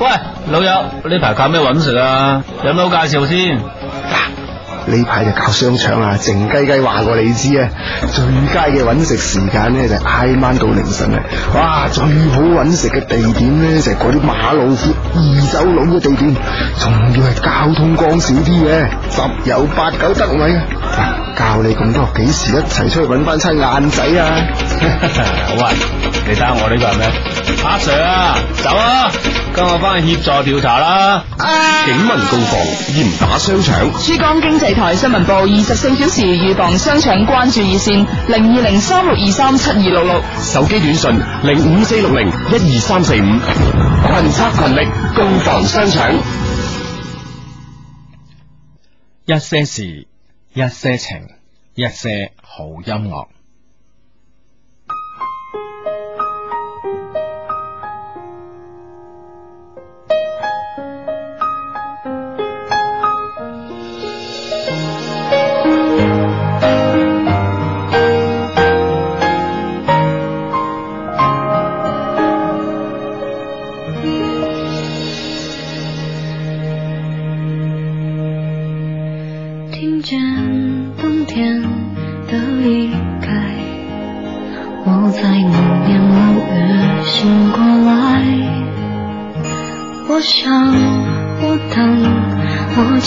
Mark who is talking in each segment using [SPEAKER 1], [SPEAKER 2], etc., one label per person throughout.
[SPEAKER 1] 喂，老友，呢排搞咩揾食啊？有冇介紹先？嗱、啊，呢排就搞商場啊，靜雞雞話過你知啊，最佳嘅揾食時間咧就挨晚到凌晨啊，哇，最好揾食嘅地點咧就係嗰啲馬路虎、二手佬嘅地點，仲要係交通光少啲嘅，十有八九得位啊！教你咁多，幾時一齊出去搵翻餐晏仔啊？好 啊，你睇我呢個係咩？阿 Sir，走啊，跟我翻去協助調查啦。啊、警民共防嚴打商場。珠江經濟台新聞部二十四小時預防商場關注熱線零二零三六二三七二六六，6，手機短信零五四六零一二三四五，
[SPEAKER 2] 群策群力共防商場。
[SPEAKER 1] 一些事。一些情，一些好音樂。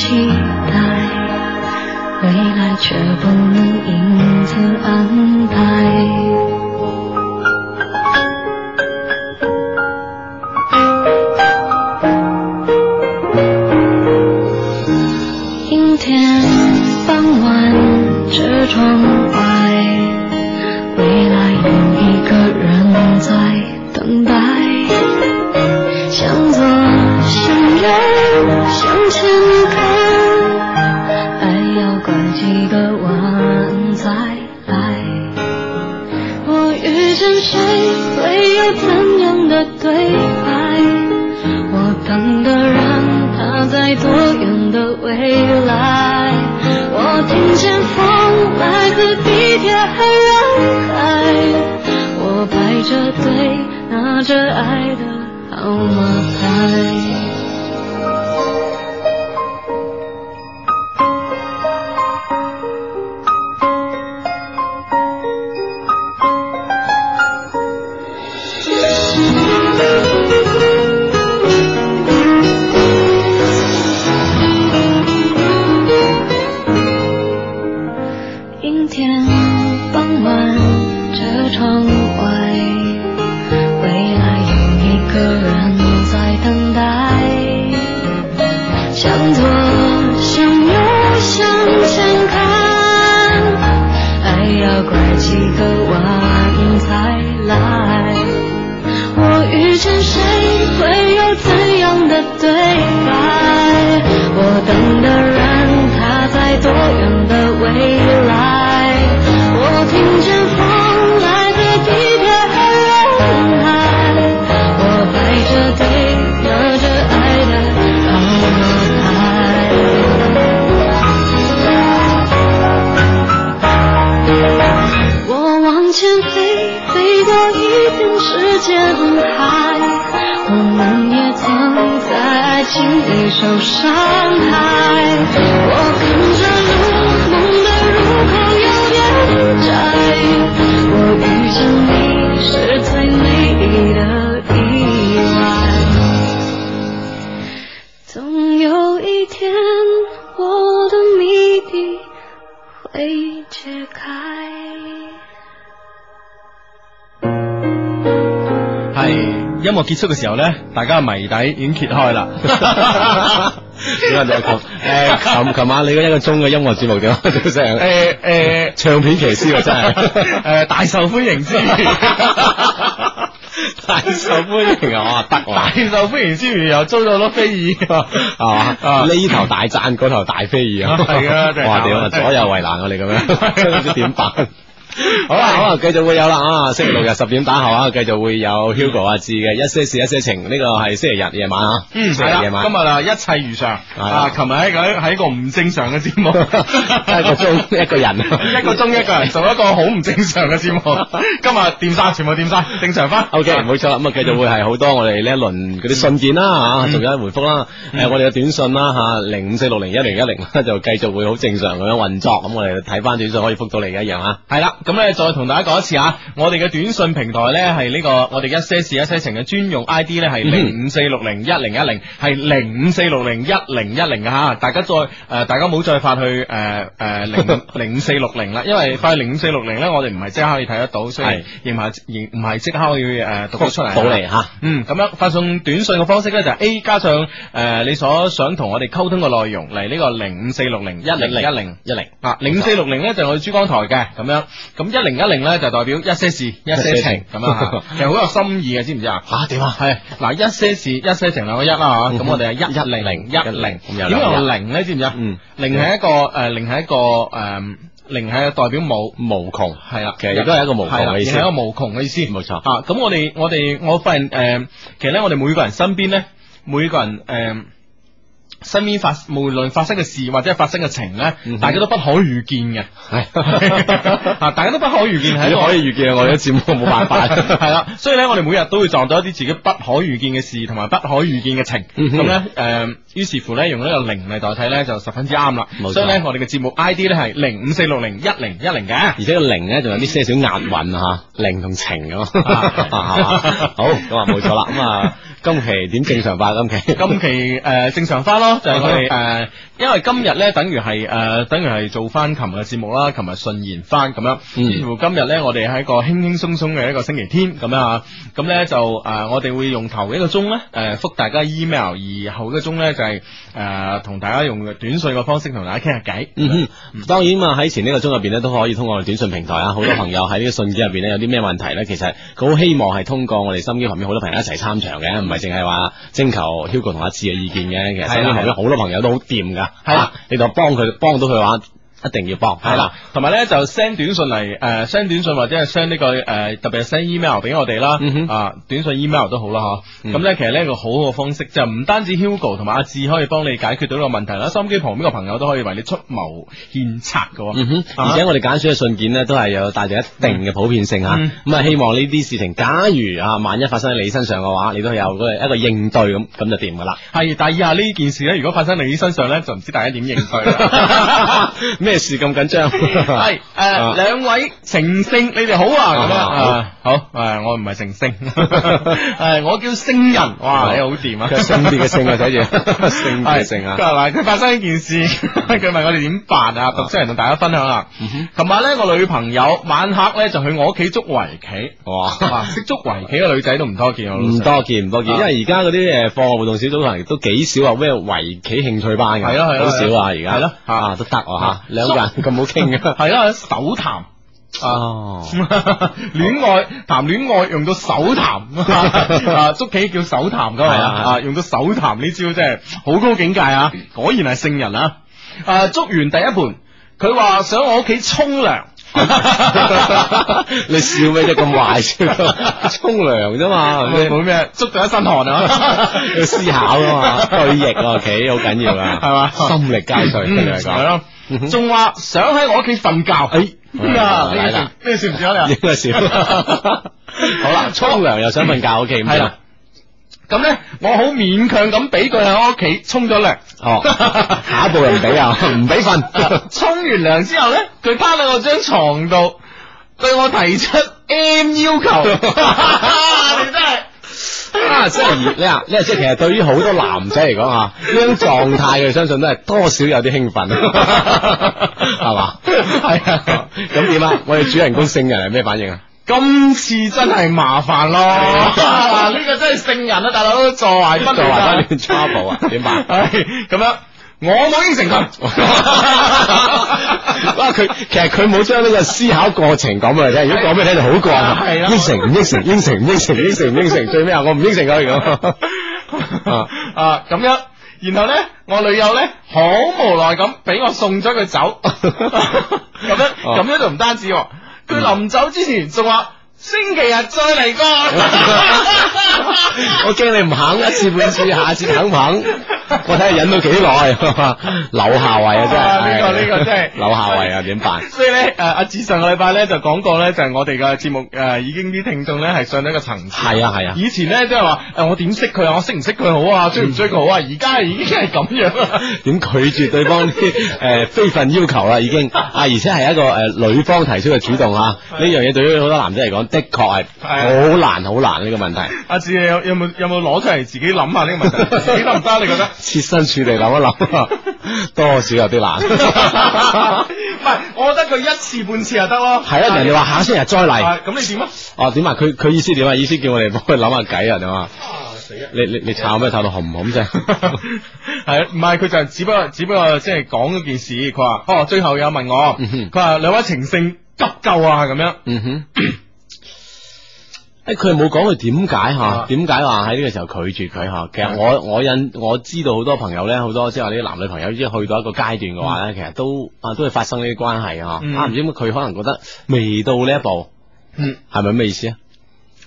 [SPEAKER 2] 期待未來，卻不能因此安排。
[SPEAKER 1] 結束嘅時候咧，大家謎底已經揭開啦。點 啊，就係琴誒，琴琴晚你嗰一個鐘嘅音樂節目點啊，誒誒，欸欸、唱片騎師啊，真係誒、欸，大受歡迎之， 大受歡迎啊，哇，得啊，大受歡迎之餘又遭到咗非議，係呢、啊啊啊、呢頭大贊，嗰頭大非議啊，係啊，哇，屌，左右為難我哋嘅咩，點辦？好啊，好，繼續會有啦啊，星期六日十點打後啊，繼續會有 Hugo 阿志嘅一些事一些情呢個係星期日夜晚啊，嗯，夜晚。今日啦一切如常啊，琴日喺個喺個唔正常嘅節目，一個鐘一個人，一個鐘一個人做一個好唔正常嘅節目，今日掂晒全部掂晒正常翻，OK 冇會錯啦，咁啊繼續會係好多我哋呢一輪嗰啲信件啦啊，仲有回覆啦，誒我哋嘅短信啦吓零五四六零一零一零就繼續會好正常咁樣運作，咁我哋睇翻短信可以覆到你嘅一樣啊，係啦。咁咧，再同大家講一次啊！我哋嘅短信平台咧、這個，係呢個我哋一些事一些情嘅專用 I D 咧，係零五四六零一零一零，係零五四六零一零一零吓。大家再誒，大家冇再發去誒誒零零五四六零啦，因為發去零五四六零咧，我哋唔係即刻可以睇得到，所以亦唔係亦唔係即刻可以誒讀到出嚟。保利吓，嗯，咁樣發送短信嘅方式咧就係 A 加上誒、呃、你所想同我哋溝通嘅內容嚟呢個10 10, 零五四六零一零一零一零啊，零五四六零咧就係我哋珠江台嘅咁樣。咁一零一零咧就代表一些事一些情咁啊，其實好有心意嘅，知唔知啊？吓點啊？係嗱，一些事一些情兩個一啦吓，咁我哋係一一零零一零，點解用零咧？知唔知啊？嗯，零係一個誒，零係一個誒，零係代表冇無窮，係啦，其實亦都係一個無窮嘅意思，係一個無窮嘅意思，冇錯吓，咁我哋我哋我發現誒，其實咧我哋每個人身邊咧，每個人誒。身邊發，無論發生嘅事或者發生嘅情咧，大家都不可預見嘅。係啊，大家都不可預見，係可以預見我哋嘅節目冇辦法。係啦，所以咧，我哋每日都會撞到一啲自己不可預見嘅事，同埋不可預見嘅情。咁咧，誒，於是乎咧，用呢個零嚟代替咧，就十分之啱啦。冇錯。所以咧，我哋嘅節目 I D 咧係零五四六零一零一零嘅。而且個零咧，仲有啲些少押韻吓，零同情咁咯，係嘛？好，咁啊，冇錯啦。咁啊。今期點正常化？今期今期誒正常化咯，就係、是、誒、呃，因為今日咧，等於係誒、呃，等於係做翻琴日嘅節目啦，琴日順延翻咁樣。似乎、嗯、今日咧，我哋係一個輕輕鬆鬆嘅一個星期天咁樣嚇，咁、啊、咧就誒、呃，我哋會用頭一個鐘咧誒、呃、覆大家 email，而後一個鐘咧就係誒同大家用短信嘅方式同大家傾下偈。嗯哼吧當然嘛喺前呢個鐘入邊咧都可以通過我哋短信平台啊，好 多朋友喺呢個信件入邊咧有啲咩問題咧，其實佢好希望係通過我哋心機旁邊好多朋友一齊參場嘅淨係話徵求 Hugo 同阿志嘅意見嘅，其實身邊好多朋友都好掂噶，係啦的、啊，你就幫佢幫到佢話。一定要幫，係啦、啊，同埋咧就 send 短信嚟，誒、呃、send 短信或者係 send 呢個誒、呃，特別係 send email 俾我哋啦，嗯、哼啊短信 email 都好啦嗬，咁、啊、咧、嗯嗯、其實呢一個好嘅方式就唔、是、單止 Hugo 同埋阿志可以幫你解決到呢個問題啦，收音機旁邊個朋友都可以為你出謀獻策嘅，嗯哼、啊、而且我哋揀選嘅信件呢都係有帶住一定嘅普遍性吓，咁、嗯嗯、啊希望呢啲事情假如啊萬一發生喺你身上嘅話，你都有嗰個一個應對咁，咁就掂噶啦。係、嗯，但係以下呢件事咧，如果發生喺你身上咧，就唔知大家點應對，咩？ 事咁緊張，係誒兩位成聖，你哋好啊咁樣。好誒我唔係成聖，誒我叫星人。哇，你好掂啊，咁掂嘅聖啊，睇住聖係聖啊，係咪佢發生呢件事，佢問我哋點辦啊？讀書人同大家分享啊，琴晚呢我女朋友晚黑咧就去我屋企捉圍棋。哇，識捉圍棋嘅女仔都唔多見，唔多見，唔多見，因為而家嗰啲誒課外活動小組可能都幾少啊，咩圍棋興趣班噶，係咯，係好少啊而家，係咯，啊都得啊吓。咁好傾嘅係啦，手談哦，戀愛談戀愛用到手談，捉棋叫手談噶嘛，啦，用到手談呢招真係好高境界啊！果然係聖人啊！誒，捉完第一盤，佢話想我屋企沖涼，你笑咩啫？咁壞笑，沖涼啫嘛，冇咩捉到一身汗啊！要思考㗎嘛，對弈啊，棋好緊要啊，係嘛，心力交瘁嚟講。仲話想喺我屋企瞓覺，咩笑唔笑啊你？你你你笑笑，應該笑。 好啦，沖涼又想瞓覺，OK，咁啦。咁咧、嗯 OK，我好勉強咁俾佢喺我屋企沖咗涼。哦，下一步又唔俾啊？唔俾瞓。沖完涼之後咧，佢趴喺我張床度，對我提
[SPEAKER 2] 出 M 要求。你真
[SPEAKER 1] 係～啊，即係你啊，你啊，即係其實對於好多男仔嚟講吓，呢種狀態，嘅相信都係多少有啲興奮，係嘛？係啊，咁點麼啊？我哋主人公聖人係咩反應啊？今次真係麻煩咯、啊，呢、啊啊這個真係聖人啊，大佬，坐懷不亂，坐懷不亂，trouble 啊，點辦？咁、啊啊、樣、啊。我冇應承佢，哇！佢其實佢冇將呢個思考過程講俾你聽，如果講俾你聽就好過。應承唔應承？ 應承唔應承？應承唔應承？應應 最屘 啊，我唔應承噶，如果啊咁樣，然後咧，我女友咧好無奈咁俾我送咗佢走，咁 樣咁、啊、樣就唔單止，佢臨走之前仲話星期日再嚟過， 我驚你唔肯一次半次，下次肯唔肯？我睇下忍到幾耐，柳下惠啊！真係，呢個呢個真係柳下惠啊！點辦？所以咧，誒，阿志上個禮拜咧就講過咧，就係我哋嘅節目誒，已經啲聽眾咧係上咗一個層次。係啊係啊！以前咧即係話誒，我點識佢啊？我識唔識佢好啊？追唔追佢好啊？而家已經係咁樣啦。點拒絕對方啲誒非分要求啦？已經啊，而且係一個誒女方提出嘅主動啊！呢樣嘢對於好多男仔嚟講，的確係好難好難呢個問題。阿志有有冇有冇攞出嚟自己諗下呢個問題？得唔得？你覺得？設身處嚟諗一諗，多少有啲難。唔係，我覺得佢一次半次又得咯。係啊，人哋話下星期再嚟，咁你點啊？哦，點啊？佢佢意思點啊？意思叫我哋幫佢諗下計啊？你話？啊死啦！你你你炒咩炒到紅紅啫？係唔係？佢就只不過只不過即係講一件事。佢話哦，最後有問我，佢話兩位情聖急救啊，咁樣。誒，佢冇講佢點解吓，點解話喺呢個時候拒絕佢吓？其實我我引我知道好多朋友呢，好多即係話啲男女朋友已經去到一個階段嘅話呢，嗯、其實都啊都會發生呢啲關係啊，唔、嗯、知佢可能覺得未到呢一步，嗯，係咪咩意思啊？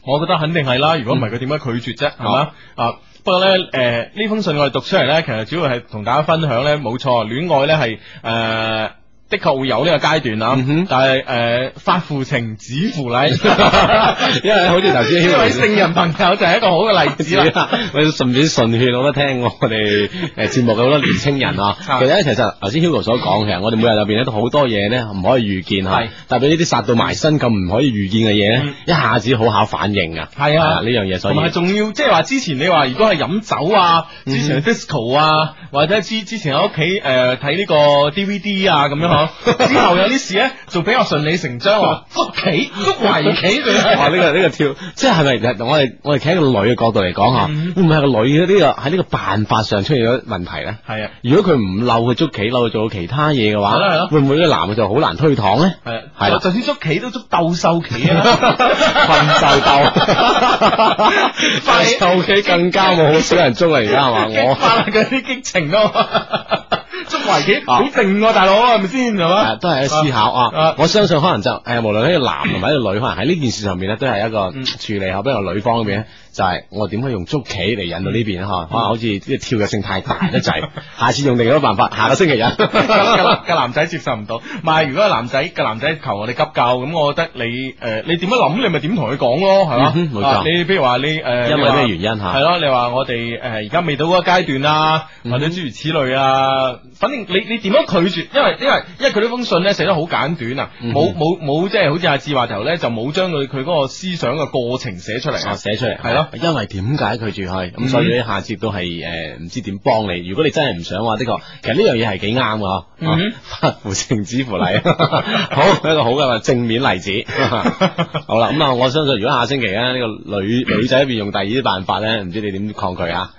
[SPEAKER 1] 我覺得肯定係啦，如果唔係佢點解拒絕啫？係嘛？啊，不過呢，誒、呃，呢封信我哋讀出嚟呢，其實主要係同大家分享呢。冇錯，戀愛呢係誒。呃的確會有呢個階段啦，但係誒，發乎情止乎禮，因為好似頭先呢位聖人朋友就係一個好嘅例子。我順便順勸講一聽，我哋誒節目嘅好多年青人啊，其實其實頭先 Hugo 所講，嘅，我哋每日入邊咧都好多嘢咧唔可以預見吓，特別呢啲殺到埋身咁唔可以預見嘅嘢，咧一下子好考反應啊。係啊，呢樣嘢所以唔係仲要即係話之前你話如果係飲酒啊，之前 disco 啊，或者之之前喺屋企誒睇呢個 DVD 啊咁樣。之後有啲事咧，就比較順理成章。捉棋、捉圍棋佢，哇！呢個呢個跳，即係咪？我哋我哋企喺個女嘅角度嚟講，嗬，會唔會係個女喺呢個喺呢個辦法上出現咗問題咧？係啊，如果佢唔漏佢捉棋，嬲漏做其他嘢嘅話，會唔會個男嘅就好難推搪咧？係係，就算捉棋都捉鬥獸棋啊，困獸鬥啊！鬥獸棋更加冇好少人捉啦，而家係嘛我佢啲激情咯。捉圍棋好定喎，大佬係咪先係嘛？都係喺思考啊！我相信可能就誒，無論喺個男同埋喺個女，可能喺呢件事上面咧，都係一個處理。後邊個女方嗰邊咧，就係我點可以用捉棋嚟引到呢邊吓，可能好似啲跳躍性太大得滯，下次用另一個辦法。下個星期日，個男仔接受唔到。唔係，如果係男仔，個男仔求我哋急救咁，我覺得你誒，你點樣諗，你咪點同佢講咯，係嘛？冇錯。你譬如話你誒，因為咩原因吓？係咯，你話我哋誒，而家未到嗰個階段啊，或者諸如此類啊。反正你你點樣拒絕？因為因為因為佢呢封信咧寫得好簡短啊，冇冇冇即係好似阿志華頭咧就冇將佢佢嗰個思想嘅過程寫出嚟，啊、嗯哼。寫出嚟係咯。因為點解拒絕佢？咁、嗯、哼所以呢下節都係誒唔知點幫你。如果你真係唔想話，的確，其實呢樣嘢係幾啱啊。嗬、嗯哼，發 乎情之乎，止乎禮。好 一個好嘅正面例子。 好啦，咁啊，我相信如果下星期咧呢、這個女女仔一邊用第二啲辦法咧，唔知你點抗拒啊。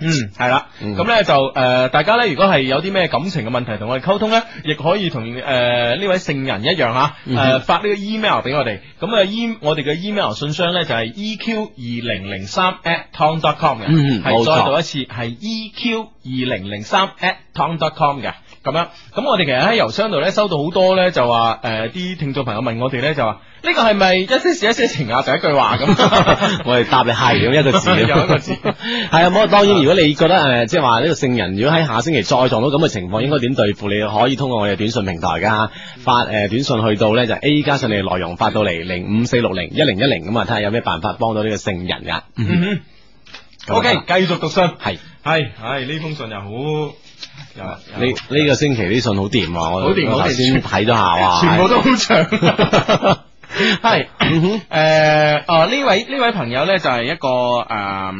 [SPEAKER 1] 嗯，係啦，咁咧、嗯嗯、就誒、呃，大家咧如果係有啲咩感情嘅問題同我哋溝通咧，亦可以同誒呢位聖人一樣吓誒、呃嗯、哼發呢個 email 俾我哋，咁 e m 我哋嘅 email 信箱咧就係 eq 二零零三 a t t o m dot c o m 嘅，係。嗯、哼再讀一次係 eq 二零零三 a t t o m dot c o m 嘅。咁樣，咁我哋其實喺郵箱度咧收到好多咧，就話誒啲聽眾朋友問我哋咧就話呢個係咪一些事一些情啊？第一句話咁，我哋答你係咁 一, 一個字，一個字，係啊。咁當然，如果你覺得誒，即係話呢個聖人，如果喺下星期再撞到咁嘅情況，應該點對付？你可以通過我哋短信平台噶、啊，發誒短信去到咧就是、A 加上你嘅內容，發到嚟零五四六零一零一零咁啊，睇下有咩辦法幫到呢個聖人噶。OK 繼續讀信，係係係，呢封信又好。有，有，呢、這個星期啲信好掂啊！我頭先睇咗下，哇，全部都好長。係，誒，哦，呢位呢位朋友咧就係、是、一個誒、呃、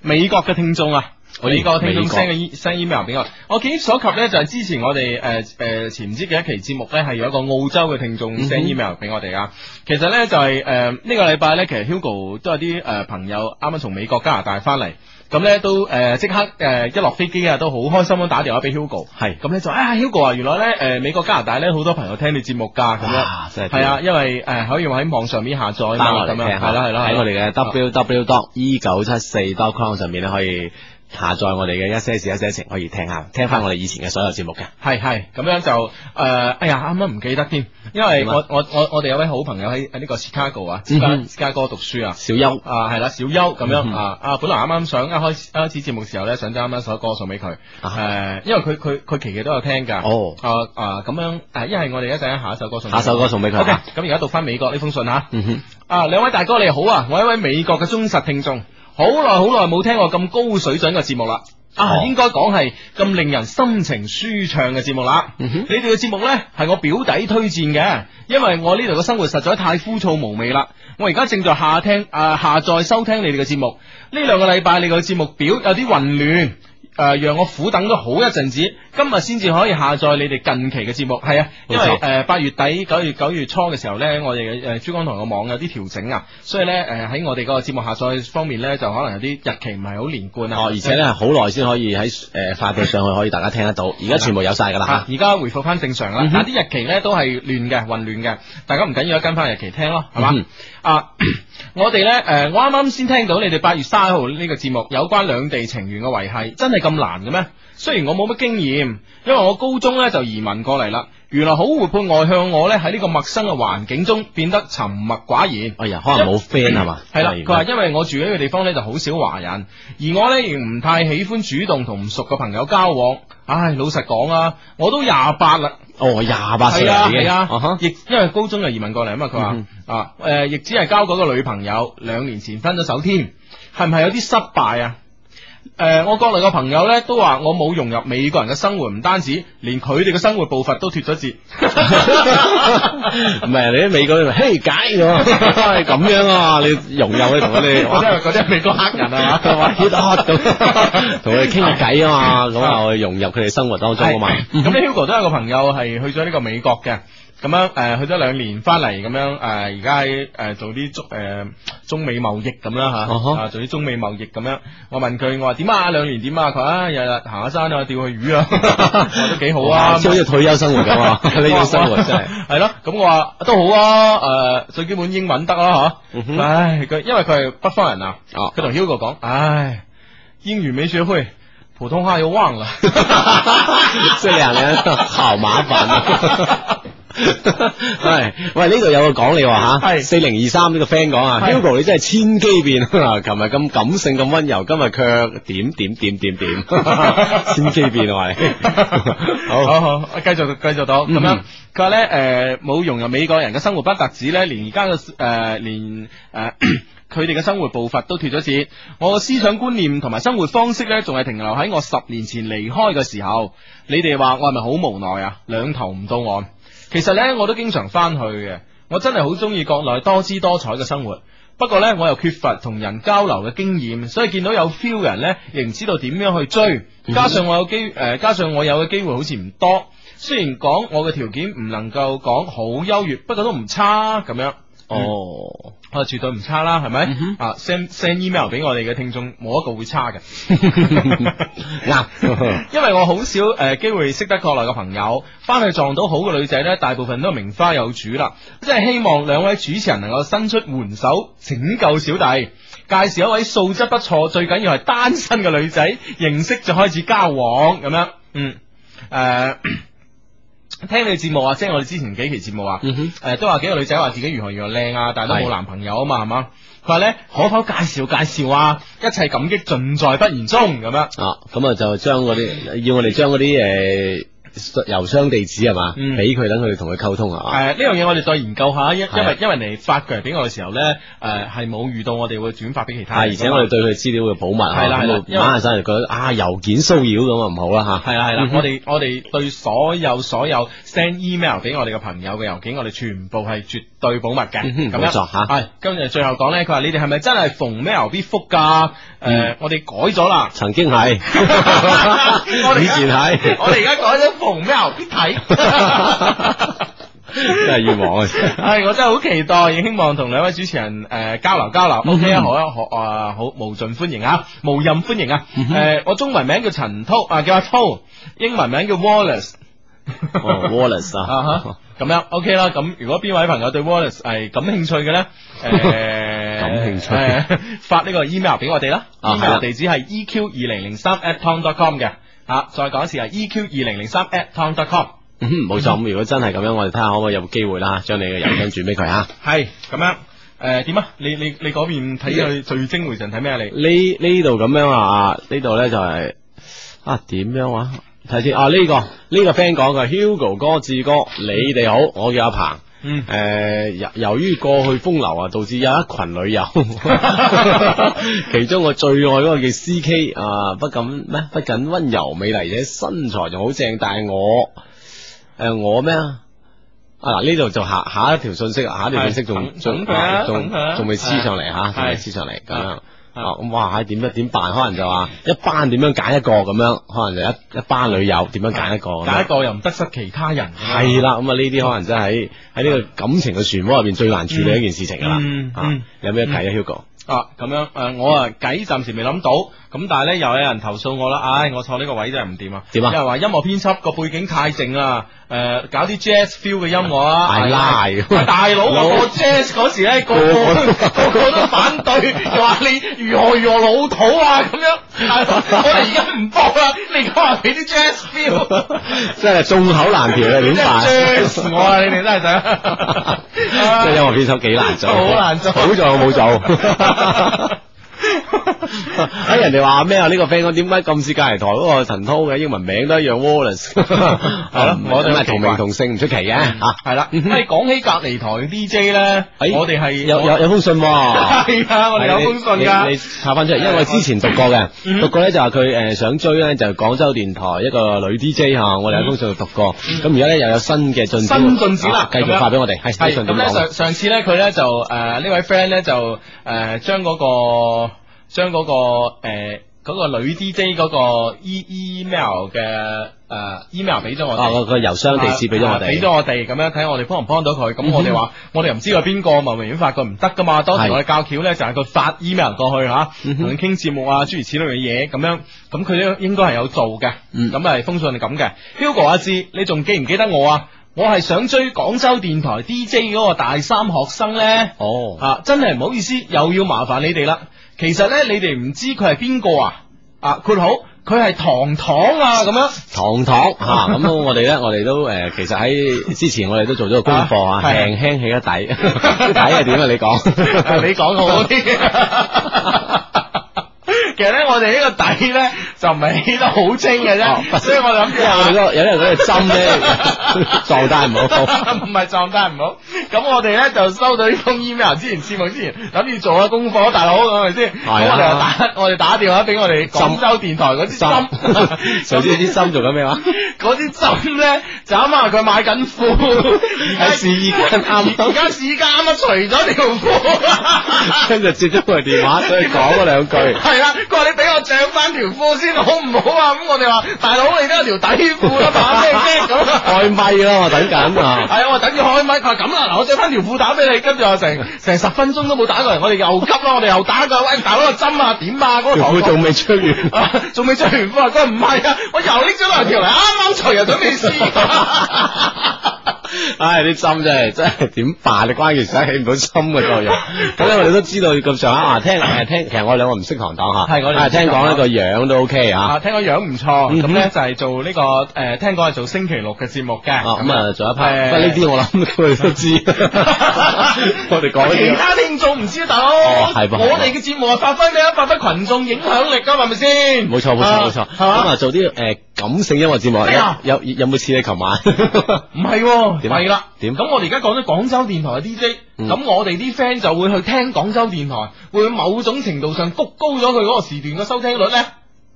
[SPEAKER 1] 美國嘅聽眾啊、嗯嗯！我呢個聽眾 send 嘅 email 俾我。我記憶所及咧就係之前我哋誒誒前唔知幾多期節目咧係有一個澳洲嘅聽眾 send email 俾我哋啊、嗯嗯。其實咧就係、是、誒、呃這個、呢個禮拜咧其實 Hugo 都有啲誒朋友啱啱從美國加拿大翻嚟。咁咧都誒即、呃、刻誒、呃、一落飛機啊，都好開心咁打電話俾 Hugo，係咁咧就啊 Hugo 啊，Hugo，原來咧誒、呃、美國加拿大咧好多朋友聽你節目噶，咁樣係啊，因為誒、呃、可以我喺網上面下載樣啊咁樣係啦係啦，喺我哋嘅 www.e974.com 上面咧可以。下載我哋嘅一些事一些情，可以聽下，聽翻我哋以前嘅所有節目嘅。係係咁樣就誒、呃，哎呀，啱啱唔記得添，因為我樣我我我哋有位好朋友喺喺呢個 Chicago 啊，芝加哥讀書啊，小優啊係啦，小優咁樣啊，啊本來啱啱想開開始節、啊、目嘅時候咧，想將啱啱首歌送俾佢誒，因為佢佢佢期期都有聽噶哦，啊啊咁樣，一係我哋一陣下一首歌送，下一首歌送俾佢。O K，咁而家讀翻美國呢封信啊，嗯哼，okay，啊兩、嗯哼啊、位大哥你好啊，我係一位美國嘅忠實聽眾。好耐好耐冇聽過咁高水準嘅節目啦，啊，應該講係咁令人心情舒暢嘅節目啦。Mm hmm. 你哋嘅節目呢係我表弟推薦嘅，因為我呢度嘅生活實在太枯燥無味啦。我而家正在下聽，啊、呃，下載收聽你哋嘅節目。呢兩個禮拜你個節目表有啲混亂，誒、呃，讓我苦等咗好一陣子。今日先至可以下載你哋近期嘅節目，係啊，因為誒八月底九月九月初嘅時候呢，我哋誒珠江台個網有啲調整啊，所以呢，誒喺我哋嗰個節目下載方面呢，就可能有啲日期唔係好連貫啊。哦，而且呢，好耐先可以喺誒發布上去，可以大家聽得到。而家全部有晒噶啦，而家回復翻正常啦。嗱，啲日期呢，都係亂嘅，混亂嘅，大家唔緊要，跟翻日期聽咯，係嘛？啊，我哋呢，誒，我啱啱先聽到你哋八月三號呢個節目有關兩地情緣嘅維繫，真係咁難嘅咩？雖然我冇乜經驗，因為我高中咧就移民過嚟啦。原來好活潑外向我咧喺呢個陌生嘅環境中變得沉默寡言。哎呀，可能冇 friend 係嘛？係啦，佢話因為我住喺呢個地方咧就好少華人，而我咧亦唔太喜歡主動同唔熟嘅朋友交往。唉、哎，老實講啊，我都廿八啦。哦，廿八歲嚟嘅，亦因為高中就移民過嚟啊嘛。佢話、uh huh. 啊，誒、呃，亦只係交咗個女朋友，兩年前分咗手添。係唔係有啲失敗啊？誒、呃，我國內嘅朋友咧都話我冇融入美國人嘅生活，唔單止，連佢哋嘅生活步伐都脫咗節。唔係， 你喺啲美國人，嘿，解喎，咁樣啊，你融入去同佢哋，因為嗰啲係美國黑人啊 聊聊嘛，同佢哋傾下偈啊嘛，咁啊我哋融入佢哋生活當中啊嘛。咁呢 Hugo 都有個朋友係去咗呢個美國嘅。咁樣誒、呃，去咗兩年翻嚟，咁樣誒，而家喺誒做啲中誒中美貿易咁啦吓，啊做啲中美貿易咁樣。我問佢，我話點啊？兩年點啊？佢、啊、日日行下山啊，釣下魚啊， 都幾好啊，好似退休生活咁啊呢個 生活真係係咯。咁 我話都好啊，誒、呃、最基本英文得啦嗬。唉，佢因為佢係北方人啊，佢同 Hugo 講，唉，英語未學會，普通話又忘了。你兩年好麻煩煩、啊。 係 喂，呢度有個講你話吓，係四零二三呢個 friend 講啊，Hugo 你真係千機變啊！琴日咁感性咁溫柔，今日卻點點點點點千機變啊！喂，好好 好，繼續繼續到咁、嗯、樣佢話咧誒，冇融、呃、入美國人嘅生活不特止咧，連而家嘅誒，連誒佢哋嘅生活步伐都脫咗節。我嘅思想觀念同埋生活方式咧，仲係停留喺我十年前離開嘅時候。你哋話我係咪好無奈啊？兩頭唔到岸。其實咧，我都經常翻去嘅。我真係好中意國內多姿多彩嘅生活。不過呢，我又缺乏同人交流嘅經驗，所以見到有 feel 嘅人呢，亦唔知道點樣去追。加上我有機誒、呃，加上我有嘅機會好似唔多。雖然講我嘅條件唔能夠講好優越，不過都唔差咁樣。哦。嗯我、啊、絕對唔差啦，係咪？send send email 俾我哋嘅聽眾，冇一個會差嘅。
[SPEAKER 3] 嗱，
[SPEAKER 1] 因為我好少誒機、呃、會識得國內嘅朋友，翻去撞到好嘅女仔呢，大部分都係名花有主啦。即係希望兩位主持人能夠伸出援手拯救小弟，介紹一位素質不錯、最緊要係單身嘅女仔，認識就開始交往咁樣。嗯，誒、呃。聽你節目啊，即係我哋之前幾期節目啊，誒，嗯哼，呃都話幾個女仔話自己如何如何靚啊，但係都冇男朋友啊嘛，係嘛，是？佢話咧可否介紹介紹啊？一切感激盡在不言中咁樣。啊，咁啊就將嗰啲要我哋將嗰啲誒。呃郵箱地址係嘛，俾佢等佢同佢溝通係呢樣嘢，我哋再研究下，因因為因為你發過嚟，俾我嘅時候咧，誒係冇遇到我哋會轉發俾其他人，而且我哋對佢資料會保密。係啦，因為馬生，就覺得啊郵件騷擾咁啊唔好啦吓。係啦係啦，我哋我哋對所有所有 send email 俾我哋嘅朋友嘅郵件，我哋全部係絕對保密嘅。唔好錯吓。係，今日最後講咧，佢話你哋係咪真係逢 mail 必覆噶誒，我哋改咗啦，曾經係，以前係，我哋而家改咗。紅咩？必睇？ 真係要望啊！係我真係好期待，亦希望同兩位主持人誒交流交流。O、okay, K，、嗯、哼好一學啊，好，好無盡歡迎啊，無任歡迎啊！誒、嗯哼呃，我中文名叫陳濤啊，叫阿濤，英文名叫 Wallace, 哦、Wallace。w a l l a c e 啊，咁樣 O K 啦。咁、okay、如果邊位朋友對 Wallace 係感興趣嘅咧，誒、呃， 感興趣，啊、發呢個 email 俾我哋啦。email、啊、地址係 eq 二零零三 at tom.com 嘅。啊！再講一次啊！E Q 二零零三 at tom dot com、嗯。冇錯，咁、嗯、哼如果真係咁樣，我哋睇下可唔可以有機會啦，將你嘅郵箱轉俾佢吓。係咁、 啊、樣，誒、呃，點啊？你你你嗰邊睇佢聚精會神睇咩啊？你呢呢度咁樣啊？呢度咧就係、是、啊，點樣啊？睇先啊！呢、這個呢、這個 friend 講嘅，Hugo 哥志哥，你哋好，我叫阿鵬。嗯，誒、呃，由由於過去風流啊，導致有一群女友， 其中我最愛嗰個叫 CK 啊，不僅咩，不僅溫柔美麗，而且身材仲好正。但係我，誒我咩啊？啊嗱呢度就下下一條信息，下一條信息仲仲仲仲未黐上嚟吓，仲未黐上嚟咁樣。是是哦咁、嗯、哇，點樣點辦？可能就話一班點樣揀一個咁樣，可能就一一班女友點樣揀一個？揀一個又唔得失其他人。係啦，咁啊呢啲可能真係喺呢個感情嘅漩渦入邊最難處理一件事情㗎啦。嗯嗯、啊，嗯、有咩計啊，Hugo？啊，咁、嗯嗯啊、樣誒，我計暫時未諗到。咁但係咧又有人投訴我啦，唉，我坐呢個位真係唔掂啊！點啊？因為話音樂編輯個背景太靜啊，誒，搞啲 jazz feel 嘅音樂啊，係啦，大佬我 jazz 嗰時咧個個都反對，話
[SPEAKER 2] 你如何如何
[SPEAKER 1] 老土啊咁樣，我哋而
[SPEAKER 2] 家唔播啦，你而家話俾啲 jazz
[SPEAKER 1] feel，真係眾口難調啊，點 jazz 我啊，你哋真係想，即係音樂編輯幾難做，好難做，好在我冇做。哎，人哋話咩啊？呢個 friend 講，點解咁似隔籬台嗰個陳濤嘅英文名都一樣，Wallace。我哋係同名同姓唔出奇嘅。吓，係啦。哎，講起隔籬台 DJ 咧，我哋係有有有封信。係，我哋有封信噶你查翻出嚟，因為我之前讀過嘅，讀過咧就話佢誒想追咧就係廣州電台一個女 DJ 吓，我哋喺封信度讀過。咁而家咧又有新嘅進展，新進展啦，繼續發俾我哋。係，咁上上次咧佢咧就誒呢位 friend 咧就誒將嗰個。將嗰、那個誒、呃那個女 DJ 嗰個 E E-mail 嘅誒、呃、email 俾咗我，個郵箱地址俾咗我哋，俾咗、啊、我哋咁樣睇下我哋幫唔幫到佢。咁、嗯、哼我哋話我哋唔知佢邊個，咪明顯發覺唔得噶嘛。當時我哋教橋咧就係佢發 email 過去吓，同佢傾節目啊，諸如此類嘅嘢咁樣。咁佢應應該係有做嘅。咁係、嗯、封信係咁嘅。Hugo 阿志，你仲記唔記得我啊？我係想追廣州電台 DJ 嗰個大三學生咧。哦，吓、啊、真係唔好意思，又要麻煩你哋啦。其實咧，你哋唔知佢係邊個啊？啊，佢好，佢係糖糖啊，咁樣。糖糖吓，咁、啊、我哋咧， 我哋都誒，其實喺之前我哋都做咗個功課啊，輕輕、啊、起個底，底係點啊？你講、 啊，你講好啲。 其實咧，我哋呢個底咧就唔係起得好清嘅啫，哦、所以我諗住啊，有啲個人嗰隻針咧狀態唔好，唔係狀態唔好。咁我哋咧就收到呢封 Email 之前節目之前諗住做下功課，大佬係咪先？我哋、哎、呀打我哋打電話俾我哋廣州電台嗰啲針，誰知你啲針做緊咩話？嗰啲針咧就啱啱佢買緊褲，而家試衣間啱唔到，而家試衣間啊除咗條褲。跟住接咗佢電話，所以講咗兩句。係啦、 啊，佢話你俾我着翻條褲先好唔好啊？咁我哋話，大佬你都得條底褲啊嘛，咩咩啫？ 開咪咯，我等緊啊。係啊、哎，我等住開咪。佢話咁啦，嗱，我着翻條褲打俾你。跟住我成成十分鐘都冇打過嚟，我哋又急啦，我哋又打過喂，大佬、 哎、個針啊，點啊？嗰個同仲未出完，仲未、 啊、出完貨。佢話唔係啊，我又拎咗兩條嚟，啱啱除又準備試。 唉，啲心真係真係點辦？你關鍵時起唔到心嘅作用。咁咧，我哋都知道咁上下話聽，聽，其實我兩個唔識行當吓，係我哋聽講呢個樣都 OK 吓，聽個樣唔錯。咁咧就係做呢個誒，聽講係做星期六嘅節目嘅。咁啊做一批，不過呢啲我諗佢哋都知。我哋講其他聽眾唔知道，係嘛？我哋嘅節目係發揮你，發揮群眾影響力噶，係咪先？冇錯冇錯冇錯。咁啊做啲誒感性音樂節目，有有有冇似你琴晚？唔係。係啦，咁我哋而家講咗廣州電台嘅 DJ，咁、嗯、我哋啲 friend 就會去聽廣州電台，會某種程度上谷高咗佢嗰個時段嘅收聽率咧。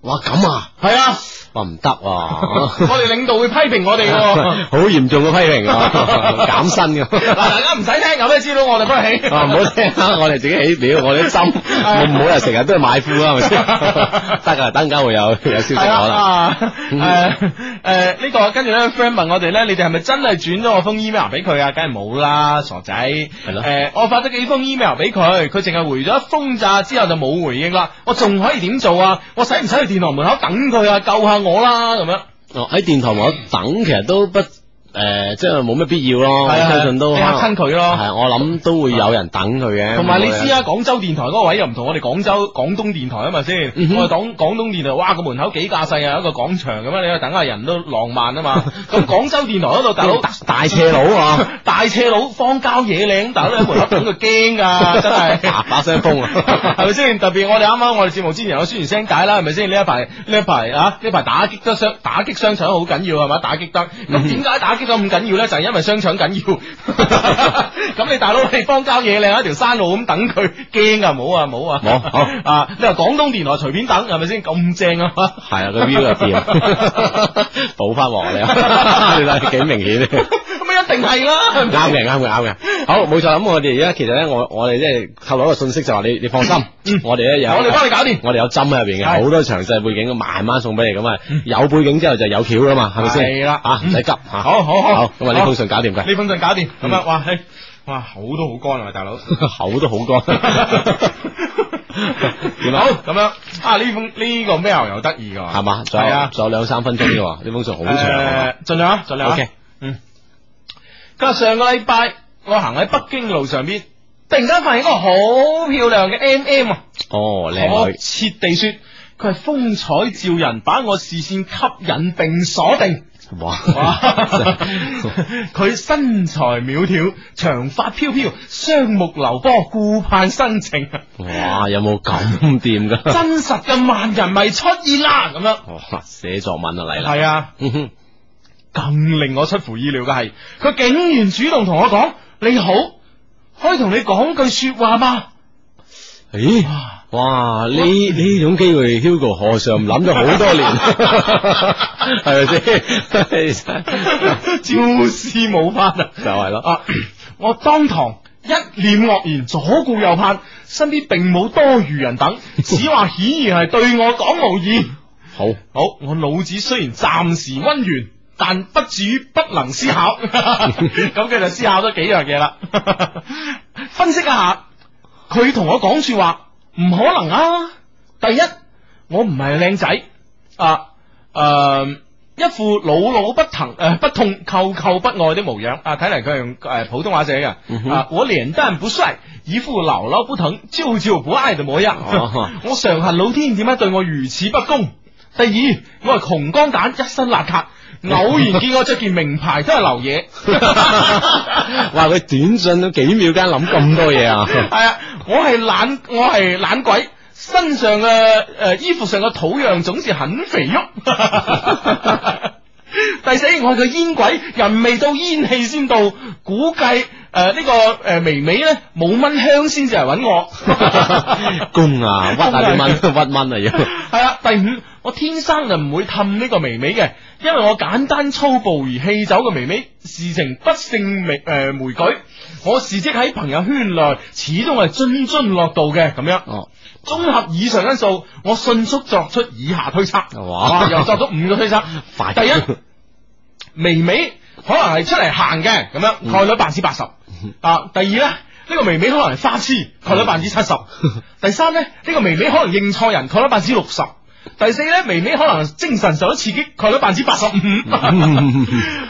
[SPEAKER 1] 哇，咁啊，係啊。話唔得，哦、啊， 我哋領導會批評我哋嘅、啊，好嚴、啊、重嘅批評、啊，減薪嘅。嗱、 啊，大家唔使聽，有咩資料我哋都起，唔好聽，我哋、 啊、自己起料，我啲心，唔好又成日都係買褲啦，係咪先？得噶、啊，等陣間會有有消息我啦。誒、啊、誒，這個、呢個跟住咧，friend 問我哋咧，你哋係咪真係轉咗我封 email 俾佢啊？梗係冇啦，傻仔。係咯啦。誒、啊，我發咗幾封 email 俾佢，佢淨係回咗一封咋，之後就冇回應啦。我仲可以點做啊？啊我使唔使去電台門口等佢啊？救，救下。我啦咁樣，哦喺電台我等，其實都不。誒，即係冇咩必要咯，相信都嚇親佢咯。係我諗都會有人等佢嘅。同埋你知啊，廣州電台嗰個位又唔同我哋廣州廣東電台啊嘛先。我哋廣廣東電台，哇個門口幾架勢啊，一個廣場咁樣，你去等下人都浪漫啊嘛。咁廣州電台嗰度大佬大車佬，啊，大車佬荒郊野嶺，大佬喺門口等佢驚噶，真係打聲風啊，係咪先？特別我哋啱啱我哋節目之前有宣傳聲帶啦，係咪先？呢一排呢一排啊，呢排打擊得商，打擊商場好緊要係咪？打擊得咁，點解打？咁咁緊要咧，就係因為商場緊要。咁你大佬你幫交嘢，你喺條山路咁等佢，驚啊！冇啊，冇啊，冇。啊，你話廣東電台隨便等，係咪先咁正啊？係啊，個 view 又掂，補翻我你啊，你睇下幾明顯咁
[SPEAKER 2] 咪一定係咯。啱嘅，
[SPEAKER 1] 啱嘅，啱嘅。好，冇錯。咁我哋而家其實咧，我我哋即係透露一個信息，就話你，你放心，我哋一有，我哋幫你搞掂，我哋有針喺入邊嘅，好多詳細背景慢慢送俾你咁啊。有背景之後就有橋噶嘛，係咪先？係啦，啊，唔使急吓，好，咁啊呢封信搞掂嘅，呢封信搞掂。咁啊，哇嘿，哇口都好乾啊，大佬，口都好乾。好，咁樣啊呢封呢個 mail 又得意噶，係嘛？仲啊，仲有兩三分鐘啫，呢封信好長。誒，盡力嗬，盡力嗬，OK 嗯。加上個禮拜，我行喺北京路上邊，突然間發現一個好漂亮嘅 MM。啊，哦，靚女。我切地說，佢係風采照人，把我視線吸引並鎖定。哇！佢 身材苗條，長髮飄飄，雙目流波，顧盼生情。哇！有冇咁掂噶？真實嘅萬人迷出現啦！咁樣，寫作文啊嚟啦。係啊，更、啊、 令我出乎意料嘅係，佢竟然主動同我講：你好，可以同你講句說話嗎？誒、欸！ 哇！呢呢種機會，Hugo 何嘗諗咗好多年，係咪先？招事冇返啊，就係咯。我當堂一臉愕然，左顧右盼，身邊並冇多餘人等，只話顯然係對我講無意。好，好，我腦子雖然暫時溫完，但不至於不能思考。咁佢就思考咗幾樣嘢啦，分析一下，佢同我講說話。唔可能啊！第一，我唔係靚仔，啊誒、呃，一副姥姥不疼，誒、呃、不痛舅舅不愛的模樣。啊，睇嚟佢係用誒普通話寫嘅、嗯哼啊。我臉蛋不帥，一副姥姥不疼舅舅不愛的模樣。啊、哈 我常恨老天點解對我如此不公。第二，我係窮光蛋，一身邋遢。偶然見我着件名牌都係流嘢， 哇！佢短信咗幾秒間諗咁多嘢啊！係 啊，我係懶，我係懶鬼，身上嘅誒、呃、衣服上嘅土壤總是很肥沃、哦。 第四，我係個煙鬼，人未到煙氣先到，估計誒呢、呃、這個誒、呃、微微咧冇蚊香先至嚟揾我。 公啊，屈啊，蚊屈蚊嚟。要 啊是的， 是的 第五。我天生就唔會氹呢個微微嘅，因為我簡單粗暴而氣走嘅微微，事情不勝枚誒枚舉。我事跡喺朋友圈內，始終係津津樂道嘅咁樣。哦，綜合以上因素，我迅速作出以下推測。哇又作咗五個推測。點第一，微微可能係出嚟行嘅，咁樣概率百分之八十。嗯、啊，第二咧，呢、這個微微可能係花痴，概率百分之七十。嗯、第三咧，呢、這個微微可能認錯人，概率百分之六十。第四咧，微微可能精神受到刺激，概率百分之八十五。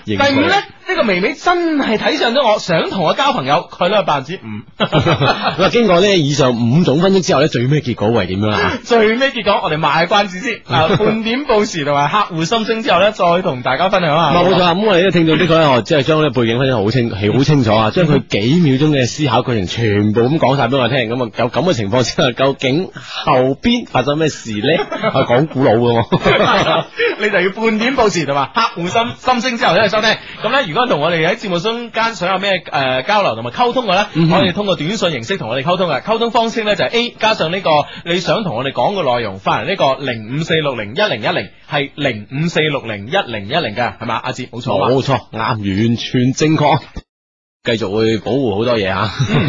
[SPEAKER 1] 第五咧。呢個微微真係睇上咗我，想同我交朋友，佢都係百分之五。嗱， 經過呢以上五種分析之後呢，最尾結果會係點樣啊？最尾結果我哋賣關子先，半點報時同埋客戶心聲之後呢，再同大家分享下。冇錯啊！咁、嗯、我哋聽到呢、呢個 即係將啲背景分析好清，好清楚啊！將佢幾秒鐘嘅思考過程全部咁講晒俾我聽，咁啊有咁嘅情況之下，究竟後邊發生咩事呢？係 講古老嘅喎， 你就要半點報時同埋客戶心心聲之後先去收聽。咁咧？如果同我哋喺節目中間想有咩誒、呃、交流同埋溝通嘅呢，可以、嗯、哼通過短信形式同我哋溝通嘅。溝通方式呢就係 A 加上呢個你想同我哋講嘅內容，發嚟呢個零五四六零一零一零，係零五四六零一零一零嘅，係嘛？阿志，冇錯冇錯，啱，完全正確。繼續會保護好多嘢吓，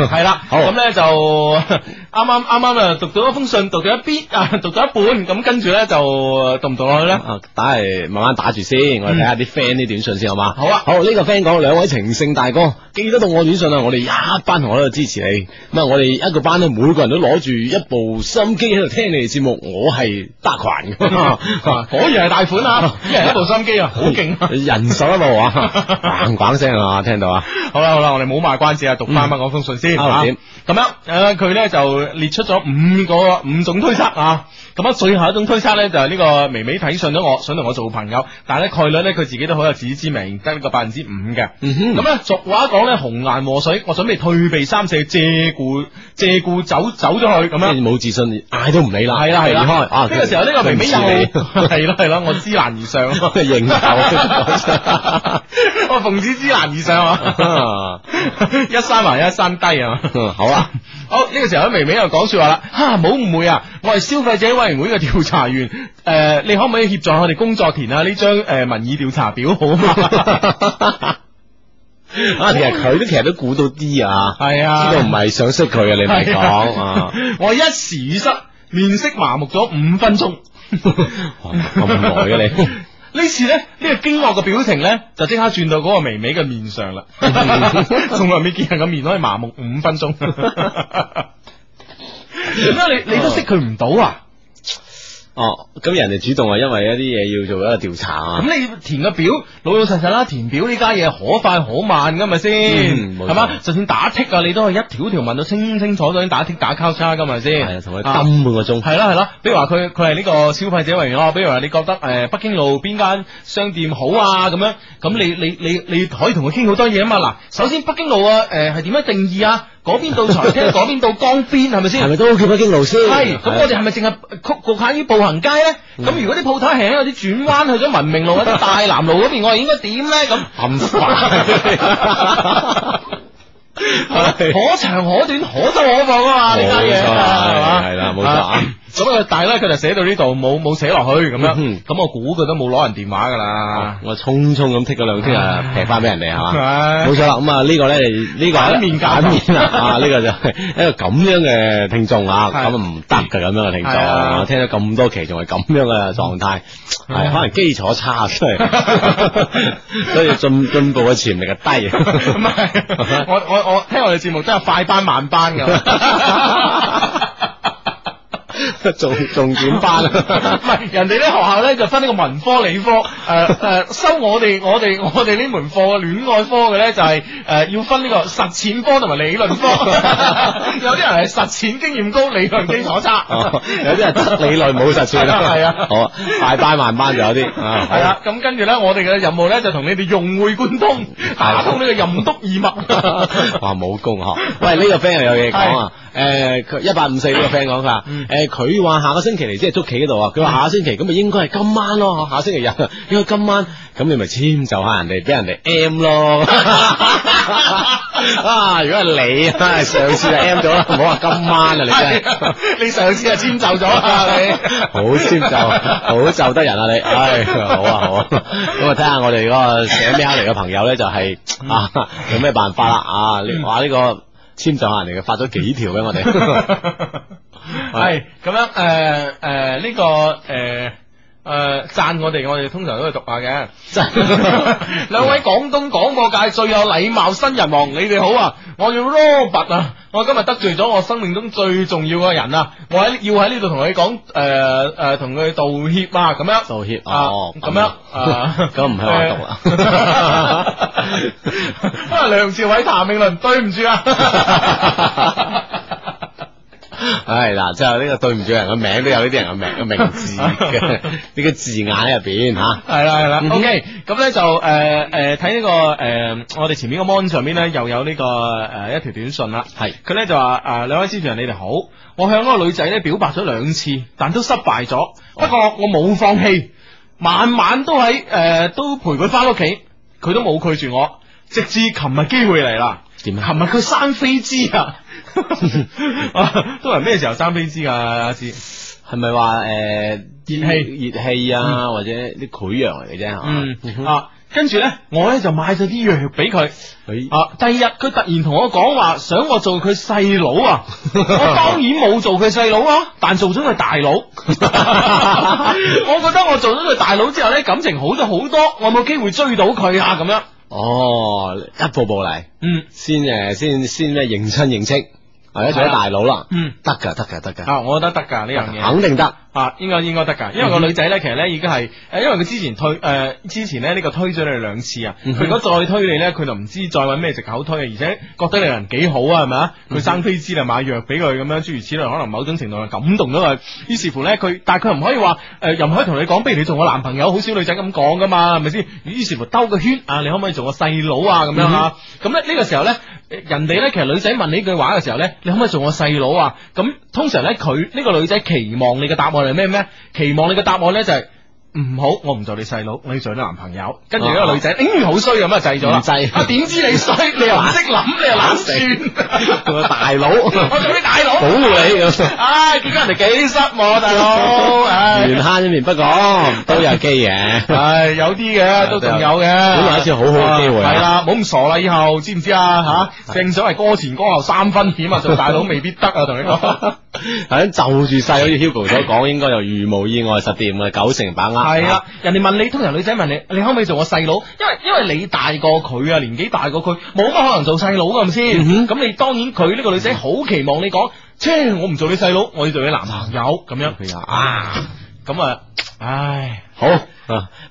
[SPEAKER 1] 係啦，咁咧就啱啱啱啱啊，讀到一封信，讀到一邊啊，讀咗一半，咁跟住咧就讀唔讀落去咧？啊，打嚟，慢慢打住先，我哋睇下啲 friend 啲短信先，好嘛？好啊，好呢個 friend 講，兩位情聖大哥，記得到我短信啊，我哋一班同學喺度支持你，咁啊，我哋一個班咧，每個人都攞住一部心機喺度聽你哋節目，我係得群，果然係大款啊，一人一部心機啊，好勁，人手一部啊，呱呱聲啊，聽到啊，好啦。我哋唔好賣關子，讀翻翻嗰封信先，咁樣，佢咧就列出咗五個五種推測啊。咁樣最後一種推測咧，就係呢個微微睇上咗我，想同我做朋友，但係咧概率咧，佢自己都好有自知之明，得呢個百分之五嘅。咁咧俗話講咧，紅顏禍水，我準備退避三舍，借故借故走走咗去，咁樣冇自信，嗌都唔理啦，係啦係啦，呢個時候呢個微微又係咯係咯，我知難而上，認我奉旨知難而上啊。一山還一山低啊！ 好啊， 好呢、這個時候，喺微微又講說話啦，哈，冇誤會啊，我係消費者委員會嘅調查員，誒、呃，你可唔可以協助我哋工作填啊呢張誒民意調查表好嘛、 啊？其實佢都其實都估到啲啊，係 啊，呢個唔係想識佢啊，你唔係講啊， 我一時語塞，面色麻木咗五分鐘，咁耐嘅你。次呢次咧，呢個驚愕嘅表情咧，就即刻轉到個微微嘅面上啦。 從來未見人個面可以麻木五分鐘。點解你你都識佢唔到啊？哦，咁人哋主動係因為一啲嘢要做一個調查啊？咁你填個表，老老實實啦，填表呢家嘢可快可慢噶，咪先、嗯？係嘛，就算打剔啊，你都係一條條問到清清楚楚，先打剔打交叉噶，咪先、嗯？係吧啊，同佢斟半個鐘。係咯係咯，比如話佢佢係呢個消費者為員啊，比如話你覺得誒、呃、北京路邊間商店好啊咁樣，咁你你你你可以同佢傾好多嘢啊嘛。嗱、嗯，首先北京路啊誒係點樣定義啊？嗰邊 到財廳，嗰邊到江邊，係咪先？係咪 都叫北京路先？係，咁我哋係咪淨係局限於步行街咧？咁 如果啲鋪頭係喺有啲轉彎去咗文明路、或者大南路嗰邊，我哋應該點咧？咁咁快？可長可短，可多可放啊嘛！呢家嘢，係啦，冇錯 咁啊！但係咧，佢就寫到呢度，冇冇寫落去咁樣。咁我估佢都冇攞人電話噶啦。我匆匆咁剔咗兩篇，啊劈翻，俾人哋吓
[SPEAKER 3] 冇錯啦。咁啊，呢
[SPEAKER 1] 個咧，呢個啊，一面假面啊。呢個就係一個咁樣嘅聽眾啊，咁唔得噶。咁樣嘅聽眾，聽咗咁多期，仲係咁樣嘅狀態，係可能基礎差衰，所以進進步嘅潛力就低。唔係，我我我聽我哋節目都係快班慢班噶。做重點班，啊，唔係人哋咧學校咧就分呢個文科理科，誒、呃、誒，收我哋我哋我哋呢門課嘅戀愛科嘅咧就係、是、誒、呃、要分呢個實踐科同埋理論科， 有啲人係實踐經驗高，理論基礎差，哦、有啲人得理論冇實踐，係 啊，好啊，快班慢慢就有啲，係、啊、啦，咁、啊、跟住咧我哋嘅任務咧就同你哋融會貫通，打通呢個任督二脈，哇、 哦、武功呵，喂呢、這個 friend 又有嘢講啊。誒，佢一八五四個 friend 講佢誒，佢、欸、話下個星期嚟，先係捉棋嗰度，佢話下個星期，咁咪應該係今晚咯，下星期日，應該今晚，咁你咪遷就，就下人哋，俾人哋 M 咯。啊，如果係你，啊，上次就 M 咗啦，唔好話今晚啊，你真係、
[SPEAKER 2] 啊，你上次、啊、就遷就咗啊，你，好遷就，
[SPEAKER 1] 好就得人啊你，唉、哎，好啊好啊看看我、就是，啊。咁啊睇下我哋嗰個寫咩嚟嘅朋友咧，就係啊，有咩辦法啦啊，你話呢個。簽咗下嚟嘅，發咗幾條嘅、啊、我哋，係咁樣，誒誒呢個誒。呃誒，讚、呃、我哋，我哋通常都係讀下嘅。讚， 兩位廣東廣播界最有禮貌新人王，你哋好啊！我叫 Robert 啊！我今日得罪咗我生命中最重要嘅人啊！我喺要喺呢度同佢講，誒、呃、誒，同、呃、佢道歉啊！咁樣，道歉，啊、哦，咁樣，咁唔喺度讀啦。啊，梁朝偉、譚詠麟，對唔住啊！係啦，即係呢個對唔住人嘅名都有呢啲人嘅名嘅名字，呢 個字眼入邊吓，係啦係啦。O K，咁咧就誒誒睇呢個誒、呃，我哋前面個 Mon 上邊咧又有是的 呢個誒一條短信啦。係佢咧就話誒，兩、呃、位主持人你哋好，我向嗰個女仔咧表白咗兩次，但都失敗咗。哎、不過我冇放棄，晚晚都喺誒、呃、都陪佢翻屋企，佢都冇拒絕我，直至琴日機會嚟啦。點啊？琴日佢生飛枝啊！ 都係咩時候生痱滋噶，阿 Sir 係咪話誒熱氣熱氣啊，或者啲潰瘍嚟嘅啫？嗯，嗯哼啊，跟住咧，我咧就買咗啲藥俾佢。啊，第二日佢突然同我講話，想我做佢細佬啊！我當然冇做佢細佬咯，但做咗佢大佬。 我覺得我做咗佢大佬之後咧，感情好咗好多。我有冇機會追到佢啊？咁樣哦，一步步嚟，嗯，先誒，先先咩認親認戚。係一啲大佬啦，嗯，得噶，得噶，得噶。啊，我覺得得噶呢樣嘢，肯定得啊，應該應該得噶，因為個女仔咧，其實咧已經係誒，嗯、哼因為佢之前推誒、呃，之前咧呢個推咗你兩次啊，佢、嗯、哼如果再推你咧，佢就唔知再搵咩藉口推啊。而且覺得你個人幾好啊，係咪啊？佢、嗯、哼生飛滋啊，買藥俾佢咁樣，諸如此類，可能某一種程度上感動咗佢。於是乎咧，佢但係佢唔可以話誒，又唔可以同你講，不如你做我男朋友，好少女仔咁講噶嘛，係咪先？於是乎兜個圈啊，你可唔可以做我細佬啊？咁樣吓，咁咧呢個時候咧，人哋咧其實女仔問你句話嘅時候咧。你可唔可以做我細佬啊？咁通常咧，佢呢個女仔期望你嘅答案係咩咩？期望你嘅答案咧就係。唔好，我唔做你細佬，我要做你男朋友。跟住一個女仔，誒，好衰咁就制咗啦。制，點知你衰？你又唔識諗，你又懶算。大佬，我
[SPEAKER 2] 做你大佬保護你咁。唉，結果人哋幾失望，啊大佬唉。面
[SPEAKER 1] 慳一面不講，都有機嘅。唉，有啲嘅，都仲有嘅。好有一次好好嘅機會，係啦，唔好咁傻啦，以後知唔知啊？吓，正所謂歌前歌後三分險啊，做大佬未必得啊，同你講。係啊，就住細佬，好似 Hugo 所講，應該就如無意外，實掂啊。九成把握。係啦，人哋問你，通常女仔問你，你可唔可以做我細佬？因為因為你大過佢啊，年紀大過佢，冇乜可能做細佬噶，係咪先？咁你當然，佢、這、呢個女仔好期望你講，即、嗯、哼我唔做你細佬，我要做你男朋友咁樣。咁、嗯、哼啊，啊，唉。好，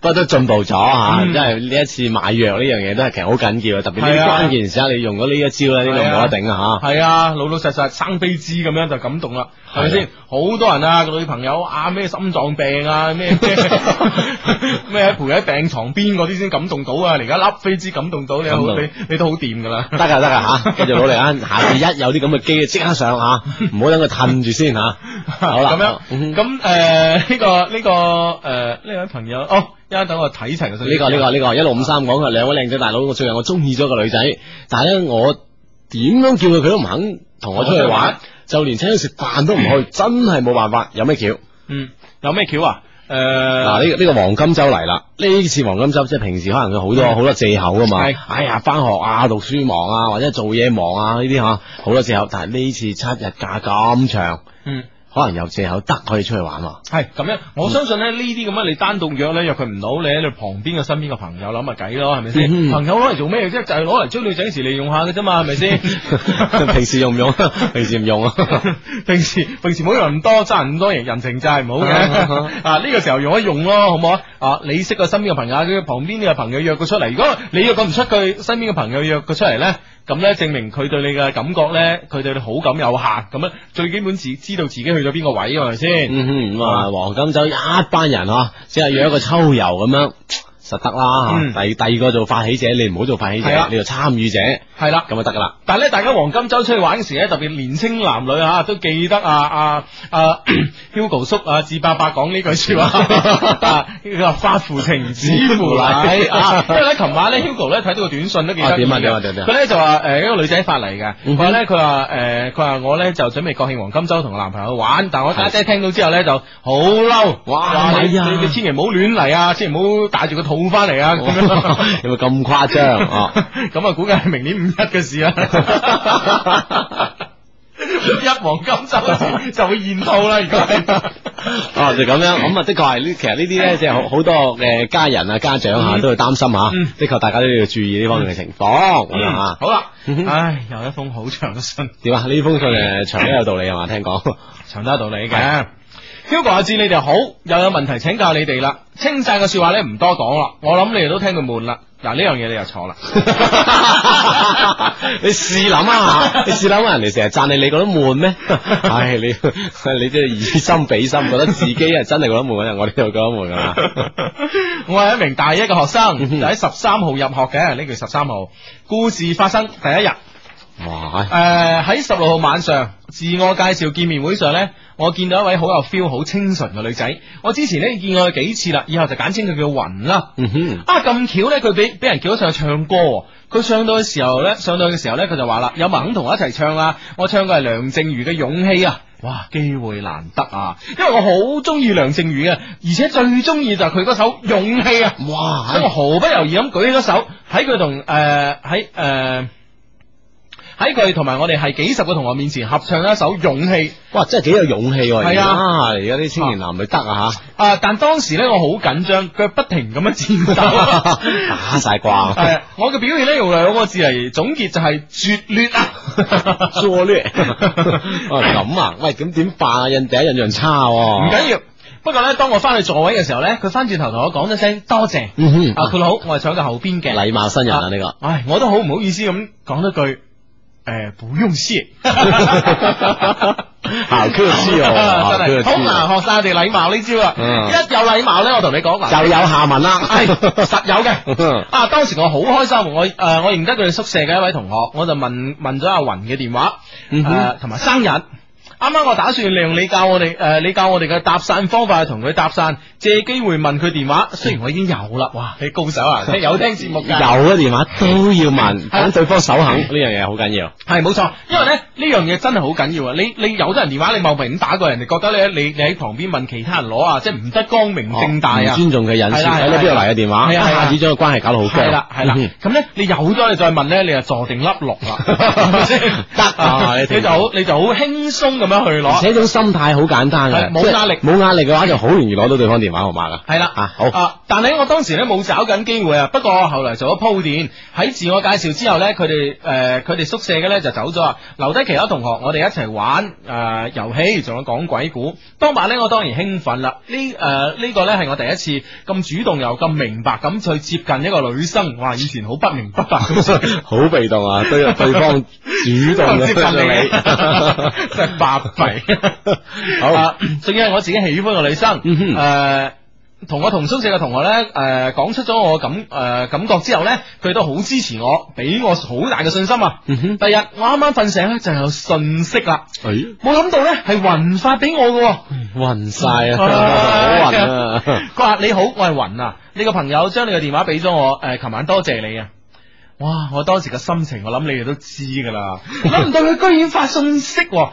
[SPEAKER 1] 不過都進步咗吓，因爲呢一次買藥呢樣嘢都係其實好緊要，特別呢啲關鍵時刻，而家、啊啊、你用咗呢一招咧，呢個冇得頂啊吓，係啊，啊，老老實實生飛枝咁樣就感動啦，係咪先？好多人啊，個女朋友啊，咩心臟病啊，咩咩喺陪喺病床邊嗰啲先感動到啊，而家粒飛枝感動到，你你，你，你都好掂噶啦，得噶得噶吓，跟住攞嚟啊，啊，啊，啊，啊，啊、嗯，下次一有啲咁嘅機，即刻上吓，唔好等佢氹住先吓。好啦，咁樣，咁誒呢個呢個誒。啊啊啊呢位朋友，哦噢，而家等我睇情信。呢個呢個呢個一六五三講嘅，兩位靚仔大佬，最我最近我中意咗個女仔，但係咧我點樣叫佢，佢都唔肯同我出去玩，哦、就連請佢食飯都唔去，嗯、真係冇辦法。有咩橋？嗯，有咩橋啊？誒、呃，嗱呢呢個黃、這個、金周嚟啦，呢次黃金周即係平時可能有好多好、嗯、多借口㗎嘛。是哎呀，翻學啊，讀書忙啊，或者做嘢忙啊呢啲吓，好多借口。但係呢次七日假咁長，嗯。嗯可能有借口得可以出去玩喎，係咁樣，我相信咧呢啲咁樣你單獨約咧約佢唔到，你喺你旁邊嘅身邊嘅朋友諗下計咯，係咪先？嗯、朋友攞嚟做咩？即係就係攞嚟追女仔時利用下嘅啫嘛，係咪先？ 平時用唔用？平時唔用啊？ 平時平時冇用咁多，欠咁多人人情債唔好嘅 啊！呢、這個時候用一用咯，好唔好啊？你識個身邊嘅朋友，佢旁邊啲嘅朋友約佢出嚟，如果你約佢唔出，佢 身邊嘅朋友約佢出嚟咧。咁咧證明佢對你嘅感覺咧，佢對你好感有限。咁樣最基本自知道自己去咗邊個位啊，係咪先？嗯哼，咁啊，黃金周一班人啊，只係約一個秋遊咁樣。就得啦，第第二個做發起者，你唔好做發起者，你就參與者，係啦，咁就得噶啦。但係咧，大家黃金周出去玩嘅時咧，特別年青男女啊，都記得啊，啊，啊 Hugo 叔啊，志伯伯講呢句說話，叫話發乎情止乎禮。因為咧，琴晚咧 Hugo 咧睇到個短信都記得。點啊點啊點啊佢咧就話誒一個女仔發嚟嘅，佢咧佢話誒佢話我咧就準備國慶黃金周同個男朋友玩，但係我家姐聽到之後咧就好嬲，哇你你千祈唔好亂嚟，啊，千祈唔好帶住個肚。換翻嚟啊！你咪咁誇張哦？咁啊， 估計係明年五一嘅事啦。 一黃金周就，就會現套啦，而家哦，就咁樣咁啊，的確係呢。其實呢啲咧，即係好多嘅家人啊、家長吓，都會擔心吓。的確、嗯，嗯、確大家都要注意呢方面嘅情況。嗯、樣好啦、啊，唉，又一封好長嘅信。點啊？呢封信誒，長得有道理啊嘛？聽講長得有道理嘅。Hugo 阿志，ilda，你哋好，又有問題請教你哋啦。稱讚嘅說話咧唔多講啦，我諗你哋都聽到悶啦。嗱，呢樣嘢，你又錯啦。你試諗啊，你試諗，人哋成日讚你，你覺得悶咩？唉，你你真係以心比心，覺得自己係真係覺得悶啊！ 我哋度覺得悶啊！ 我係一名大一嘅學生，喺十三號入學嘅，呢個十三號故事發生第一日。誒，喺十六號晚上自我介紹見面會上呢，我見到一位好有 feel、好清純嘅女仔。我之前呢見過佢幾次啦，以後就簡稱佢叫云啦。嗯哼，啊咁巧呢，佢俾俾人叫咗上去唱歌。佢上到嘅時候呢，上到嘅時候呢，佢就話啦：有冇人肯同我一齊唱啊？我唱嘅係梁靜茹嘅勇氣啊！哇，機會難得啊！因為我好中意梁靜茹啊，而且最中意就係佢嗰首勇氣啊！哇！咁我毫不猶豫咁舉起咗手，喺佢同誒喺誒。呃呃呃呃呃呃喺佢同埋我哋係幾十個同學面前合唱一首勇氣，哇！真係幾有勇氣喎、啊，而家而家啲青年男佢得啊吓。啊！但當時咧我好緊張，佢不停咁樣戰鬥， 打晒掛了、 啊。我嘅表現咧，用兩個字嚟總結就係拙劣啊！拙 劣 做了。咁 啊，喂，咁點辦啊？印第一印象差、啊。唔緊要。不過咧，當我翻去座位嘅時候咧，佢翻轉頭同我講一聲多謝。嗯、哼啊，佢好，我係坐到個後邊嘅。禮貌新人啊，呢個。唉，我都好唔好意思咁講一句。誒、呃，不用謝， 好客氣哦， 真係好難學晒哋禮貌呢招，啊，一有禮貌咧，我同你講就有下文啦，係、 哎、實有嘅。 啊，當時我好開心，我誒、呃，我認得佢哋宿舍嘅一位同學，我就問問咗阿云嘅電話，誒、嗯哼，同埋、呃、生日。啱啱我打算利用你教我哋，誒，你教我哋嘅搭訕方法去同佢搭訕，借機會問佢電話。雖然我已經有啦，哇，你高手啊，有聽節目噶，有咗電話都要問，等對方手肯呢樣嘢好緊要。係冇錯，因為咧呢樣嘢真係好緊要啊！你你有得人電話，你冒昧咁打過人哋，覺得咧你你喺旁邊問其他人攞啊，即係唔得光明正大啊，唔尊重佢隱私喺邊度嚟嘅電話，係一下子將個關係搞到好僵。係啦係啦，咁咧你有咗你再問咧，你就坐定粒六啦，得啊，你就好你就好輕鬆咁。去攞，而且種心態好簡單嘅，冇壓力，冇壓力嘅話就好容易攞到對方電話號碼啦。係啦的，啊好，啊但係我當時咧冇找緊機會啊。不過後嚟做咗鋪墊，喺自我介紹之後呢，佢哋誒佢哋宿舍嘅咧就走咗，留低其他同學，我哋一齊玩誒、呃、遊戲，仲有講鬼故。當晚咧，我當然興奮啦。呢誒呢個咧係我第一次咁主動又咁 明白咁去接近一個女生。哇！以前好不明不白，好 被動啊，對住對方主動 接近你， 係好，仲要係我自己喜歡個女生，誒、呃，同我同宿舍嘅同學咧，誒、呃，講出咗我感誒、呃、感覺之後咧，佢都好支持我，俾我好大嘅信心。啊！哼，第日我啱啱瞓醒咧，就有信息啦。係、哎，冇諗到咧係云發俾我噶，暈晒啊！好暈啊！佢話、啊、 你好，我係云啊，你個朋友將你嘅電話俾咗我，誒、呃，琴晚多謝你啊！哇，我當時嘅心情，我諗你哋都知噶啦。諗唔到佢居然發信息、啊。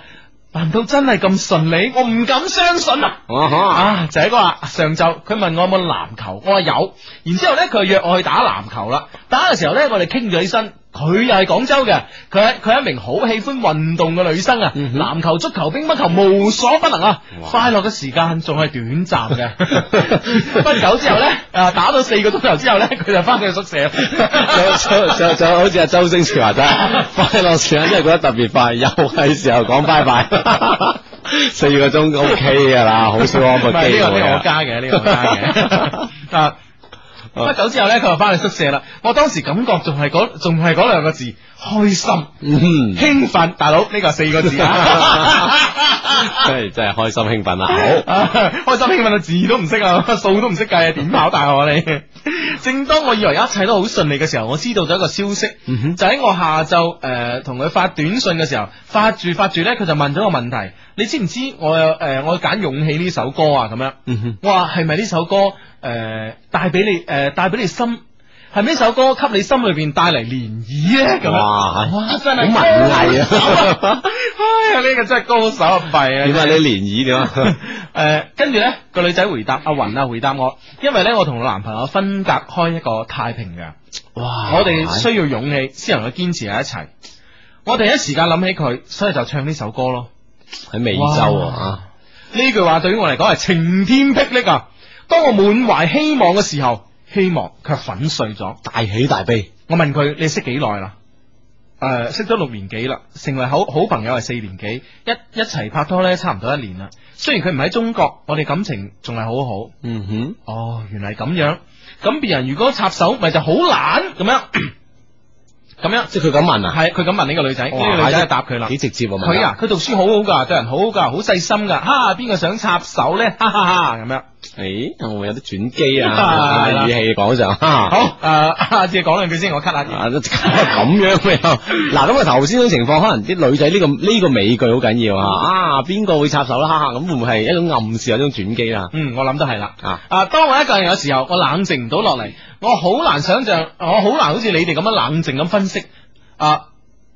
[SPEAKER 1] 難道真係咁順利？我唔敢相信啊！ 啊，就喺嗰日，上晝，佢問我有冇籃球，我話有，然之後咧佢約我去打籃球啦。打嘅時候咧，我哋傾咗起身。佢又係廣州嘅，佢係佢係一名好喜歡運動嘅女生啊，籃球、足球、乒乓球無所不能啊！哇快樂嘅時間仲係短暫嘅， 不久之後咧，啊打到四個鐘頭之後咧，佢就翻去宿舍 就。就就，就，就好似阿周星馳話齋， 快樂時間真係覺得特別快，又係時候講拜拜。 四個鐘 O K 噶啦，好少安個機。 呢個呢個我加嘅，呢個我加嘅。啊！不久之後咧，佢又翻去宿舍啦。我當時感覺仲係嗰，仲係嗰兩個字。開心，嗯、哼興奮，大佬呢、這個四個字， 真係真係開心興奮啊！好， 開心興奮到字都唔識，數都唔識計，點跑大學啊你？ 正當我以為一切都好順利嘅時候，我知道咗一個消息，嗯、哼就喺我下晝誒同佢發短信嘅時候，發住發住咧，佢就問咗個問題：你知唔知我誒、呃、我揀勇氣呢首歌啊？咁樣，我話係咪呢首歌誒帶俾你誒帶俾你心？係呢首歌給你心裏邊帶嚟漣漪咧？咁哇哇
[SPEAKER 3] 真係是好文藝
[SPEAKER 1] 啊！ 哎呀，呢、這個真係高手啊，弊啊！點解你漣漪點啊？誒、 呃，跟住咧個女仔回答阿云啊，回答我，因為咧我同我男朋友分隔開一個太平洋。
[SPEAKER 3] 哇！我哋需
[SPEAKER 1] 要勇氣先的能夠堅持喺一齊。我第一時間諗起佢，所以就唱呢首歌咯。喺美洲啊？呢句話對於我嚟講係晴天霹靂啊！當我滿懷希望嘅時候。希望卻粉碎咗，大喜大悲。我問佢：你識幾耐啦？誒、呃，識咗六年幾啦，成為好好朋友係四年幾，一一齊拍拖咧，差唔多一年啦。雖然佢唔喺中國，我哋感情仲係好好。嗯哼，哦，原嚟咁樣。咁別人如果插手，咪就好難咁樣。 咁樣，即係佢咁問啊？係，佢咁問呢個女仔，跟住哇女仔答佢啦。幾直接啊？佢啊，佢讀書好好噶，對人好好噶，好細心噶。哈，邊個想插手咧？哈哈哈，咁樣。誒，會唔會有啲轉機啊？語氣講哈，好誒，先講兩句先，我咳下先。咁樣嘅又，嗱，咁啊頭先嗰種情況，可能啲女仔呢個呢個美句好緊要啊。啊，邊個會插手啦？哈哈，咁會唔會係、啊、一種暗示，一種轉機啊？嗯，我諗都係啦。啊，啊，當我一個人有時候，我冷靜唔到落嚟。我好難想象，我好難好似你哋咁樣冷靜咁分析。啊，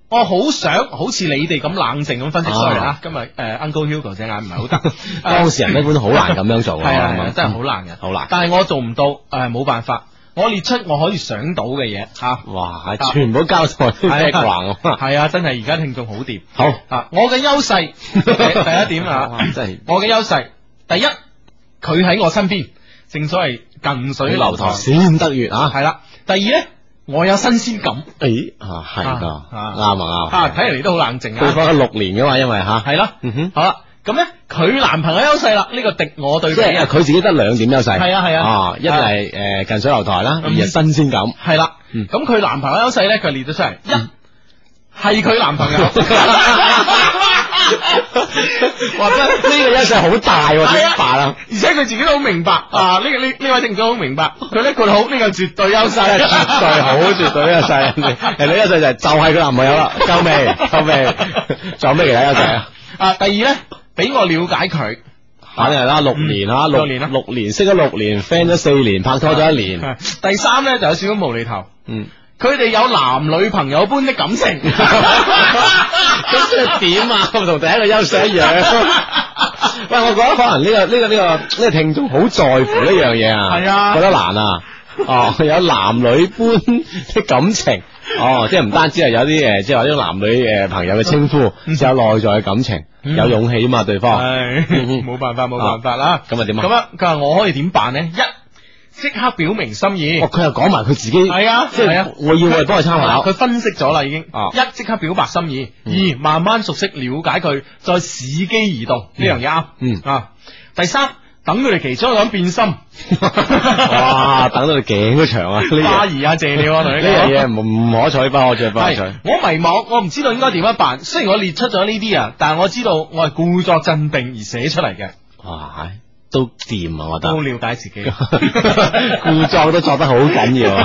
[SPEAKER 1] 我好想好似你哋咁冷靜咁分析。出嚟。啊，今日誒 Uncle Hugo 隻眼唔係好得。當事人一般好難咁樣做噶啊，真係好難嘅。好難。但係我做唔到，誒，冇辦法。我列出我可以想到嘅嘢吓。啊、哇，全部交待都係啊， 真係而家聽眾好掂。好啊，我嘅優勢第一點啊， 我嘅優勢第一，佢喺我身邊。正所謂近水樓台先得月啊！係啦，第二咧，我有新鮮感。誒，啊，係噶，啱啊啱。啊，睇嚟你都好冷靜。佢放咗六年噶嘛，因為吓。係啦，嗯哼，好啦，咁咧，佢男朋友優勢啦，呢個敵我對比啊，佢自己得兩點優勢，係啊係啊，一係誒近水樓台啦，二係新鮮感。係啦，咁佢男朋友優勢咧，佢列咗出嚟，一係佢男朋友。哇！真呢、 這個優勢好大喎，大把、啊、而且佢自己都好明白啊！呢個呢呢位聽眾好明白，佢呢個好呢個絕對優勢，係絕對好， 絕對優勢。誒，呢個優勢就係就係佢男朋友啦，夠味， 夠味。仲 有咩其他優勢啊？啊，第二咧，俾我了解佢，肯定係啦，六年吓，六、嗯、年啦，六年識咗六年，friend 咗四年，拍拖咗一年。嗯、第三咧就有少少無厘頭，嗯。佢哋有男女朋友般的感情，咁即係點啊？我同第一個休息一樣。 喂，我覺得可能呢個呢、這個呢、這個呢、這個這個聽眾好在乎呢樣嘢啊，係啊，覺得難啊。哦，有男女般的感情，哦，即係唔單止係有啲誒，即係話啲男女嘅朋友嘅稱呼，嗯、有內在嘅感情，嗯、有勇氣啊嘛，對方係，冇唉 辦法，冇辦法啦。咁啊點啊？咁樣，佢話，我可以點辦咧？一。即刻表明心意，佢又講埋佢自己係啊，即係我要係幫佢參考，佢分析咗啦已經，一即刻表白心意，二慢慢熟悉了解佢，再伺機而動呢樣嘢啱，嗯啊，第三等佢哋其中一個變心，哇，等到你頸都長啊，花兒啊，謝了，同你講呢樣嘢唔可取，不可取，不可取，我迷茫，我唔知道應該點樣辦，雖然我列出咗呢啲啊，但係我知道我係故作鎮定而寫出嚟嘅，係。都掂啊！我覺得都了解自己， 故作 都作得緊 好緊要，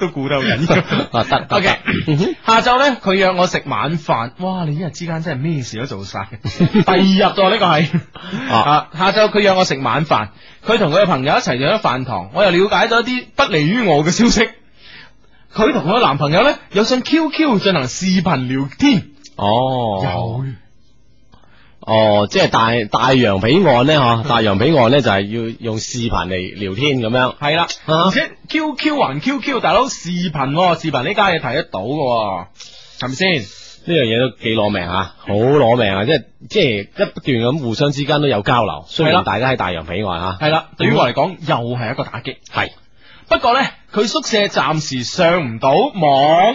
[SPEAKER 1] 都故得好緊要。啊得，O K。喊下晝咧，佢約我食晚飯。哇！你一日之間真係咩事都做晒。 第二日就呢個係啊。下晝佢約我食晚飯，佢同佢嘅朋友一齊約咗飯堂，我又了解咗啲不利於我嘅消息。佢同佢男朋友咧有上 QQ 進行視頻聊天。哦。有、哦。哦，即係大大洋彼岸呢。嗬！大洋彼岸呢，啊、岸就係要用視頻嚟聊天咁樣。係啦的，而且 QQ 還 QQ，大佬視頻，視頻呢、哦、家嘢睇得到嘅、哦，係咪先？呢樣嘢都幾攞命啊，好攞命啊！即係即係不斷咁互相之間都有交流，所以大家喺大洋彼岸吓。係啦的，啊、對於我嚟講那又係一個打擊。係。不過呢，佢宿舍暫時上唔到網。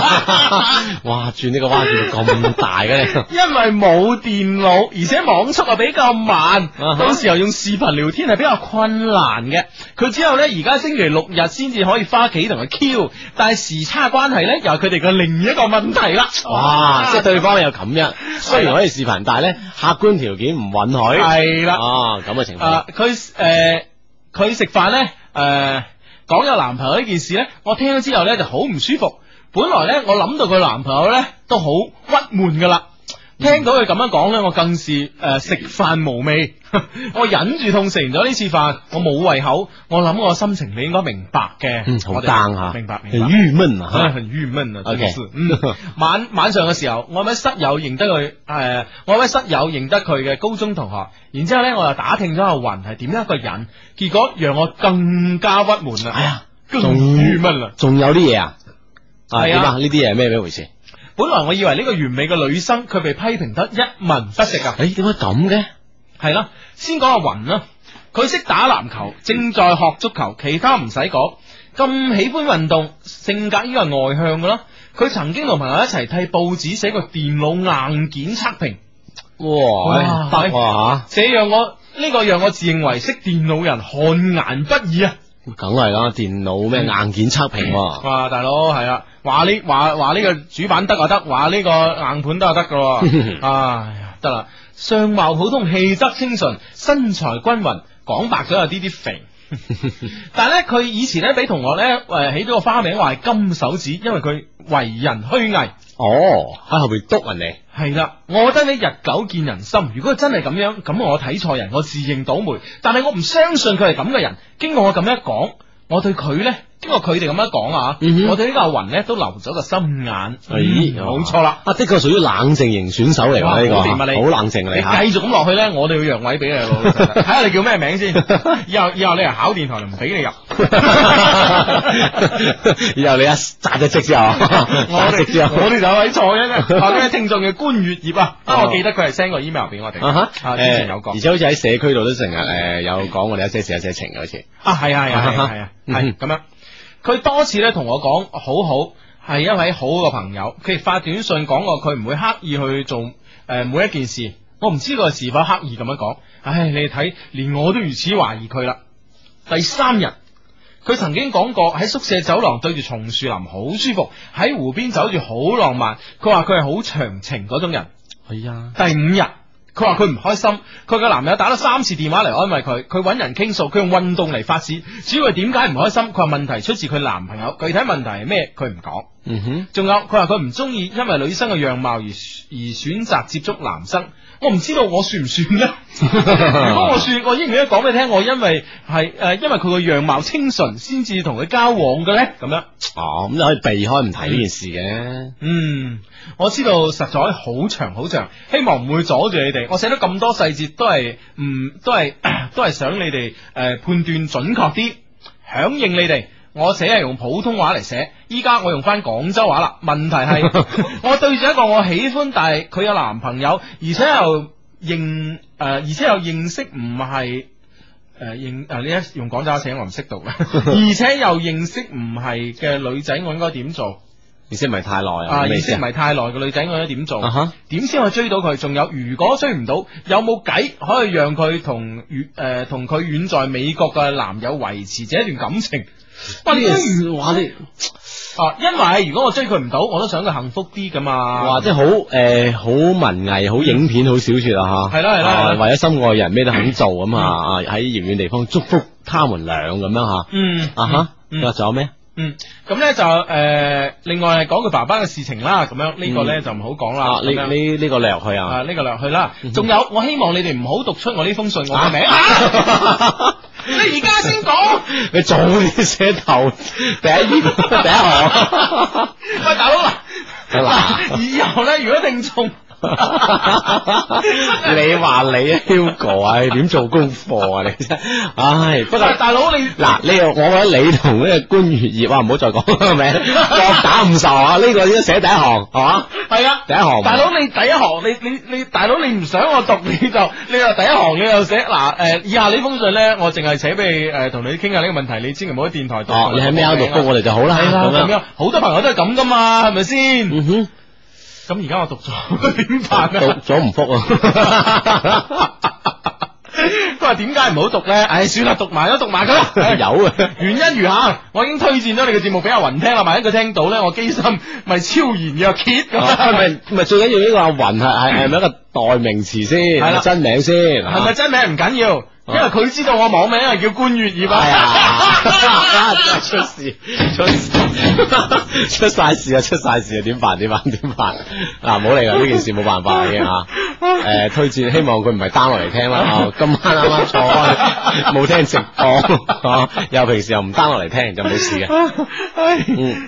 [SPEAKER 1] 哇，轉呢個彎轉到咁大嘅呢， 因為冇電腦，而且網速又比較慢， 到時候用視頻聊天係比較困難嘅。佢之後呢，而家星期六日先至可以翻屋企同佢 Q，但係時差關係呢，又係佢哋嘅另一個問題啦。哇， 即係對方又咁樣，雖然可以視頻，但係呢，客觀條件唔允許。係啦，咁嘅情況。佢誒，佢食飯呢。誒，講有、呃、男朋友呢件事咧，我聽咗之後咧就好唔舒服。本來咧，我諗到佢男朋友咧都好鬱悶噶啦。聽到佢咁樣講咧，我更是誒、呃、食飯無味， 我忍住痛食完咗呢次飯，我冇胃口，我諗我心情你應該明白嘅，好 down 吓，明白明白，鬱悶白啊吓，鬱悶啊，O K，晚晚上嘅時候，我位室友認得佢，誒、呃，我位室友認得佢嘅高中同學，然之後咧，我又打聽咗阿雲係點樣一個人，結果讓我更加鬱悶啦，哎呀，仲鬱悶啦，仲有啲嘢啊，
[SPEAKER 3] 點啊？呢啲
[SPEAKER 1] 嘢係咩咩回事？本來我以為呢個完美嘅女生，佢被批評得一文不值啊！誒、欸，點解咁嘅？係啦，先講阿云啦，佢識打籃球，正在學足球，其他唔使講，咁喜歡運動，性格應該係外向嘅啦。佢曾經同朋友一齊替報紙寫過電腦硬件測評。哇！大哇的！吓嗎，這個、讓我呢、這個讓我自認為識電腦人汗顏不已啊！梗係啦，電腦咩硬件測評？哇，大佬係啊。話呢話，話呢個主板得又得，話呢個硬盤得又得噶喎。哎呀，得啦， 相貌普通，氣質清純，身材均匀，講白咗有啲啲肥。 但係咧，佢以前咧俾同學咧誒、呃、起咗個花名，話係金手指，因為佢為人虛偽。哦，喺後面篤人嚟？係啦，我覺得你日久見人心。如果真係咁樣，咁我睇錯人，我自認倒霉。但係我唔相信佢係咁嘅人。經過我咁樣一講，我對佢咧。因為佢哋咁樣講啊，我哋呢個雲咧都留咗個心眼，冇錯啦。啊，的確屬於冷靜型選手嚟嘅，呢個好冷靜，你繼續咁落去咧，我哋要讓位俾你，睇下你叫咩名先。以後以後你嚟考電台就唔俾你入。以後你一扎咗職之後，我哋之後我哋就位坐一啫。啊，呢位聽眾嘅官月葉啊，我記得佢係 send 個 email 俾我哋，之前有講，而且好似喺社區度都成日誒有講我哋一些事一些情嘅好似。啊，係系系系，咁樣。佢多次咧同我講好好係一位好嘅朋友，佢發短信講過佢唔會刻意去做誒、呃、每一件事，我唔知佢是否刻意咁樣講。唉，你睇連我都如此懷疑佢啦。第三日，佢曾經講過喺宿舍走廊對住松樹林好舒服，喺湖邊走住好浪漫。佢話佢係好長情嗰種人。係啊呀。第五日。佢話佢唔開心，佢嘅男朋友打咗三次電話嚟安慰佢，佢揾人傾訴，佢用運動嚟發洩。主要佢點解唔開心？佢話問題出自佢男朋友，具體問題係咩？佢唔講。嗯哼，仲有佢話佢唔中意，他他因為女生嘅樣貌而而選擇接觸男生。我唔知道我算唔算咧？ 如果我算，我應唔應該講俾你聽？我因為係誒、呃，因為佢個樣貌清純，先至同佢交往嘅咧，咁樣。哦，咁可以避開唔提呢件事嘅。嗯，我知道實在好長好長，希望唔會阻住你哋。我寫咗咁多細節都係唔、嗯、都係、啊、都係想你哋誒、呃、判斷準確啲，響應你哋。我寫係用普通話嚟寫，依家我用翻廣州話啦。問題係 我對住一個我喜歡，但係佢有男朋友，而且又認誒、呃，而且又認識唔係誒認誒呢、呃？用廣州話寫我唔識讀嘅，而且又認識唔係嘅女仔，我應該點做？意思唔係太耐啊？意思唔係太耐嘅女仔，我應該點做？點先可以追到佢？仲有如果追唔到，有冇計可以讓佢同誒同佢遠在美國嘅男友維持住一段感情？啊，因為話你啊，因為如果我追佢唔到，我都想佢幸福啲噶嘛。哇，即係好誒，好文藝，好影片，好小說啊，吓。係啦係啦，為咗心愛人咩都肯做咁啊啊！喺遙遠地方祝福他們兩咁樣吓。嗯啊哈。仲有咩？嗯。咁咧就誒，另外講佢爸爸嘅事情啦。咁樣呢個咧就唔好講啦。呢呢呢個略去啊。呢個略去啦。仲有，我希望你哋唔好讀出我呢封信，我名。你而家先講，你早啲寫頭第一二第一行，喂大佬嗱，係啦，以後
[SPEAKER 2] 咧如果定重。
[SPEAKER 1] 你話你啊，Hugo，你點做功課啊？你真係，唉，不過大佬你嗱，你又我我你同呢個官員熱話，唔好再講啦，係咪？我打唔受啊，呢、這個要寫第一行，係嘛？係啊，的第一行。大佬你第一行，你你你，大佬你唔想我讀你就，你又第一行，你又寫嗱，誒，以下呢封信咧，我淨係寫俾你，誒、呃，同你傾下呢個問題，你千祈唔好喺電台讀、啊。你喺咩角度播我哋就好啦，係啦的，咁樣好的多朋友都係咁㗎嘛，係咪先？嗯、哼。咁而家我讀咗點 辦啊、 哎？讀咗唔覆啊！佢話點解唔好讀咧？唉，算啦，讀埋都讀埋噶啦。哎、 有啊，原因如下：我已經推薦咗你嘅節目俾阿雲聽啦，萬一佢聽到咧，我機心咪昭然若揭咁。咪咪 最緊要呢、這個阿雲係係係咪一個代名詞先？係啦，真名先。係咪 真名唔緊要？因為佢知道我網名係叫官月耳嘛，係啊，出事 出事，出晒事啊，出晒事啊，點辦點辦點辦，嗱唔好理啦，呢 件事冇辦法嘅。吓、啊、誒 推薦希望佢唔係 down 落嚟聽啦， 今晚啱啱坐冇 聽直播又、啊啊、平時又唔 down 落嚟聽就冇事嘅，誒、 哎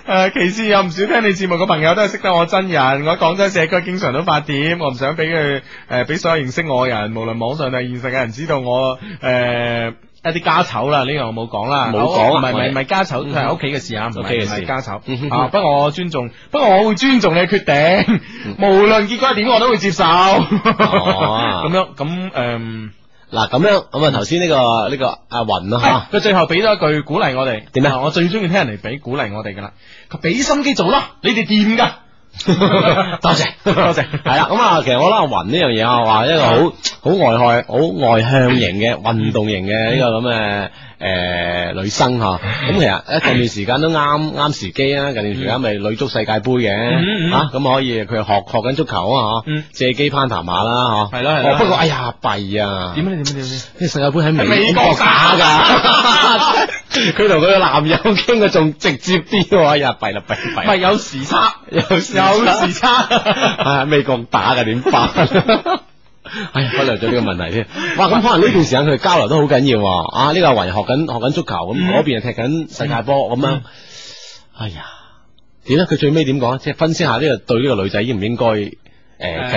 [SPEAKER 1] 呃，其次有唔少聽你節目嘅朋友都係識得我真人，我廣州社區經常都發帖，我唔想俾佢誒俾所有認識我嘅人，無論網上定係現實嘅人知道我。誒，一啲家醜啦，呢樣我冇講啦，冇講，唔係唔係家醜，係屋企嘅事啊，唔係唔係家醜啊。不過我尊重，不過我會尊重你嘅決定，無論結果點，我都會接受。咁樣咁誒，嗱咁樣咁啊，頭先呢個呢個阿雲啊，佢最後俾多一句鼓勵我哋點樣？我最中意聽人嚟俾鼓勵我哋噶啦，佢俾心機做啦，你哋掂噶。多謝 多謝，係啦，咁啊， 其實我拉阿雲呢樣嘢啊，話 一個好好外向、好外向型嘅運動型嘅呢個咁嘅。誒、呃，女生嗬，咁、啊嗯嗯、其實喺近年時間都啱啱時機啊，近段時間咪女足世界杯嘅，吓咁、嗯嗯啊、可以佢學學緊足球啊嗬，嗯、借機攀談下啦嗬。係、啊、咯、啊、不過哎呀弊啊！點啊點啊點啊！世界杯喺美，美國打噶，佢同佢個男友傾嘅仲直接啲喎，哎呀弊啦弊弊。咪、哎、有時差，有時差。啊、 哎，美國打㗎點辦？ 哎呀，忽略咗呢個問題添。哇，咁可能呢段時間佢哋交流都好緊要啊！呢、啊這個維學緊學緊足球，咁嗰邊又踢緊世界波咁樣。哎呀，點咧？佢最尾點講？即係分析下呢、這個對呢個女仔應唔應該誒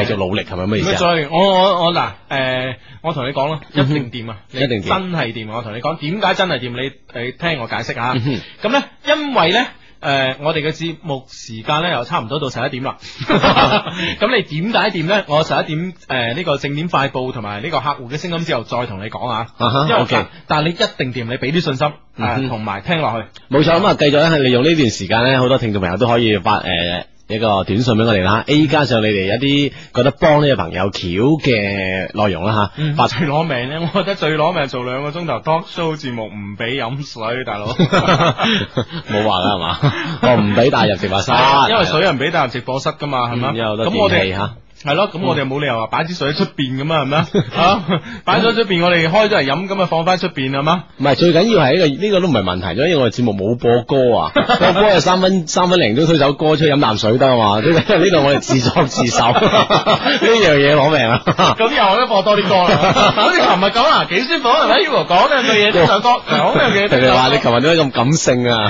[SPEAKER 1] 繼續努力，係咪咩意思？我我我嗱，誒，我同、呃、你講啦，一定掂啊！一定掂，真係掂、啊嗯哼啊。我同你講，點解真係掂、啊？你誒聽我解釋啊。咁咧、嗯哼，因為咧。誒、呃，我哋嘅節目時間咧又差唔多到十一點啦，咁 你點解掂咧？我十一點誒呢、呃這個正點快報同埋呢個客戶嘅聲音之後再同你講啊，uh、huh, 因為 okay. 但係你一定掂，你俾啲信心，同、呃、埋、uh huh. 聽落去。冇錯咁啊，嗯嗯、繼續咧係利用呢段時間咧，好多聽眾朋友都可以發誒。呃一個短信俾我哋啦，A 加上你哋一啲覺得幫呢個朋友橋嘅內容啦吓，話、嗯、最攞命咧，我覺得最攞命做兩個鐘頭 talk show 節目唔俾飲水，大佬冇話啦係嘛，我唔俾帶入直播室， 因為水人俾帶入直播室噶嘛，係咪？咁我哋吓。係咯，咁、嗯嗯、我哋冇理由話擺支水喺出邊咁啊，係咪啊？啊，擺咗出邊，我哋開咗嚟飲，咁啊放翻出邊啊嘛。唔係，最緊要係呢個呢、這個都唔係問題，所以我哋節目冇播歌啊，播歌啊三分 三分零都推首歌出去、啊，去飲啖水得啊嘛。呢度我哋自作自受，呢樣嘢攞命啊。啲又 我哋播多啲歌啦。好似琴日講啊，幾舒服啊，阿 Hugo 講兩句嘢推首歌，講呢樣嘢。人哋話你琴日點解咁感性啊？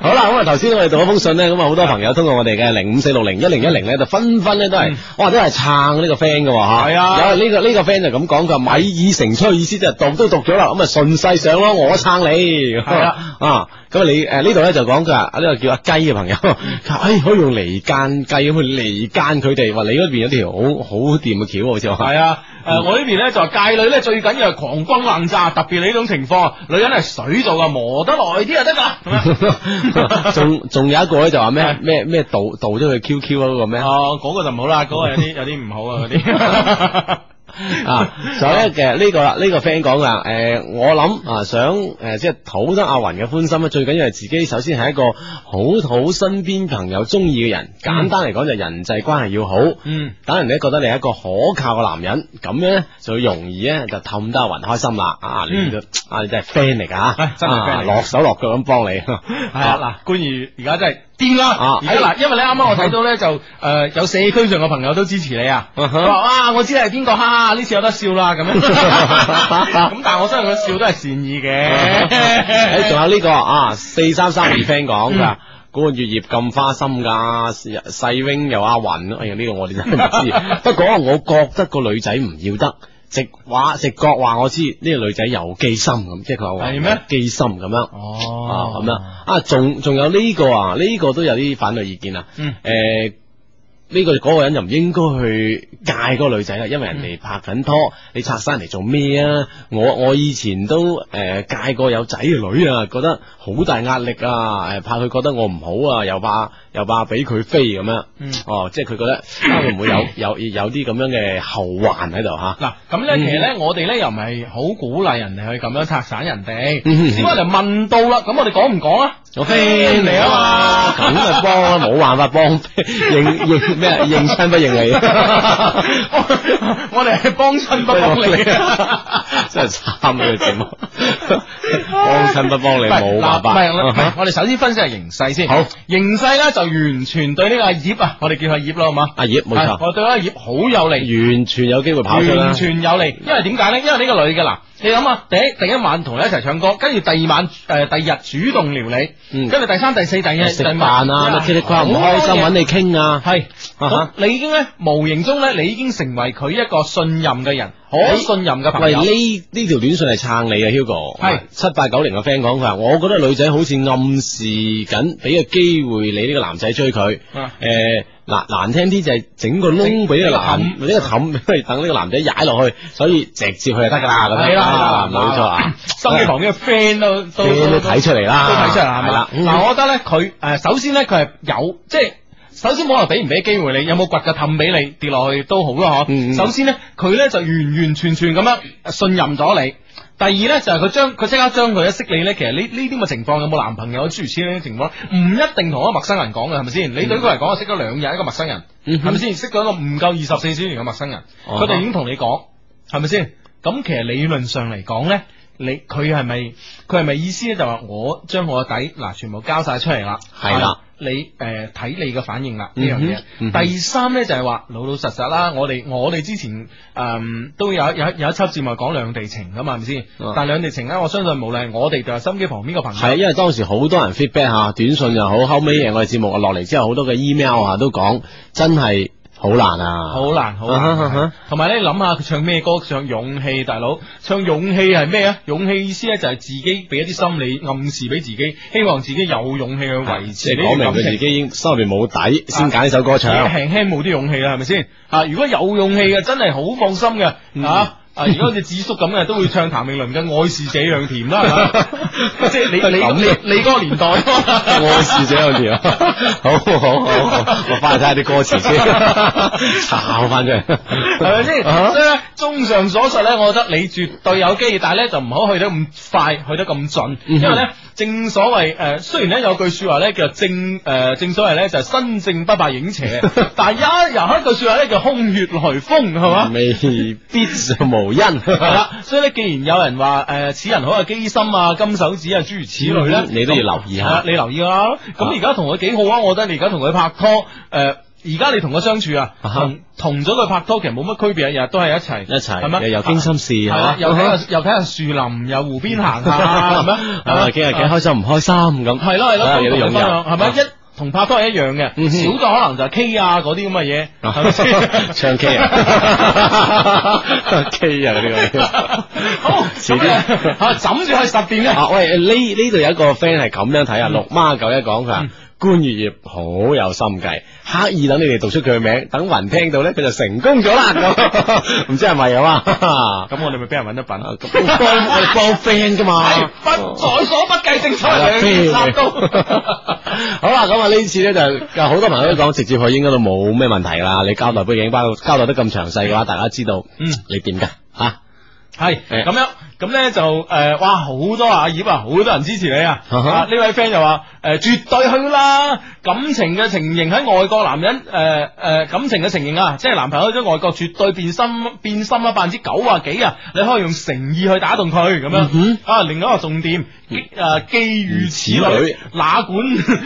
[SPEAKER 1] 好啦，咁啊頭先我哋讀嗰封信咧，咁啊好多朋友通過我哋嘅零五四六零一零一零咧，就紛紛咧都係都係撐呢個 friend 嘅吓，係啊，呢個呢個 friend 就咁講，佢話米已成炊，意思就係讀都讀咗啦，咁啊順勢上咯，我撐你，係啊啊。 嗯咁你誒、呃、呢度咧就講，佢話呢個叫阿雞嘅朋友，誒可以用離間計去離間佢哋，話你嗰邊有條好好掂嘅橋，好似係。係啊，誒、呃、我邊呢邊咧就話、是、界女咧最緊要係狂轟濫炸，特別你呢種情況，女人係水做噶，磨得耐啲就得噶。仲仲 有一個咧就話咩咩咩盜盜咗佢 QQ 嗰個咩？哦，嗰、那個就唔好啦，嗰、那個那個有啲有啲唔好啊，嗰啲。 啊，所以嘅、這、呢個啦，呢、這個 friend 講噶，誒、呃，我諗啊，想誒、呃，即係討得阿云嘅歡心咧，最緊要係自己首先係一個好討身邊朋友中意嘅人，簡單嚟講就人際關係要好，嗯，等人哋覺得你係一個可靠嘅男人，咁樣咧就容易咧就氹得阿云開心啦，啊，呢個、嗯、啊你真係 friend 嚟噶吓，真係 friend，啊、落手落腳咁幫你，係 啊，嗱、啊，官二而家真係。癲啦！而家嗱，啊、在因為咧啱啱我睇到咧、嗯、就誒、呃，有社區上嘅朋友都支持你、嗯、啊，話哇，我知你係邊個哈，呢、啊、次有得笑啦咁樣。咁 但係我相信佢笑都係善意嘅。誒、嗯，仲 有呢、這個啊，四三三二 friend 講嘅，個、嗯、月葉咁花心噶，細 wing 又阿雲，哎呀呢、這個我哋真係唔知。 不過我覺得個女仔唔要得。直話直覺話我知呢、這個女仔有記心咁，即係佢話係咩記心咁樣哦，咁樣啊，仲仲有呢個啊，呢、這個都有啲反對意見啊，誒、嗯，呢、欸這個、那個人就唔應該去介嗰個女仔啊，因為人哋拍緊拖，你拆散人嚟做咩啊？我我以前都誒介過有仔女啊，覺得好大壓力啊，誒怕佢覺得我唔好啊，又怕。又話俾佢飛咁樣，哦，即係佢覺得會唔會有有有啲咁樣嘅後患喺度吓。嗱，咁咧其實咧，我哋咧又唔係好鼓勵人哋去咁樣拆散人哋。咁我哋問到啦，咁我哋講唔講啊？我飛你啊嘛，咁咪幫咯，冇辦法幫。認認咩？認親不認你。
[SPEAKER 2] 我哋係幫親不幫你，
[SPEAKER 1] 真係慘呢個節目，幫親不幫你，冇辦法。唔係，我哋首先分析下形勢先。好，形勢咧就。完全對呢個阿葉啊，我哋叫佢阿葉咯，好嘛？阿葉冇錯，我對阿葉好有利，完全有機會跑完全有利，因為點解咧？因為呢個女嘅嗱，你諗啊，第一第一晚同你一齊唱歌，跟住第二晚誒、呃，第二日主動撩你，跟住、嗯、第三、第四、第五、日食飯啊，佢佢唔開心揾噢你傾啊，係是， 你已經咧無形中咧，你已經成為佢一個信任嘅人。好信任嘅喂，呢呢條短信係撐你啊，Hugo 係七八九零嘅 friend 講佢話，我覺得女仔好似暗示緊俾個機會你呢個男仔追佢，誒，難難聽啲就係整個窿俾個氹俾個氹，等呢個男仔踩落去，所以直接去就得噶啦咁樣，冇錯啊，心機狂嘅 friend 都都睇出嚟啦，都睇出嚟啦係咪？嗱我覺得咧佢誒首先咧佢係有即係。首先冇人俾唔俾啲機會你，有冇掘嘅氹俾你跌落去都好啦，嗬。嗯嗯，首先咧，佢咧就完完全全咁樣信任咗你。第二咧就係佢將佢即刻將佢一識你咧，其實呢呢啲咁嘅情況有冇男朋友諸如此呢啲情況，唔一定同一陌生人講嘅，係咪先？你對佢嚟講啊，識咗兩日一個陌生人，係咪先？識咗一個唔夠二十四小時嘅陌生人，佢哋、嗯、哼已經同你講，係咪先？咁其實理論上嚟講咧，你佢係咪佢係咪意思咧？就話、是、我將我個底嗱全部交晒出嚟啦，係啦。你誒睇、呃、你嘅反應啦，呢樣嘢。嗯嗯、第三咧就係話，老老實實啦，我哋我哋之前誒、呃、都有有有一輯節目講兩地情噶嘛，係咪先？嗯、但兩地情咧，我相信無論係我哋就係心機旁邊個朋友，係因為當時好多人 feedback 下短信又好，後尾嘢我哋節目啊落嚟之後，好多嘅 email 啊都講真係。好難啊！好難，好啊！同埋咧，諗下佢唱咩歌？唱勇氣，大佬唱勇氣係咩啊？勇氣意思咧就係自己俾一啲心理暗示俾自己，希望自己有勇氣去維持。即係明佢自己已經心入邊冇底，先揀呢首歌唱。輕輕冇啲勇氣啦，係咪先？吓、啊，如果有勇氣嘅，嗯、真係好放心嘅啊！嗯啊！而家好似紫叔咁嘅，都會唱譚詠麟嘅《愛是這樣甜》啦，係嘛？ 即係 你 你你你嗰個年代，愛是這樣甜。好好好好，我翻嚟睇下啲歌詞先，查翻出嚟，係咪先？所以咧，綜上所述咧，我覺得你絕對有機，但係咧就唔好去得咁快，去得咁準，因為咧。 正所謂，誒、呃，雖然咧有句說話咧叫正，誒、呃，正所謂咧就係、是、身正不怕影斜， 但係有一句說話咧叫空穴來風，係嘛？未必就無因。係 啦，所以咧，既然有人話，誒、呃，此人好有機心啊，金手指啊，諸如此類咧、嗯，你都要留意下就。你留意啦。咁而家同佢幾好啊？我覺得你而家同佢拍拖，誒、呃。而家你同佢相處啊，同咗佢拍拖，其實冇乜區別，日日都係一齊，一齊係咪？又傾心事，係啦，又睇下又睇下樹林，又湖邊行下，係咪？係今日幾開心唔開心咁？係咯係咯，有得擁有，係咪？一同拍拖係一樣嘅，少咗可能就係 K 啊嗰啲咁嘅嘢，唱 K 啊，K 啊嗰啲。好少啲，啊枕住去十點嘅。啊喂，呢呢度有一個 friend 係咁樣睇啊，六孖九一講佢.官月月好有心計，刻意等你哋讀出佢嘅名，等云聽到咧，佢就成功咗啦。咁唔知係咪啊？咁、嗯、我哋咪俾人揾得笨，幫幫 friend 噶嘛？不、 嗯，
[SPEAKER 2] 在所不計，正
[SPEAKER 3] 所謂兩肋插
[SPEAKER 1] 刀。 好啦，咁啊呢次咧就，好多朋友都講，直接去應該都冇咩問題啦。你交代背景包，交代得咁詳細嘅話，大家知道，嗯、啊，你點噶？吓，係，咁樣。咁呢就誒，哇，好多阿葉啊，好多人支持你啊！呢位 friend 就話誒，絕對去啦！感情嘅情形喺外國男人誒誒，感情嘅情形啊，即係男朋友喺外國絕對變心變心啊，百分之九啊幾啊，你可以用誠意去打動佢咁樣啊。另外一個重點，誒既遇此女，哪管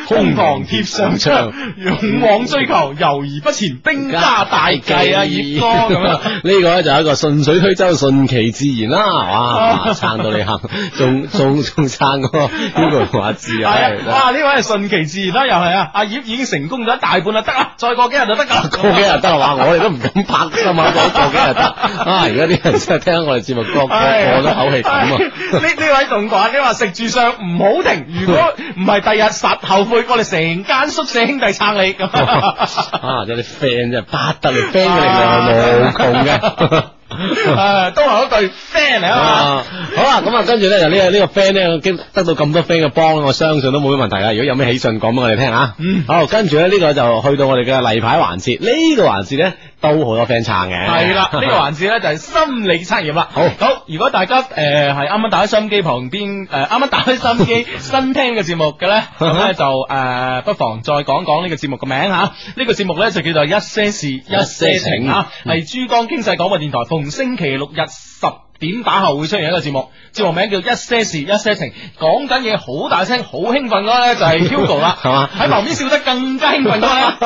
[SPEAKER 1] 胸膛貼上牆，勇往追求，猶豫不前，兵家大忌啊，葉哥咁樣。呢個咧就係一個順水推舟，順其自然啦，係嘛？撐到你行，仲仲仲撐咯，呢句話字啊，哇呢的、哦啊、位係順其自然啦，又係啊，阿葉已經成功咗一大半啦，得啦，再過幾日就得噶， 啊、過幾日得啦，啊 啊、我哋都唔敢拍心口過，過幾日得啊，而家啲人真係聽我哋節目講嘅，都口氣咁啊，呢呢位仲講、啊，你話食住上唔好停，如果唔係第日實後悔，我哋成間宿舍兄弟撐你咁，啊，有啲 friend 就八得你 friend 嚟嘅，冇窮嘅。誒、 啊，
[SPEAKER 3] 都係一對 friend 嚟啊，啊！
[SPEAKER 1] 好啦，咁啊， 跟住咧就呢個呢個 friend 咧，經得到咁多 friend 嘅幫，我相信都冇咩問題啦。如果有咩喜訊，講俾我哋聽吓。嗯，好，跟住咧呢、這個就去到我哋嘅例牌環節，這個、呢個環節咧。都好多 friend 撐嘅了，係啦，呢個環節呢，就係、是、心理測驗啦。好，好，如果大家誒係啱啱打開收音機旁邊，誒啱啱打開收音機新聽嘅節目嘅呢，咁呢 就誒、呃、不妨再講講呢個節目嘅名嚇。呢、啊這個節目呢，就叫做一些事 一些情嚇、啊，係珠江經濟廣播電台逢星期六日十。點打後會出現一個節目，節目名叫一些事一些情，講緊嘢，好大聲，好興奮嗰咧就係 Hugo 啦，係嘛。喺旁邊笑得更加興奮噶啦，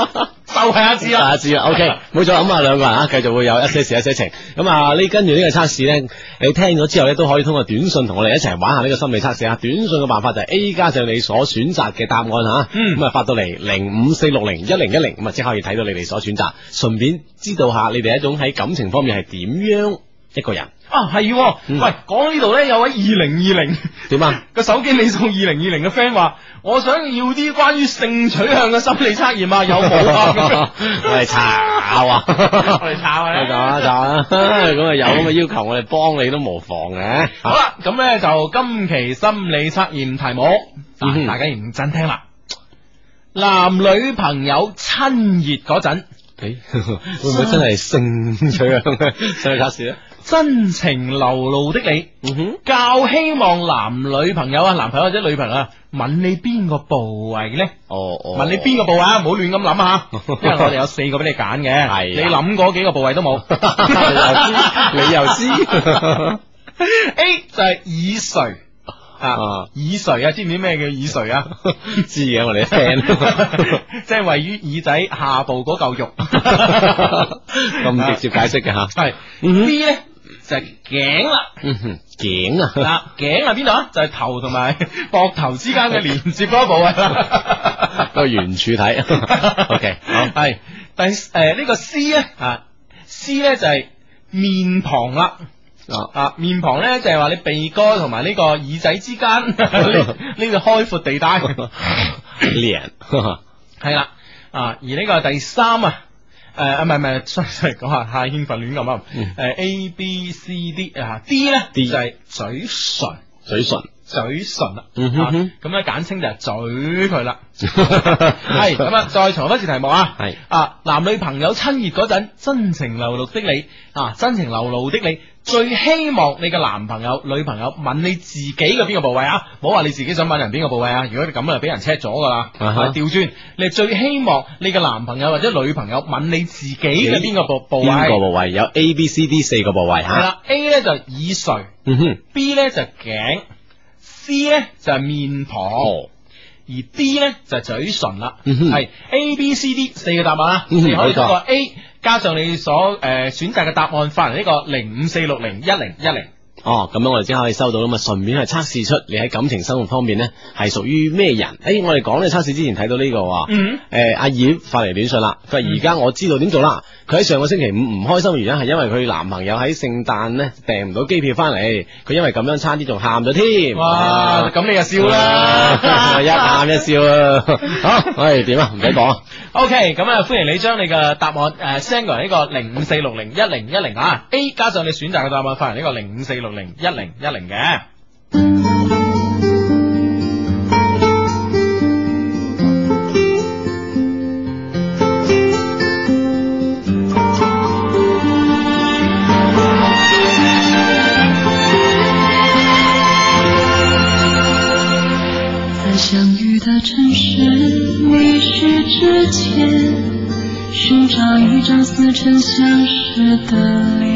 [SPEAKER 1] 就係阿志啦，阿志，OK，冇錯，咁啊兩個人啊繼續會有一些事一些情，咁啊你跟住呢個測試咧，你聽咗之後咧都可以通過短信同我哋一齊玩下呢個心理測試啊，短信嘅辦法就係 A 加上你所選擇嘅答案吓，咁啊、嗯、發到嚟零五四六零一零一零，咁啊即刻可以睇到你哋所選擇，順便知道下你哋一種喺感情方面係點樣一個人。啊係，喂，講呢度咧，有位二零二零點啊個手機尾數二零二零嘅 friend 話，我想要啲關於性取向嘅心理測驗啊，有冇啊？我哋炒啊！我哋炒啊！炒啊炒啊！咁啊有咁嘅要求，我哋幫你都無妨嘅。好啦，咁咧就今期心理測驗題目，大家認真聽啦。男女朋友親熱嗰陣，誒會唔會真係性取向嘅心理測試咧？真情流露的你，較希望男女朋友啊，男朋友或者女朋友啊，吻你邊個部位咧？哦，吻你邊個部位？啊？唔好亂咁諗吓，因為我哋有四個俾你揀嘅，係 對 你諗嗰幾個部位都冇，你 又知 ？A 知就係耳垂啊，耳垂啊，知唔知咩叫耳垂啊？ 知嘅，我哋聽，即係位於耳仔下部嗰嚿肉，咁 直接解釋嘅吓，係 B 咧。 就係頸啦，頸、嗯、啊，啊頸係邊度啊？就係頭同埋膊頭之間嘅連接嗰個部位啦，都係圓柱體，OK，係第誒呢個 C 咧啊，C 咧就係面龐啦，啊面龐咧就係話你鼻哥同埋呢個耳仔之間呢個開闊地帶，連係啦啊，而呢個第三啊。誒、呃，啊，唔係唔係，sorry，sorry，講下太興奮亂咁。啊。誒、呃、，A、B、C、D、啊、D 啊，D 咧，D 就係嘴唇，嘴唇，嘴唇、mm hmm. 啊嘴唇， 嗯，啦。咁咧，簡稱就係嘴佢啦。係咁啊，再重複一次題目啊。係 啊，男女朋友親熱嗰陣，真情流露的你啊，真情流露的你。最希望你嘅男朋友、女朋友吻你自己嘅邊個部位啊？唔好話你自己想吻人邊個部位啊！如果你咁啊，俾人 check 咗噶啦，調、huh. 轉你最希望你嘅男朋友或者女朋友吻你自己嘅邊個部部位？邊個部位有 A、B、C、D 四個部位吓、啊？係啦，A 咧，就是、耳垂、uh huh.，B 咧，就頸、是、，C 咧，就是、面龐，uh huh. 而 D 咧，就是、嘴唇啦。係、uh huh. A、B、C、D 四個答案啊，uh huh. 可以選個錯 A。加上你所誒、呃、選擇嘅答案，發嚟呢個零五四六零一零一零。哦，咁樣我哋即刻可以收到啦嘛，順便係測試出你喺感情生活方面呢係屬於咩人？誒、哎，我哋講你測試之前睇到呢、這個，誒、嗯啊，阿葉發嚟短信啦，佢話而家我知道點做啦，佢喺上個星期五唔開心嘅原因係因為佢男朋友喺聖誕呢訂唔到機票翻嚟，佢因為咁樣差啲仲喊咗添。哇，咁、啊、你就笑啦，啊、 一喊一笑。好，喂，點啊？唔使講。O K，咁啊、嗯、okay, 歡迎你將你嘅答案誒 send 嚟呢個零五四六零一零一零啊，A 加上你選擇嘅答案發嚟呢個零五四六。零一零一零嘅，
[SPEAKER 2] 在相遇的城市迷失之前，尋找一張似曾相識的臉。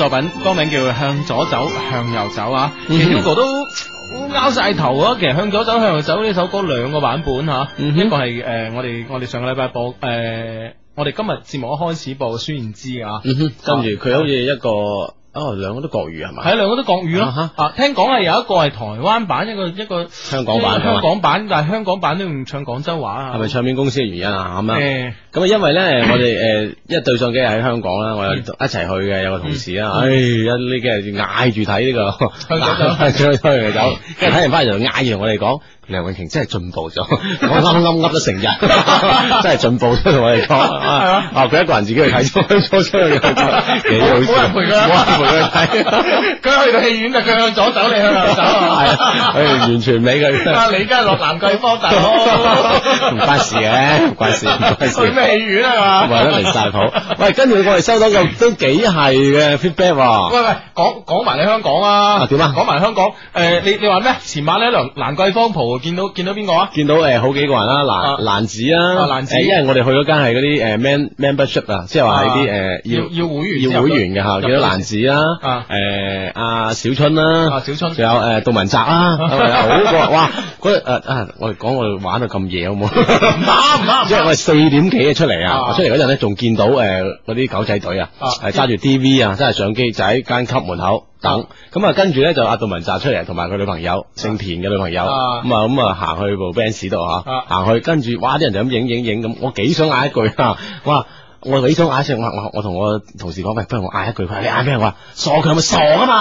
[SPEAKER 1] 作品歌名叫做《向左走，向右走》啊，其實哥哥都拗晒頭啊。其實《向左走，向右走》呢首歌兩個版本吓、啊，嗯、哼一個係誒、呃、我哋我哋上個禮拜播誒、呃，我哋今日節目一開始播孫燕姿嘅啊，跟住佢好似一個。哦，兩個都國語係嘛？係啊，兩個都國語咯。吓，聽講係有一個係台灣版，一個一個香港版。香港版但係香港版都唔唱廣州話啊？係咪唱片公司嘅原因啊？咁樣咁啊，因為咧，我哋誒，一對上幾日喺香港啦，我有一齊去嘅，有個同事啊，唉，一呢幾日嗌住睇呢個，唱唱走，睇完翻嚟又嗌住我哋講。梁詠琪真係進步咗，我啱啱噏咗成日，真係進步咗同我哋講啊！佢一個人自己去睇咗，冇人陪佢，冇人陪佢睇。
[SPEAKER 3] 佢去到戲院就向左走，你向右
[SPEAKER 1] 走。係完全美佢。啊！你而家落蘭桂坊大佬，唔關事嘅，唔關事，唔關事。咩戲院啊？嘛，為咗離曬譜。喂，跟住我哋收到個都幾係嘅 feedback。喂喂，講講埋你香港啊？點啊？講埋香港。誒，你你話咩？前晚咧，蘭蘭桂坊蒲。見到見到邊個啊？見到誒，好幾個人啦，蘭蘭子啊，蘭子？因為我哋去嗰間係嗰啲誒 man membership 啊，即係話啲誒要要會員要會員嘅吓，見到蘭子啊，誒阿小春啦，小春，仲有誒杜文澤啊，好個，哇，嗰日誒，我哋講我哋玩到咁夜好冇？唔啱唔啱？即係我哋四點幾嘅出嚟啊，出嚟嗰陣咧仲見到誒嗰啲狗仔隊啊，係揸住 D V 啊，真係相機仔跟喺門口。等咁啊，跟住咧就阿杜汶澤出嚟，同埋佢女朋友姓田嘅女朋友，咁啊咁啊行去部 b a n 士度吓，行去跟住，哇！啲人就咁影影影咁，我幾想嗌一,一句，我話我幾想嗌一聲，我我我同我同事講，喂，不如我嗌一句，佢話你嗌咩？我話傻佢係咪傻 啊嘛？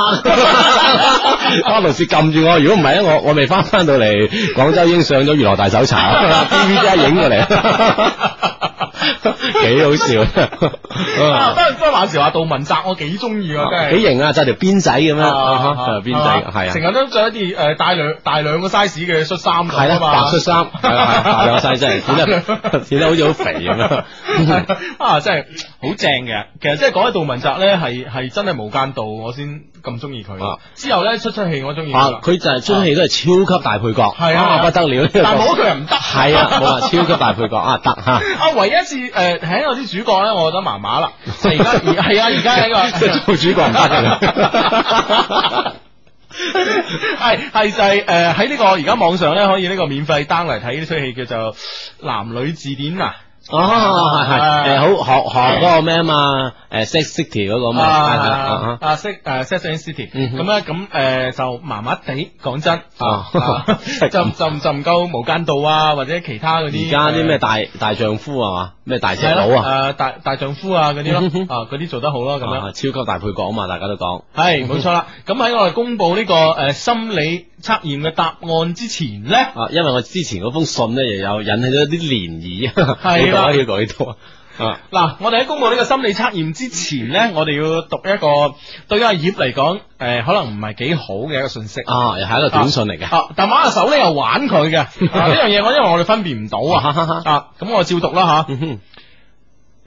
[SPEAKER 1] 阿盧士撳住我，如果唔係咧，我我未翻翻到嚟廣州已經上咗娛樂大搜查，B B J 影過嚟。 幾 好笑啊！ 啊不啊都都話時話杜汶澤，我幾中意啊，真係，幾型啊，紮條辮仔咁樣，辮仔係啊，成日都着一啲誒大兩大兩個 size 嘅恤衫，係啦，白恤衫，係大兩 size，顯得顯得好似好肥咁樣，啊，真係好正嘅。其實即係講起杜汶澤咧，係係真係無間道，我先。咁中意佢，之後咧，出出戲我中意，佢、啊、就係、是、出出戲都係超級大配角，係啊，啊，啊不得了，但冇佢又唔得，係啊，冇啊，超級大配角 啊得吓，啊，啊唯一次誒喺我啲主角咧，我覺得麻麻啦，而家係啊，而家喺個做主角唔得嘅，係係 就係誒喺呢個而家網上咧可以呢個免費 down 嚟睇呢出戲叫做男女字典啊。哦，係係，誒，好學學嗰個咩啊嘛，誒，Sex City 嗰個啊，啊，啊，啊，Sex 誒，Sexing City，咁咧，咁誒就麻麻地，講真，啊，就就唔夠無間道啊，或者其他嗰啲，而家啲咩大大丈夫啊嘛，咩大隻佬啊，誒、啊，大大丈夫啊嗰啲咯，啊，嗰啲做得好咯，咁樣、啊，超級大配角啊嘛，大家都講，係、啊，冇錯啦，咁、啊、喺我哋公布呢、這個誒、呃、心理測驗嘅答案之前咧，啊，因為我之前嗰封信咧，又有引起咗啲漣漪，係、啊。我要改多啊！嗱，我哋喺公布呢個心理測驗之前咧，我哋要讀一個對阿葉嚟講，誒，可能唔係幾好嘅一個信息啊，係一個短信嚟嘅。但買下手咧又玩佢嘅呢樣嘢，我因為我哋分辨唔到啊！咁我照讀啦吓。呢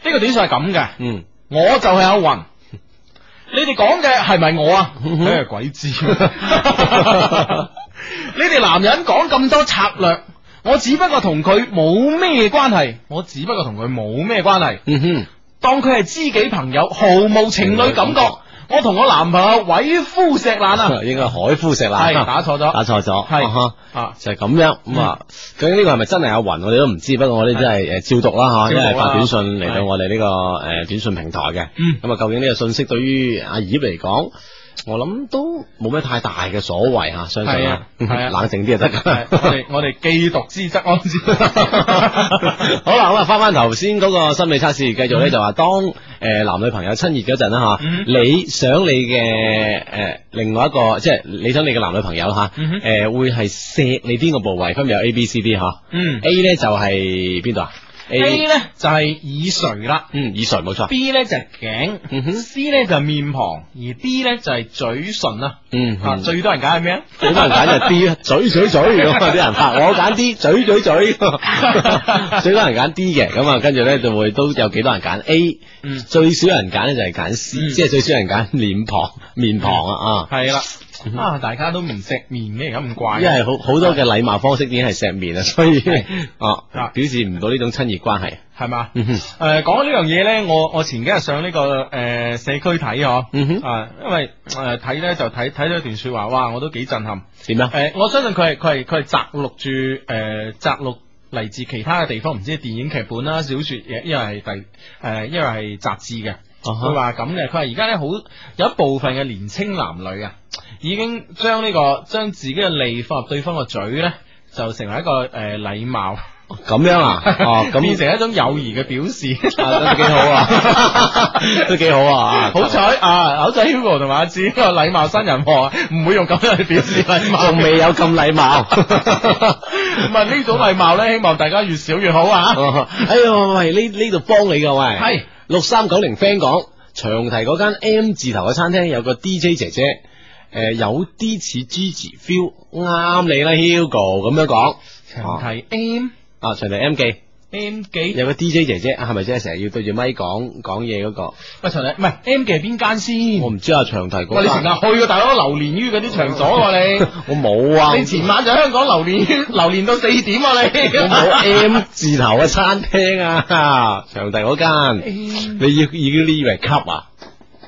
[SPEAKER 1] 個短信係咁嘅，嗯，我就係阿雲，你哋講嘅係咪我啊？你係鬼知！你哋男人講咁多策略。我只不過同佢冇咩關係，我只不過同佢冇咩關係。嗯哼，當佢係知己朋友，毫無情侶感覺。感覺我同我男朋友偉夫石蘭啊， 應該係海枯石爛，係打錯咗，打錯咗，係啊，就係咁樣咁啊。究竟呢個係咪真係阿云？我哋都唔知。不過我哋真係誒照讀啦，吓，因為發短信嚟到我哋呢個誒短信平台嘅。嗯，咁啊、嗯，究竟呢個信息對於阿姨嚟講？我諗都冇咩太大嘅所謂吓、啊，相信係啊，啊啊冷靜啲就得噶、啊。 我哋我哋既讀之則安之。好啦，好啦翻翻頭先嗰個心理測試，繼續咧就話當誒、呃、男女朋友親熱嗰陣啦吓，啊嗯、你想你嘅誒、呃、另外一個即係你想你嘅男女朋友吓，誒、啊呃、會係錫你邊個部位？今有 A B C D 嗬，嗯 A 咧就係邊度啊？嗯 A 咧就係、是、耳垂啦，嗯，耳垂冇錯。B 咧就係、是、頸，嗯、哼。C 咧就係、是、面龐，而 D 咧就係、是、嘴唇啊，嗯哼，最多人揀係咩啊？最多人揀就 D，嘴嘴嘴，咁啲人拍我揀 D，嘴嘴嘴， 最多人揀 D 嘅，咁啊，跟住咧就會都有幾多人揀 A，嗯，最少人揀咧就係揀 C，即係、嗯、最少人揀臉龐，面龐啊，係啦 對。啊！大家都唔食面嘅，而家咁怪，因為好好多嘅禮貌方式已經係石面啦， 所以哦、啊，表示唔到呢種親熱關係，係嘛？誒，講呢樣嘢咧，我我前幾日上呢、這個誒、呃、社區睇嗬，啊、呃，因為誒睇咧就睇睇咗一段說話，哇，我都幾震撼。點樣啊？誒、呃，我相信佢係佢係佢係摘錄住誒摘錄嚟自其他嘅地方，唔知電影劇本啦、小說因為係第誒，因為係雜誌嘅。佢話咁嘅，佢話而家咧好有一部分嘅年青男女啊，已經將呢、這個將自己嘅脷放入對方個嘴咧，就成為一個誒禮、呃、貌咁樣啊，哦、啊，變成一種友誼嘅表示，都 幾 好啊，都 幾好啊，好彩啊，蠻好彩 Hugo 同埋阿志個禮貌新人王啊，唔、啊、會用咁樣去表示禮 貌，仲未有咁禮貌，唔係呢種禮貌咧，希望大家越少越好啊， 哎呀喂，呢呢度幫你噶喂，係。六三九零 friend 講長堤嗰間 M 字頭嘅餐廳有個 DJ 姐姐，誒、呃、有啲似 Gigi feel，啱你啦 Hugo 咁樣講長堤、啊，長堤 M 啊長堤 M 記。M AM 記有個 DJ 姐姐係咪即係？成日要對住咪講講嘢嗰個。喂，長堤，唔係 M 記係邊間先？我唔知啊，長堤嗰間。你成日去啊，去大佬，流連於嗰啲場所喎、啊，你。 我冇啊！你前晚就香港流連，流連到四點啊！你。 我冇 M 字頭嘅餐廳啊，長堤嗰間。AM G? 你要，而家你以為吸啊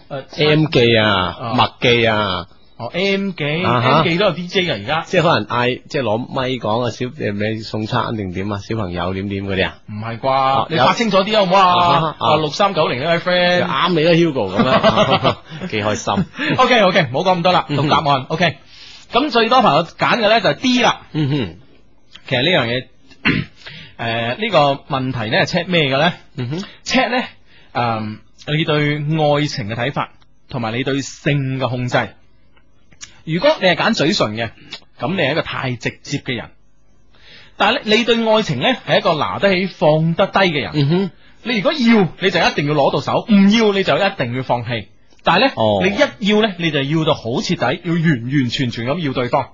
[SPEAKER 1] ？M、啊啊 oh. 記啊，麥記啊。哦、oh,，M 幾、uh huh. M 幾都有 D J 啊！而家即係可能嗌，即係攞咪講啊，小誒咩送餐定點啊？小朋友點點嗰啲啊？唔係啩？Oh, 你發清楚啲好唔好啊？六三九零呢位 friend 啱你啦，Hugo 咁樣、 uh，幾開心。O K O K，唔好講咁多啦，同答案。O K，咁最多朋友揀嘅咧就係 D 啦。嗯哼、uh，huh. 其實呢樣嘢誒呢個問題咧 check 咩嘅咧？哼，check 咧誒你對愛情嘅睇法同埋你對性嘅控制。如果你係揀嘴唇嘅，咁你係一個太直接嘅人。但係咧，你對愛情咧係一個拿得起放得低嘅人。嗯、哼，你如果要你就一定要攞到手，唔要你就一定要放棄。但係咧，哦、你一要咧，你就要到好徹底，要完完全全咁要對方。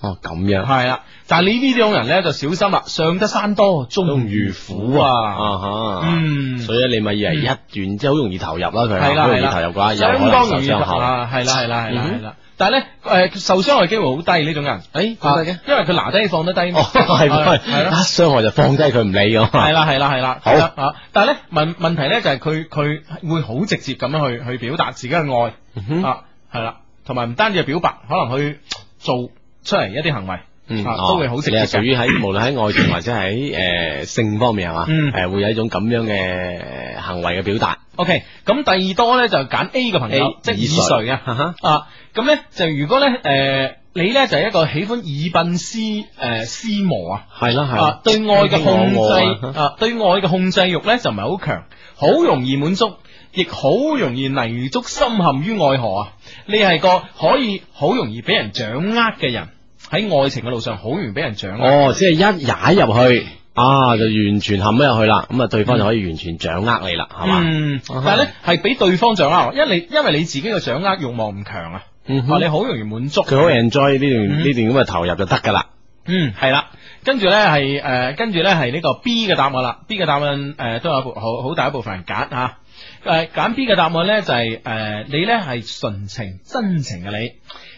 [SPEAKER 1] 哦、啊，咁樣係啦。但係你呢種人咧就小心啦，上得山多終遇虎啊！嗯，uh huh. mm. 所以你咪以為一段即係好容易投入啦、啊，佢係好容易投入啩，又可以受傷吓，係啦係啦係啦。 但係咧，誒、呃、受傷害嘅機會好低呢種人，誒、欸啊，因為佢拿低放得低，係係，傷害就放低佢唔 理咁。係啦係啦係啦，好啊！但係咧問問題咧就係佢佢會好直接咁樣去去表達自己嘅愛，係啦、嗯哼，同埋唔單止係表白，可能佢做出嚟一啲行為。嗯，啊、都會好食嘅。係屬於喺無論喺愛情或者喺誒、呃、性方面係嘛，嗯，誒會有一種咁樣嘅行為嘅表達、嗯。OK，咁第二多咧就揀 A 嘅朋友，即耳垂嘅。啊，咁咧、啊、就如果咧誒、呃，你咧就係、是、一個喜歡耳鬢思誒、呃、思磨啊，係啦係，對愛嘅控制啊，對愛嘅控制欲咧、啊啊、就唔係好強，好容易滿足，亦好容易泥如足深陷於愛河啊！你係個可以好容易俾人掌握嘅人。喺愛情嘅路上好容易俾人掌握，哦，即係一踩入去、嗯、啊，就完全冚咗入去啦，咁啊對方就可以完全掌握你啦，係嘛？嗯，吧嗯但係咧係俾對方掌握，因為你因為你自己嘅掌握欲望唔強啊，你好容易滿足，佢好 enjoy 呢段呢段咁嘅投入就得噶啦。嗯，係啦、呃，跟住咧係誒，跟住咧係呢個 B 嘅答案啦，B 嘅答案誒都有部好好大一部分人揀啊。誒揀、uh, B 嘅答案咧就係、是、誒、呃、你咧係純情真情嘅你。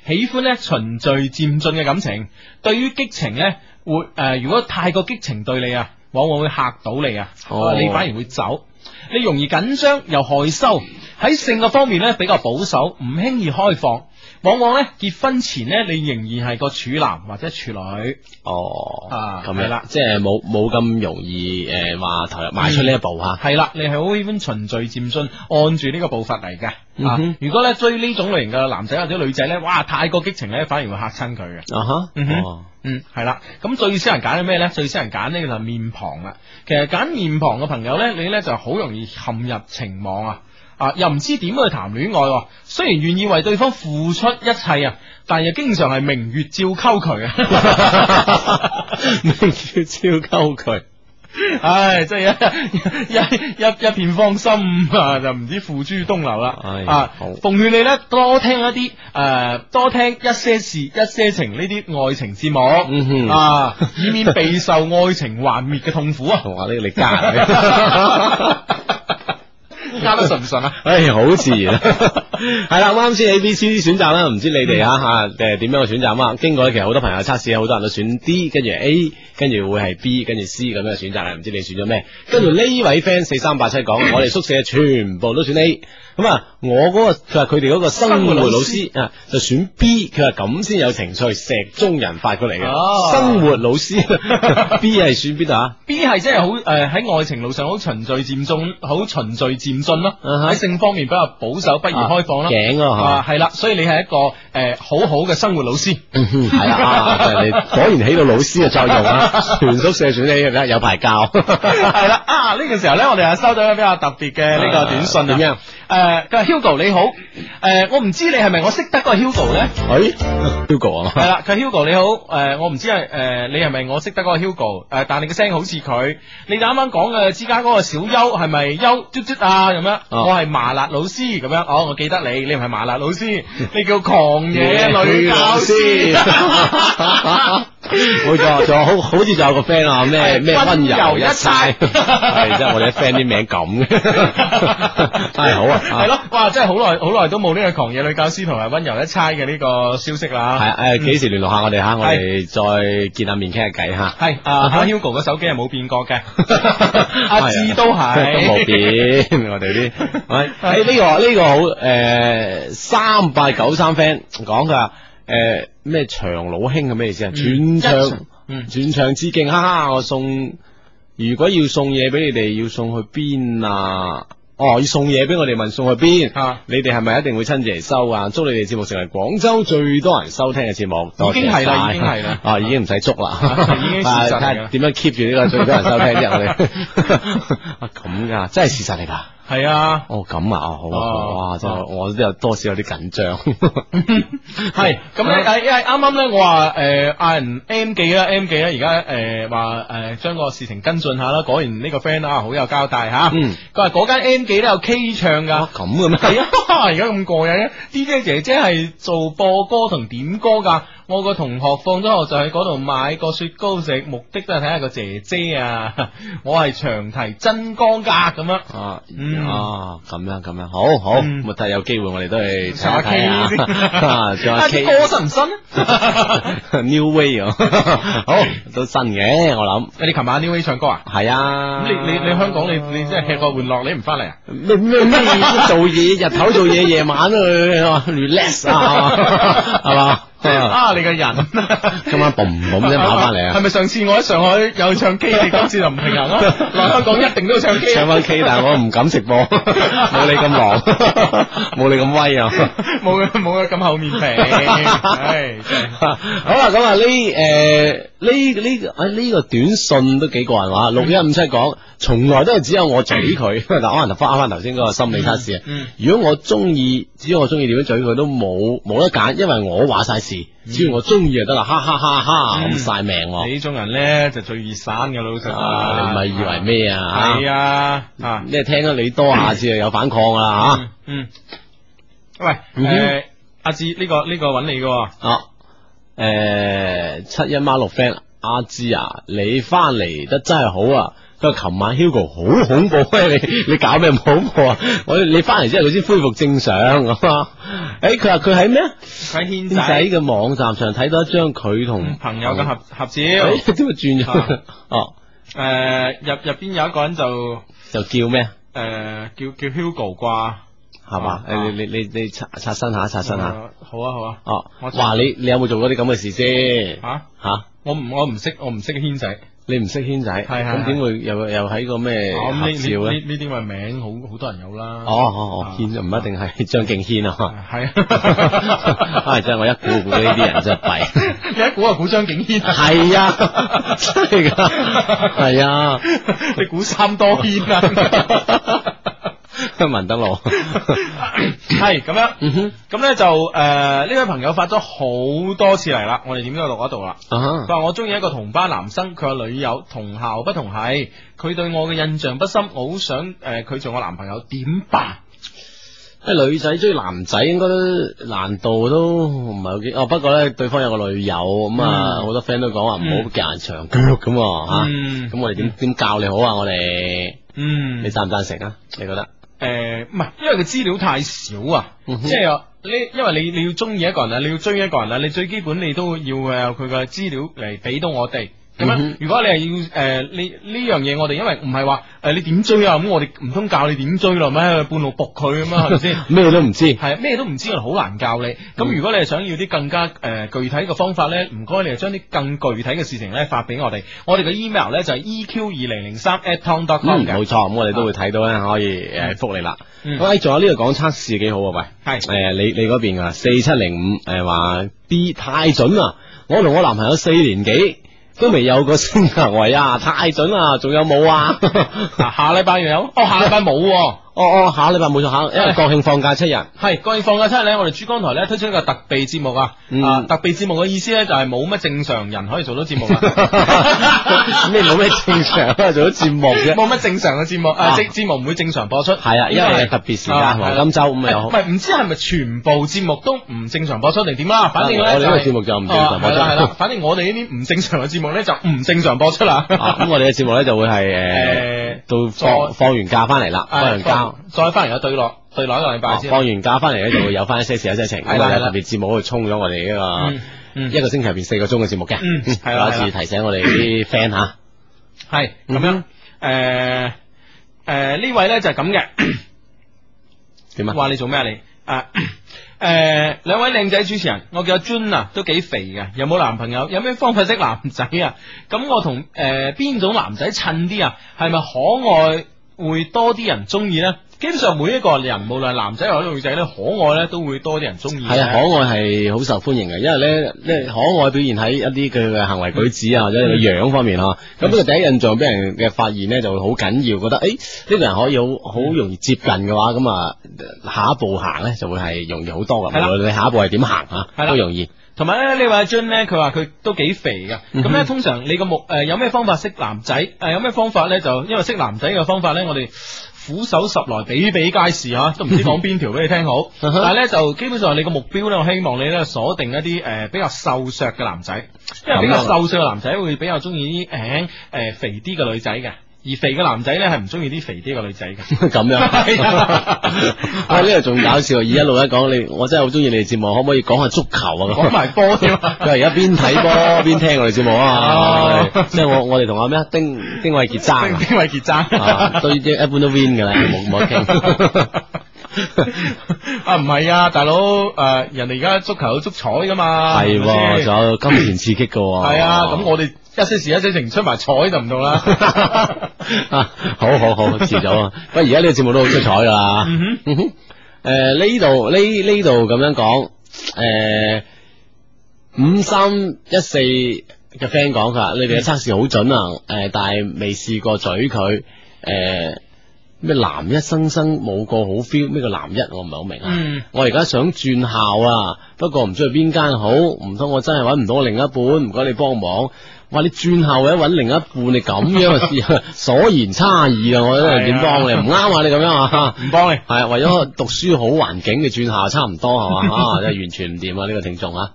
[SPEAKER 1] 喜歡咧循序漸進嘅感情，對於激情咧，會誒、呃，如果太過激情對你啊，往往會嚇到你啊、oh. 呃，你反而會走，你容易緊張又害羞，喺性格方面咧比較保守，唔輕易開放。往往咧結婚前咧，你仍然係個處男或者處女。哦，咁係啦，樣了即係冇冇咁容易誒話投入邁出呢一步吓。係啦、嗯嗯嗯，你係好喜歡循序漸進，按住呢個步伐嚟嘅。啊、嗯哼如果咧追呢種類型嘅男仔或者女仔咧，哇太過激情咧，反而會吓親佢嘅。啊哈，嗯哼，嗯係啦。咁最少人揀嘅咩咧？最少人揀咧就係面龐啦。其實揀面龐嘅朋友咧，你咧就好容易陷入情網啊。啊、又唔知點去談戀愛、啊，雖然願意為對方付出一切啊，但係又經常係明月照溝渠啊！ 明月照溝渠，唉、哎，真、就、係、是、一一一片芳心啊，就唔知付諸東流啦！哎、啊，好奉勸你咧，多聽一啲誒、呃，多聽一些事、一些情呢啲愛情節目、嗯、哼啊，以免備受愛情幻滅嘅痛苦啊！哇，呢個你揸！你你 信唔信啊？ 哎，好自然，係 啦。啱先 A BC、B、啊、C、嗯、D、啊呃、選擇啦，唔知你哋吓誒點樣嘅選擇咁啊？經過其實好多朋友測試，好多人都選 D，跟住 A，跟住會係 B，跟住 C 咁嘅選擇，唔知你選咗咩？跟住呢位 friend 四三八七講，嗯、我哋宿舍全部都選 A。咁啊，我嗰、嗰個佢話佢哋嗰個生活老師，活老師啊，就選 B。佢話咁先有情趣，石中人發過嚟嘅。哦、生活老師 B 係選邊度啊？B 係真係好誒，喺、呃、愛情路上好循序漸進，好循序漸。信咯喺性方面比較保守，不宜開放啦。頸啊，係啦、啊啊啊，所以你係一個誒、呃、好好嘅生活老師、 嗯，係啦，啊、你果然起到老師嘅作用啊！全宿舍選你呢，有排教係啦。呢、 啊這個時候咧，我哋又收到一個比較特別嘅呢個短信啊。點、啊、樣？誒、呃，佢係 Hugo 你好，誒、呃，我唔知你係咪我識得嗰個 Hugo 咧？誒，Hugo 啊。係啦，佢 Hugo 你好，誒、呃，我唔知係誒、呃、你係咪我識得嗰個 Hugo？誒、呃，但你嘅聲好似佢，你啱啱講嘅之間嗰個小優係咪優嘟嘟啊？呃呃呃呃呃呃呃呃咁樣，我係麻辣老師咁樣，哦，我記得你，你唔係麻辣老師，你叫狂野女教師，冇錯，仲有好好似仲有個 friend 啊，咩咩溫柔一猜，係即係我哋啲 friend 啲名咁嘅，係好啊，係咯，哇，真係好耐好耐都冇呢個狂野女教師同埋溫柔一猜嘅呢個消息啦，係，誒，幾時聯絡下我哋吓，我哋再見下面傾下偈吓，係，阿 Hugo 嘅手機係冇變過嘅，阿志都係都冇變。嚟啲，係，誒呢個呢個好，誒三八九三 friend 講噶，誒咩長老兄係咩意思啊？全場，嗯，全場致敬，哈哈，我送，如果要送嘢俾你哋，要送去邊啊？哦，要送嘢俾我哋，問送去邊？啊，你哋係咪一定會親自嚟收啊？祝你哋節目成為廣州最多人收聽嘅節目，已經係啦，已經係啦，啊，已經唔使祝啦，已經點樣 keep 住呢個最多人收聽啫？我哋，咁噶，真係事實嚟噶。係啊，哦咁啊，好啊，哦、哇，就，我都 有多少有啲緊張。係， 咁咧，誒、呃，但係因為啱啱咧，我話誒，嗌人 M 記啦，M 記啦，而家誒話誒，將、呃、個、呃、事情跟進下啦。果然呢個 friend 啊，好有交代吓。嗯，佢話嗰間 M 記都有 K 唱噶，咁嘅咩？係啊，而家咁過癮咧，DJ 姐姐係做播歌同點歌噶。我個同學放咗學就喺嗰度買個雪糕食，目的都係睇下個姐姐啊！我係長提真光格咁樣啊，嗯啊，咁樣咁樣，好好，咁啊，有機會我哋都去查睇啊，唱下 K，唱歌新唔新咧？New Way，好都新嘅，我諗。你琴晚 New Way 唱歌啊？係啊。你你你香港你你即係吃個玩樂，你唔翻嚟啊？咩咩咩意思？做嘢日頭做嘢，夜晚去 relax 啊，係嘛？啊！啊你個的人 今晚 boom b o o 打翻嚟啊？係咪上，上次我喺上海有唱 K， 你今次就唔食人啊？嚟 香港一定都唱 K，唱翻 K，但係我唔敢食播，冇 你咁狼，冇 你咁威啊！冇冇咁厚面皮，唉、 哎，好啦，咁、呃、啊呢誒呢呢啊呢個短信都幾個人話六一五七講。從來都係只有我嘴佢，嗱，可能就翻翻頭先嗰個心理測試啊。嗯嗯、如果我中意，只要我中意點樣嘴佢都冇冇得揀，因為我話晒事，只要我中意就得啦，哈哈哈哈，晒命喎、啊！你呢、嗯、種人咧就最易散嘅老實，你唔係以為咩啊？係啊，你，啊啊你聽得你多，下次就有反抗啦吓、啊嗯。嗯，喂，誒、呃，阿志呢個呢、這個揾你嘅，誒、啊呃，七一孖六 friend 阿志啊，你翻嚟得真係好啊！個琴晚 Hugo 好恐怖啊！你你搞咩咁恐怖啊？我你翻嚟之後佢先恢復正常咁啊！誒，佢話佢喺咩？喺軒仔嘅網站上睇到一張佢同朋友嘅合合照，點會轉咗？哦，誒，入入邊有一個人就就叫咩？誒，叫叫 Hugo 啩？
[SPEAKER 3] 係嘛？誒，你你你
[SPEAKER 1] 你刷刷新下，刷新下。好啊，好啊。哦，哇！你你有冇做過啲咁嘅事先？吓吓，我唔我唔識，我唔識軒仔。你唔識軒仔，咁點會又又喺個咩合照咧？呢呢啲咪名好好多人有啦。哦哦哦，軒就唔一定係張敬軒啊。係啊，真係我一估估到呢啲人真係弊。你一估就估張敬軒。係啊，真係噶。係啊，你估三多軒啊？文登路係咁樣，咁咧就誒，呢位朋友發咗好多次嚟啦，我哋點咗落嗰度啦。佢話，我中意一個同班男生，佢有女友，同校不同系，佢對我嘅印象不深，我好想誒佢做我男朋友，點辦？誒女仔追男仔應該都難度都唔係好哦。不過咧，對方有個女友咁啊，好多 friend 都講話唔好夾長腳咁吓。咁我哋點點教你好啊？我哋嗯，你贊唔贊成啊？你覺得？誒，唔係、呃，因為個資料太少啊， 即係你，因為你你要鍾意一個人啊，你要追一個人啊，你最基本你都要誒，佢嘅資料嚟俾到我哋。咁啊！嗯、如果你係要誒，呢、呃、呢樣嘢我哋因為唔係話誒，你點追啊？咁、嗯、我哋唔通教你點追咯？咩？半路撲佢啊嘛，係咪先？咩 都唔知，係咩都唔知，好難教你。咁、嗯、如果你係想要啲更加誒、呃、具體嘅方法咧，唔該你係將啲更具體嘅事情咧發俾我哋。我哋嘅 email 咧就係 eq 二零零三 at town.com 嘅。冇錯、嗯，咁我哋都會睇到咧，啊、可以誒覆你啦。咁誒，仲有呢度講測試幾好啊？喂，係誒是、呃，你你嗰邊啊？四七零五誒，話 B 太準啦！我同我男朋友四年幾。都未有個新行為啊，太準啦！仲有冇啊？ 下禮拜又有？哦、oh, 啊，下禮拜冇。哦哦，下禮拜冇錯，下因為國慶放假七日，係國慶放假七日咧，我哋珠江台咧推出一個特別節目啊，特別節目嘅意思咧就係冇乜正常人可以做到節目，咁咩？冇乜正常可做到節目嘅，冇乜正常嘅節目，節目唔會正常播出，係啊，因為特別時間，黃金周咁咪好，唔係唔知係咪全部節目都唔正常播出定點啦？反正咧我呢個節目就唔正常，係啦係啦，反正我哋呢啲唔正常嘅節目咧就唔正常播出啦。咁我哋嘅節目咧就會係誒到放放完假翻嚟啦，放完假。再翻嚟又對落對落一個禮拜，放完假翻嚟咧就會有翻一些事，一些情。係啦，特別節目去沖咗我哋呢個一個星期入邊四個鐘嘅節目嘅，下次提醒我哋啲 friend 吓。係咁樣，誒誒呢位咧就係咁嘅。點啊？話你做咩啊？你誒誒兩位靚仔主持人，我叫阿 Jun 啊，都幾肥嘅，有冇男朋友？有咩方法識男仔啊？咁我同誒邊種男仔襯啲啊？係咪可愛？會多啲人中意呢。基本上每一個人，無論男仔或者女仔咧，可愛咧都會多啲人中意。係啊，可愛係好受歡迎嘅，因為咧，咧可愛表現喺一啲佢嘅行為舉止啊，嗯、或者個樣方面啊。咁呢個第一印象俾人嘅發現呢，就會好緊要，覺得誒呢、哎呢個人可以好好容易接近嘅話，咁啊下一步行呢就會係容易好多噶。無論你下一步係點行啊，的都容易。同埋咧，呢位阿 Jun 咧，佢話佢都幾肥嘅。咁咧、嗯哼，通常你個目誒、呃，有咩方法識男仔？誒、呃，有咩方法咧？就因為識男仔嘅方法咧，我哋苦手十來比比皆是吓，嗯、哼都唔知講邊條俾你聽好。嗯、哼但係咧，就基本上你個目標咧，我希望你咧鎖定一啲誒、呃、比較瘦削嘅男仔，因為比較瘦削嘅男仔會比較中意啲誒誒肥啲嘅女仔嘅。而肥嘅男仔咧，係唔中意啲肥啲嘅女仔嘅。咁樣，我呢度仲搞笑，而一路一講你，我真係好中意你哋節目，可唔可以講下足球啊？講埋波佢即而家邊睇波邊聽我哋節目啊！即係我我哋同阿咩丁丁偉杰爭，丁偉杰爭，都已經一般都 win 㗎啦，冇冇傾。 啊，唔係啊，大佬，誒、啊，人哋而家足球有足彩噶嘛？係、啊，仲、啊、有金錢刺激噶。係啊，咁、 啊、我哋一些事一些情出埋彩就唔到啦。啊， 好好好，遲早。 不過而家呢個節目都好出彩噶啦。誒、嗯哼，呢度呢呢度咁樣講，誒、呃，五三一四嘅 friend 講佢你哋嘅測試好準啊，誒、呃，但係未試過嘴佢，誒、呃。呃咩男一生生冇個好 feel？咩個男一我唔係好明
[SPEAKER 3] 啊！嗯、我而家
[SPEAKER 1] 想轉校啊，不過唔知去邊間好，唔通我真係揾唔到另一半？唔該你幫忙。哇！你轉校或者揾另一半，你咁樣事啊？所言差異啊！我覺得點幫你？唔啱啊！你咁樣啊？唔幫你？係啊，為咗讀書好環境嘅轉校差唔多係嘛？啊，真係完全唔掂啊！呢個聽眾啊。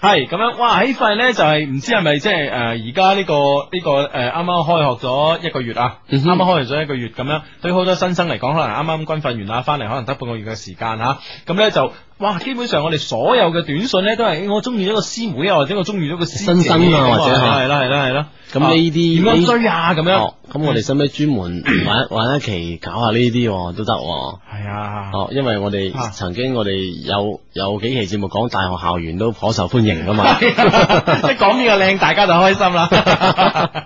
[SPEAKER 1] 係咁樣，哇！喺份咧就係、是、唔知係咪即係誒，而家呢個呢、個誒，啱、呃、啱開學咗一個月啊，啱啱 Yes. 開學咗一個月咁樣，對於好多新生嚟講，可能啱啱軍訓完啊，翻嚟可能得半個月嘅時間吓，咁、啊、咧就。哇，基本上我哋所有嘅短訊咧，都係我中意咗個師妹啊，或者我中意咗個新生啊，或者係啦係啦係啦。咁呢啲點樣追啊？咁樣。咁我哋使唔使專門玩玩一期搞下呢啲都得？係啊。哦，因為我哋曾經我哋有有幾期節目講大學校園，都頗受歡迎噶嘛。即係講呢個靚，大家就開心啦。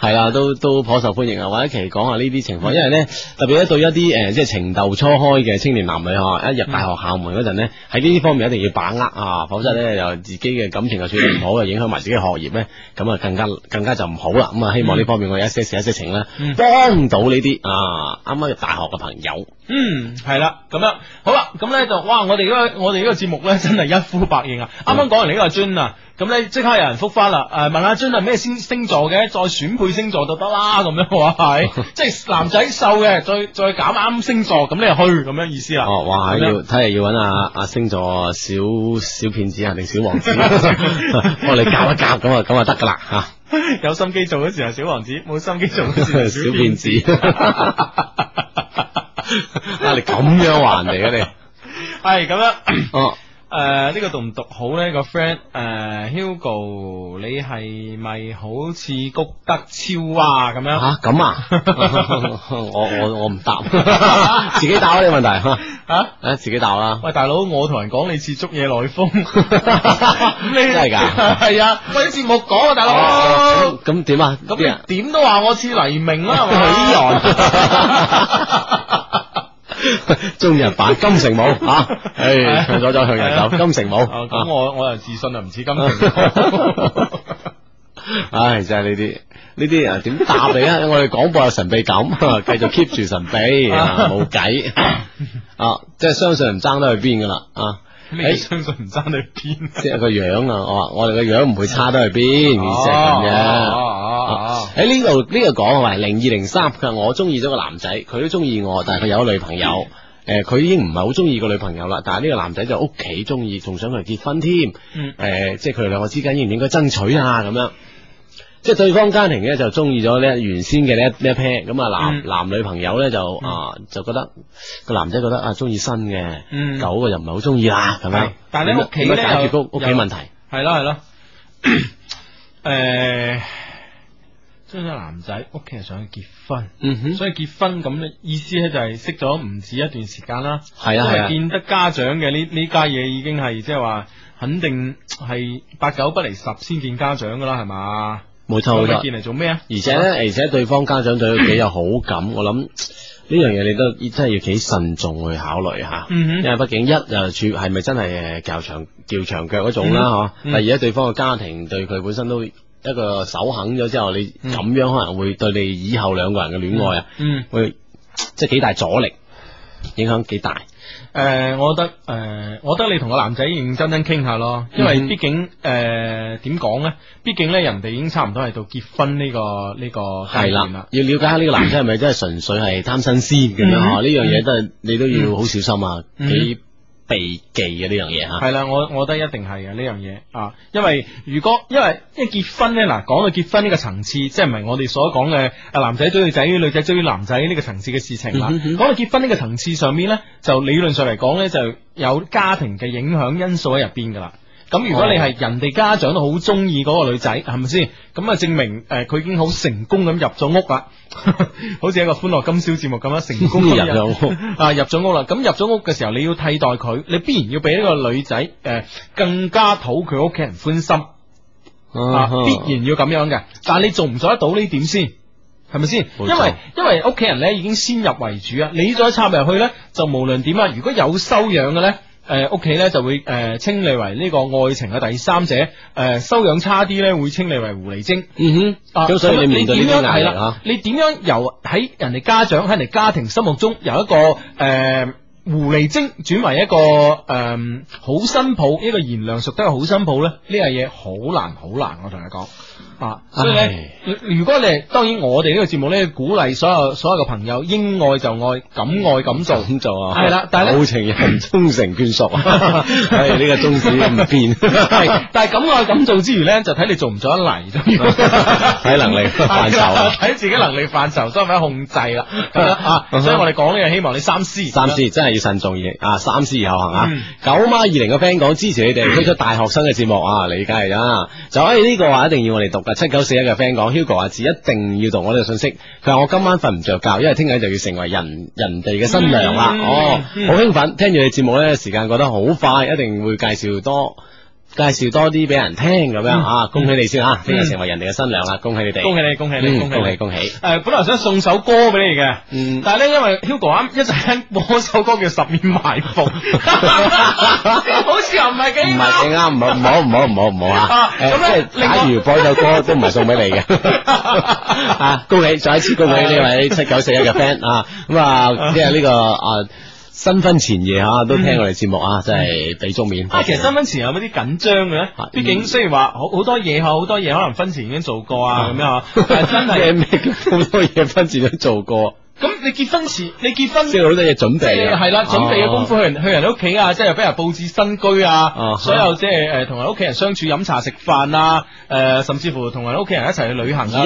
[SPEAKER 1] 係啦， 都都頗受歡迎啊！或者其講下呢啲情況，因為咧特別咧對一啲誒，即、呃、係情竇初開嘅青年男女啊，一入大學校門嗰陣咧，喺呢啲方面一定要把握啊，否則咧又自己嘅感情嘅處理唔好，又影響埋自己學業咧，咁啊更加更加就唔好啦。咁、嗯嗯、啊，希望呢方面我一些事一些情咧，幫到呢啲啱啱入大學嘅朋友。嗯，係啦，咁樣好啦，咁咧就哇！我哋而家我哋呢個節目咧真係一呼百應啊！啱啱講完呢個專啊。咁你即刻有人覆返啦？誒、啊，問阿張係咩星星座嘅，再選配星座就得啦，咁樣話係，即係男仔瘦嘅，再再揀啱星座，咁你去咁樣意思啦。哦，哇！要睇下要揾阿阿星座小小騙子定小王子，我哋夾一夾咁啊，咁啊得噶啦嚇。有心機做嘅時候，小王子，冇心機做嘅時候，小騙子。啊！你咁樣還嚟嘅你？係咁 樣。哦。誒，呢個讀唔讀好呢個 friend，誒，Hugo，你係咪好似谷德超啊咁樣？吓咁啊？我我我唔答，自己答啦呢個問題吓吓，自己答啦。喂，大佬，我同人講你似捉嘢內風，咁你真係噶？係啊，喂，節目講啊，大佬，咁點啊？咁點都話我似黎明啦，係嘛？喜羊。中 人扮金城武吓，唉，向左走向右走。金城武咁我我又自信啊唔似金城，唉真係呢啲呢啲人點答你啊？ 我哋廣播有神秘感，繼續 keep 住神秘，冇計 啊， 啊！即係相信唔爭得去邊噶啦啊！你相信唔差得去邊？即係個樣，樣，樣啊！啊啊哎、3, 我話我哋個樣唔會差得去邊，即係咁樣。喺呢度呢個講係零二零三，佢話我中意咗個男仔，佢都中意我，但係佢有個女朋友。誒、嗯，佢、呃、已經唔係好中意個女朋友啦，但係呢個男仔就屋企中意，仲想佢結婚添。誒、呃，即係佢哋兩個之間應唔應該爭取啊？咁樣。即係對方家庭咧就中意咗咧原先嘅呢一 pair 咁，啊男、嗯、男女朋友咧就、嗯、啊就覺得個男仔覺得啊中意新嘅，舊嘅又唔係好中意啦咁樣。但係你屋企解決屋企問題係咯係咯誒，即係、呃、男仔屋企人想去結婚，嗯、哼所以結婚咁咧意思咧就係識咗唔止一段時間啦，係啊、嗯哼，係見得家長嘅呢呢家嘢已經係即係話肯定係八九不離十先見家長噶啦係嘛。冇錯做咩啊？而且咧，而且對方家長對佢幾有好感， 我諗呢樣嘢你都真係要幾慎重去考慮吓。嗯、哼因為畢竟一就係咪真係誒，較長較長腳種啦吓，嗯嗯、但係而家對方嘅家庭對佢本身都一個首肯咗之後，嗯、你咁樣可能會對你以後兩個人嘅戀愛啊，嗯，嗯會即係幾大阻力，影響幾大。誒、呃，我覺得誒、呃，我覺得你同個男仔認認真真傾下咯，因為畢竟誒點講咧？畢、呃、竟咧人哋已經差唔多喺到結婚呢、這個呢、這個係啦，要了解下呢個男仔係咪真係純粹係貪新鮮嘅吓呢樣嘢真係你都要好小心啊！你、嗯。嗯嗯避忌嘅呢樣嘢吓，係啦，我我覺得一定係嘅呢樣嘢啊，因為如果因為因為結婚咧，嗱，講到結婚呢個層次，即係唔係我哋所講嘅啊男仔追女仔，女仔追男仔呢個層次嘅事情啦，講、嗯嗯嗯、到結婚呢個層次上面咧，就理論上嚟講咧，就有家庭嘅影響因素喺入邊噶啦。咁如果你係人哋家長都好中意嗰個女仔，係咪先？咁啊，證明誒，佢、呃、已經好成功咁入咗屋啦， 好似一個歡樂今宵節目咁樣，成功人啊入啊、嗯、入咗屋啦。咁入咗屋嘅時候，你要替代佢，你必然要俾呢個女仔誒、呃、更加討佢屋企人歡心，啊啊、必然要咁樣嘅。但係你做唔做得到呢點先？係咪先？因為因為屋企人咧已經先入為主啊，你再插入去咧，就無論點啊，如果有修養嘅咧。誒，屋企咧就會誒、呃，稱你為呢個愛情嘅第三者。誒、呃，修養差啲咧會稱你為狐狸精。嗯哼。所以你面對呢啲，你點樣由喺人哋家，家長喺人哋家，家庭心目中由一個誒、呃、狐狸精轉為一個誒好新抱，一個賢良淑德嘅好新抱咧？呢樣嘢好難，好、這個好這個、很難，很難，我同你講。啊，所以咧，如果你係當然，我哋呢個節目咧，鼓勵所有所有嘅朋友，應愛就愛，敢愛敢做，做啊。係啦。但係冇情人終成眷屬，係呢個宗旨唔變。係，但係敢愛敢做之餘咧，就睇你做唔做得嚟啫。睇能力範疇，睇自己能力範疇，所以咪控制啦。啊，所以我哋講呢個，希望你三思，三思，真係要慎重，啊，三思而後行啊。九媽二零個 friend 講支持你哋推出大學生嘅節目啊，理解係啦，就喺呢個話一定要我哋。讀啊，七九四一嘅 friend 講，Hugo 阿志一定要讀我呢條信息。佢話我今晚瞓唔着覺，因為聽日就要成為人人哋嘅新娘啦。Mm hmm. 哦，好、mm hmm. 興奮，聽住你節目咧，時間過得好快，一定會介紹多。介紹多啲俾人聽咁樣啊！恭喜你先啊，今日成為人哋嘅新娘啦！恭喜你哋，恭喜你，恭喜你，恭喜恭喜誒，本來想送首歌俾你嘅，但係咧因為 Hugo 啊，一陣間播首歌叫十面埋伏，
[SPEAKER 2] 好似又唔係幾啱，唔係幾啱，唔好
[SPEAKER 1] 唔好唔好唔好啊！咁咧，假如播首歌都唔係送俾你嘅啊！恭喜再一次恭喜呢位七九四一嘅 friend 啊！咁啊，即係呢個啊。新婚前夜嚇都聽過我哋節目啊，真係俾足面。啊，其實新婚前有冇啲緊張嘅咧？畢竟雖然話好好多嘢好多嘢可能婚前已經做過啊咁樣嚇。但真係。驚咩？好多嘢婚前都做過。咁你結婚前，你結婚即係好多嘢準備。係啦，準備嘅功夫去去人哋屋企啊，即係俾人佈置新居啊，所有即係誒同人屋企人相處飲茶食飯啊，誒甚至乎同人屋企人一齊去旅行啊，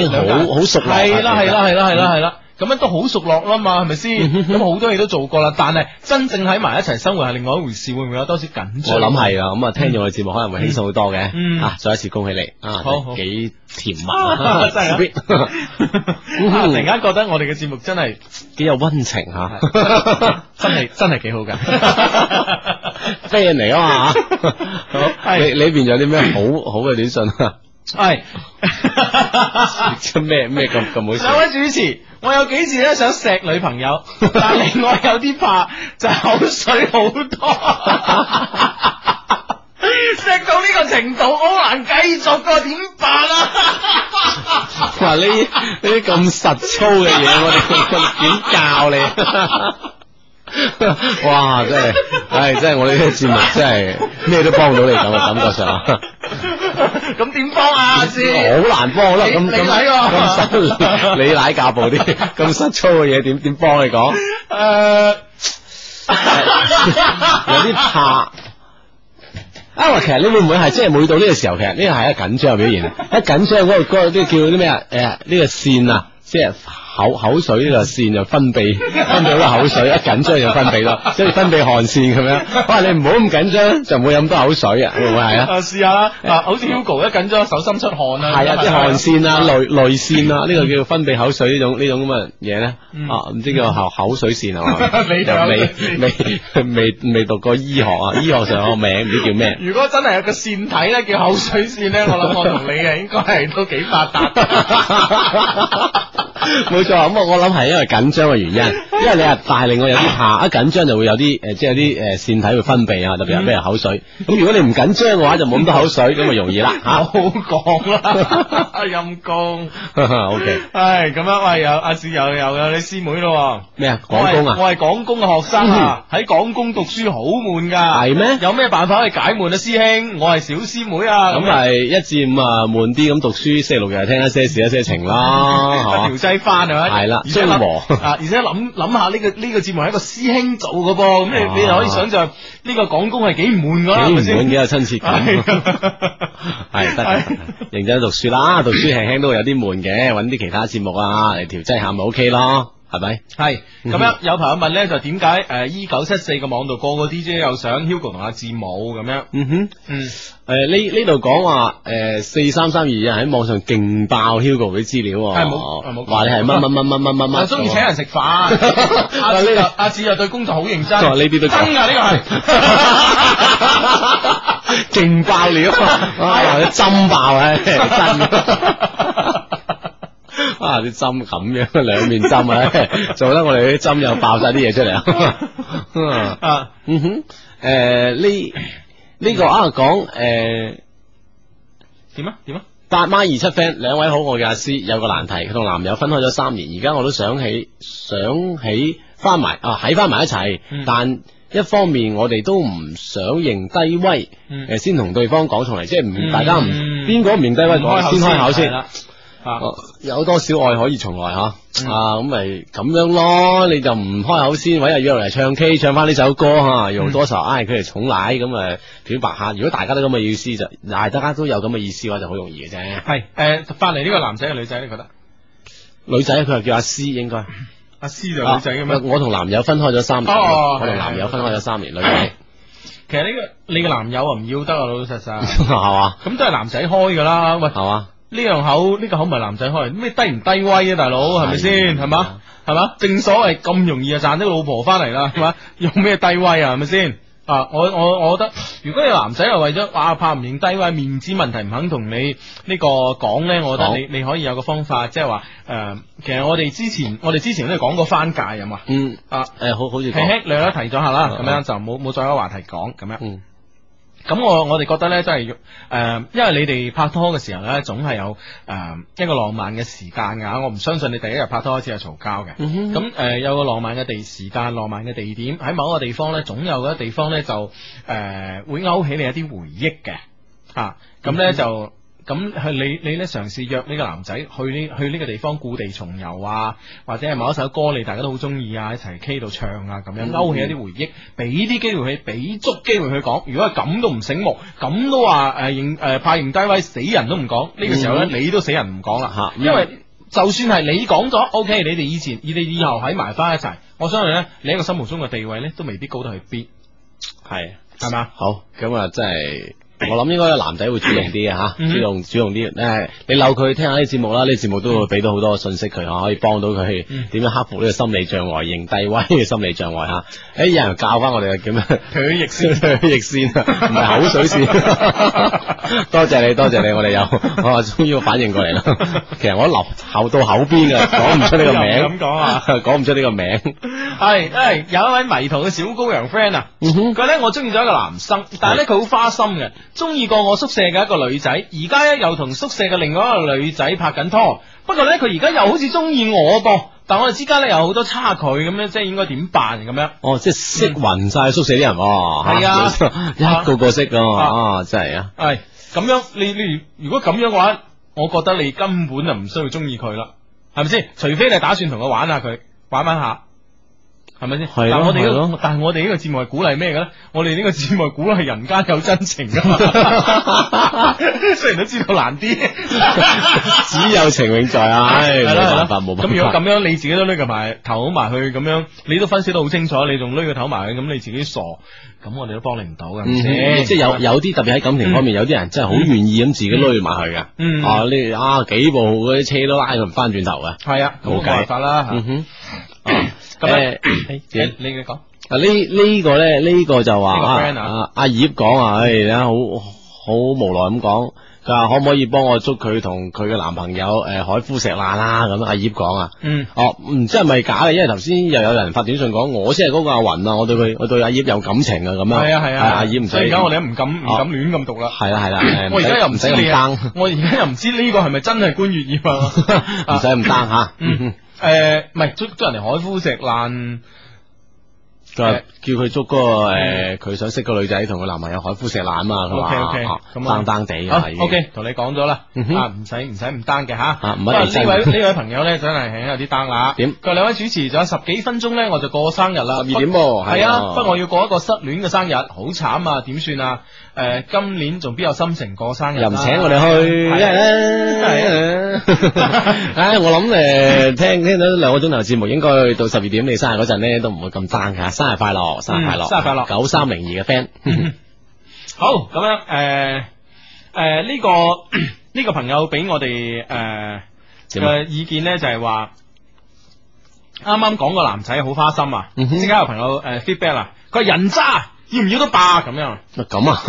[SPEAKER 1] 好熟，係啦，係啦，係啦，係啦，係啦。咁樣都好熟絡啦嘛，係咪先？咁好 多嘢都做過啦，但係真正喺埋一齊生活係另外一回事，會唔會有多少緊張？我諗係噶，咁啊聽住我嘅節目，可能會輕鬆好多嘅。嗯、啊再一次恭喜你，啊，好幾甜蜜啊，真係、啊 啊。突然間覺得我哋嘅節目真係幾有溫情吓、啊， 真係真係幾好噶 friend 嚟啊嘛，你 一 裏邊有啲咩好好嘅短信？係，真咩咩咁咁好笑？兩位主持，我有幾次都想錫女朋友，但係我有啲怕就是、口水好多，錫 到呢個程度好難繼
[SPEAKER 2] 續㗎，點辦啊？
[SPEAKER 1] 嗱， 呢呢啲咁實操嘅嘢，我哋點教你？ 哇！真係，唉，真係我呢啲節目真係咩都幫到你咁嘅感覺上。
[SPEAKER 2] 咁點幫啊先？好難幫咯。咁咁咁
[SPEAKER 1] 你奶教步啲咁失操嘅嘢，幫呃、 點點幫你講？
[SPEAKER 2] 誒，
[SPEAKER 1] 有啲怕。 啊，其實你會唔會係即係每到呢個時候？其實呢個係一個緊張嘅表現。一緊張嗰度嗰啲叫啲咩啊？誒、呃、呢、這個線啊，即、就、係、是。口口水呢條線就分泌，分泌咗口水，一緊張就分泌咯，即係分泌汗腺咁樣。喂，你唔好咁緊張，就唔好飲多口水啊，會唔會係啊？啊，試下啦，嗱，好似 Hugo 一緊張手心出汗啊，係啊，即係汗腺啊，淚淚腺啊，呢個叫分泌口水呢種呢種咁嘅嘢咧，啊，唔知叫口口水腺係嘛？未未未未未讀過醫學啊，醫學上有個名唔知叫咩？如果真係有個腺體咧叫口水腺咧，我諗我同你啊應該係都幾發達。咁啊，我諗係因為緊張嘅原因，因為你啊，但令我有啲怕。一緊張就會有啲誒，即係有啲誒腺體會分泌啊，特別有咩人口水。咁如果你唔緊張嘅話，就冇咁多口水，咁咪容易啦吓。好講啦，陰功。O K，咁樣，喂，有阿師友，又有你師妹咯。咩啊？廣工啊？我係廣工嘅學生啊，喺廣工讀書好悶噶。係咩？有咩辦法可以解悶啊？師兄，我係小師妹。咁係一至五啊，悶啲咁讀書，星期六日聽一些事一些情啦。調劑翻。係啦，相和啊！而且諗諗下呢個呢、這個節目係一個師兄做噶噃，咁 你你又可以想象呢個講工係幾悶噶啦，係幾有親切感、 哎。係得， 認真讀書啦，讀書輕輕都會有啲悶嘅，揾啲其他節目啊，嚟調劑下咪 OK 咯。係咪？係咁樣有朋友問咧，就點解誒？一九七四嘅網度個個 D J 又上 Hugo 同阿志舞咁樣。嗯哼，嗯。誒，呢呢度講話誒，四三三二二喺網上勁爆 Hugo 嘅資料。係冇，冇。話你係乜乜乜乜乜乜乜。中意請人食飯。阿呢個阿志又對工作好認真。真噶呢個係。勁爆料。啊！真爆啊！真。啊！啲針咁樣，兩面針啊，做得我哋啲針又爆晒啲嘢出嚟。嗯啊嗯哼，誒呢呢個啊講誒點啊點啊？八孖二七 friend，兩位好我嘅阿師有個難題，佢同男友分開咗三年，而家我都想起想起翻埋啊喺翻埋一齊，但一方面我哋都唔想認低威，誒先同對方講出嚟，即係唔大家唔邊個唔認低威，先開口先。有多少愛可以重來吓？啊咁咪咁樣咯？你就唔開口先，搵日約嚟唱 K，唱翻呢首歌吓，用多少唉？佢係寵奶咁啊，表白下。如果大家都咁嘅意思就，唉，大家都有咁嘅意思嘅話就好容易嘅啫。係誒，發嚟呢個男仔嘅女仔，你覺得女仔佢就叫阿詩應該？阿詩就女仔嘅咩？我同男友分開咗三年，我同男友分開咗三年。女仔，其實呢個你嘅男友唔要得啊，老老實實係嘛？咁都係男仔開㗎啦，係嘛？呢樣口呢個口唔係男仔開，咩低唔低威啊，大佬係咪先？係嘛？係嘛？正所謂咁容易就賺啲老婆翻嚟啦，係嘛？用咩低威啊？係咪先？啊，我我我覺得，如果你男仔係為咗怕怕唔認低威，面子問題唔肯同你呢個講咧，我覺得你好你,你可以有個方法，即係話誒，其實我哋之前我哋之前都係講過番界咁、嗯、啊。嗯。啊誒，好好似係適量啦，輕輕提咗下啦，咁、嗯、樣、嗯、就冇冇再有話題講咁樣。嗯咁我我哋覺得呢，即係，誒、呃，因為你哋拍拖嘅時候呢，總係有誒、呃、一個浪漫嘅時間㗎，我唔相信你第一日拍拖開始係嘈交嘅。咁誒、嗯呃，有個浪漫嘅地時間，浪漫嘅地點，喺某一個地方呢，總有個地方呢，就誒、呃、會勾起你一啲回憶嘅。吓、啊，咁咧、嗯、哼就。咁係你你咧嘗試約呢個男仔去呢去呢個地方故地重遊啊，或者係某一首歌你大家都好中意啊，一齊 K 到唱啊，咁樣勾起一啲回憶，俾啲機會去，俾足機會去講。如果係咁都唔醒目，咁都話誒認誒派完低位死人都唔講，呢、這個時候咧你都死人唔講啦吓。嗯、因為就算係你講咗，OK，你哋以前你哋以後喺埋翻一齊，我相信咧你喺我心目中嘅地位咧都未必高得去邊。係係咪？吧好咁啊，真係、就是。我諗應該有男仔會主動啲嘅吓，主動、mm hmm. 主動啲，誒、哎，你扭佢聽下啲節目啦，呢節目都會俾到好多信息佢，可以幫到佢點樣克服呢個心理障礙、認低威嘅心理障礙吓。誒、哎，有人教翻我哋叫咩？唾液腺，唾液腺，唔係 逆 口水腺。 多謝你，多謝你，我哋有，我終於反應過嚟啦。 其實我流口到口邊嘅，講唔出呢個名。咁講啊，講唔 出呢個名。係、 哎，係有一位迷途嘅小羔羊 friend 啊，佢咧我中意咗一個男生，但係咧佢好花心嘅。中意過我宿舍嘅一個女仔，而家咧又同宿舍嘅另外一個女仔拍緊拖。不過咧，佢而家又好似中意我噃。但我哋之間咧，有好多差距咁樣，哦、即係應該點辦咁樣？哦，即係識暈晒宿舍啲人，係啊， 一個個識噶，啊，真係啊。啊，哎，係咁樣，你你如果咁樣嘅話，我覺得你根本就唔需要中意佢啦，係咪先？除非你打算同佢玩下佢，玩玩下。係咪先？但係我哋但係我哋呢個節目係鼓勵咩嘅咧？我哋呢個節目鼓勵人間有真情嘛！雖然都知道難啲，只有情永在啊！唉，冇辦法，冇辦法，咁如果咁樣，你自己都匿埋頭埋去咁樣，你都分析得好清楚，你仲匿個頭埋去，咁你自己傻，咁我哋都幫你唔到噶。即係有有啲特別喺感情方面，有啲人真係好願意咁自己匿埋去噶。嗯，啊，呢啊幾部嗰啲車都拉佢唔返轉頭啊。係啊，冇辦法啦。咁誒，你你講啊？呢呢個咧，呢個就話啊，阿葉講啊，唉，而家好好無奈咁講，佢話可唔可以幫我捉佢同佢嘅男朋友誒，海枯石爛啦咁。阿葉講啊，嗯，哦，唔知係咪假嘅？因為頭先又有人發短信講我先係嗰個阿雲啊，我對佢，我對阿葉有感情啊，咁樣。係啊係啊，阿葉唔使。而家我哋唔敢唔敢亂咁讀啦。係啦係啦，我而家又唔使咁爭，我而家又唔知呢個係咪真係官月葉啊？唔使咁爭吓。誒，唔係、呃，捉咗人哋海枯石爛。佢叫佢捉個誒，佢想識個女仔同個男朋友海枯石爛嘛，佢話，咁 down down 地嘅。OK，同你講咗啦，唔使唔使唔 down 嘅吓。咁呢位呢位朋友咧真係有啲 down 啦。點？佢兩位主持仲有十幾分鐘咧，我就過生日啦。十二點係啊，不過我要過一個失戀嘅生日，好慘啊，點算啊？誒，今年仲邊有心情過生日？又唔請我哋去？係啊，係啊。唉，我諗誒，聽聽到兩個鐘頭節目，應該到十二點你生日嗰陣咧，都唔會咁 down 嘅。生日快樂，生日快樂，嗯、生日快樂！九三零二嘅 friend，好咁樣，誒誒呢個呢、 這個朋友俾我哋誒誒意見咧，就係話啱啱講個男仔好花心啊！陣間、嗯、哼有朋友誒、呃、feedback 人渣啊？佢話人渣。要唔要都霸？咁樣？咁啊，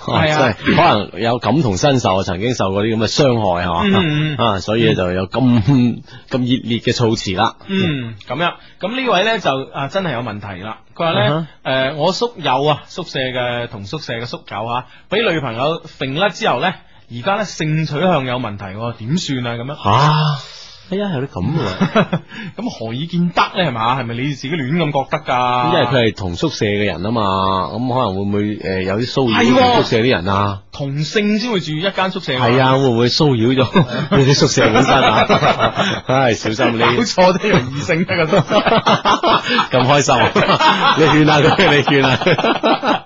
[SPEAKER 1] 係啊，啊呵呵 啊可能有感同身受，曾經受過啲咁嘅傷害係嘛，嗯、吧啊，所以就有咁咁熱烈嘅措辭啦。嗯，咁樣，咁呢位咧就啊真係有問題啦。佢話咧，誒、uh huh. 呃，我宿友啊，宿舍嘅同宿舍嘅宿友吓、啊，俾女朋友甩之後咧，而家咧性取向有問題，點算啊？咁樣吓。係啊，有啲咁啊，咁何以見得咧？係嘛，係咪你自己亂咁覺得噶？因為佢係同宿舍嘅人啊嘛，咁可能會唔會誒有啲騷擾宿舍啲人啊？同性先會住一間宿舍，係啊，會唔會騷擾咗你啲宿舍本身啊？唉，小心你。好錯得用異性得噶，咁開心，你勸下佢，你勸啊！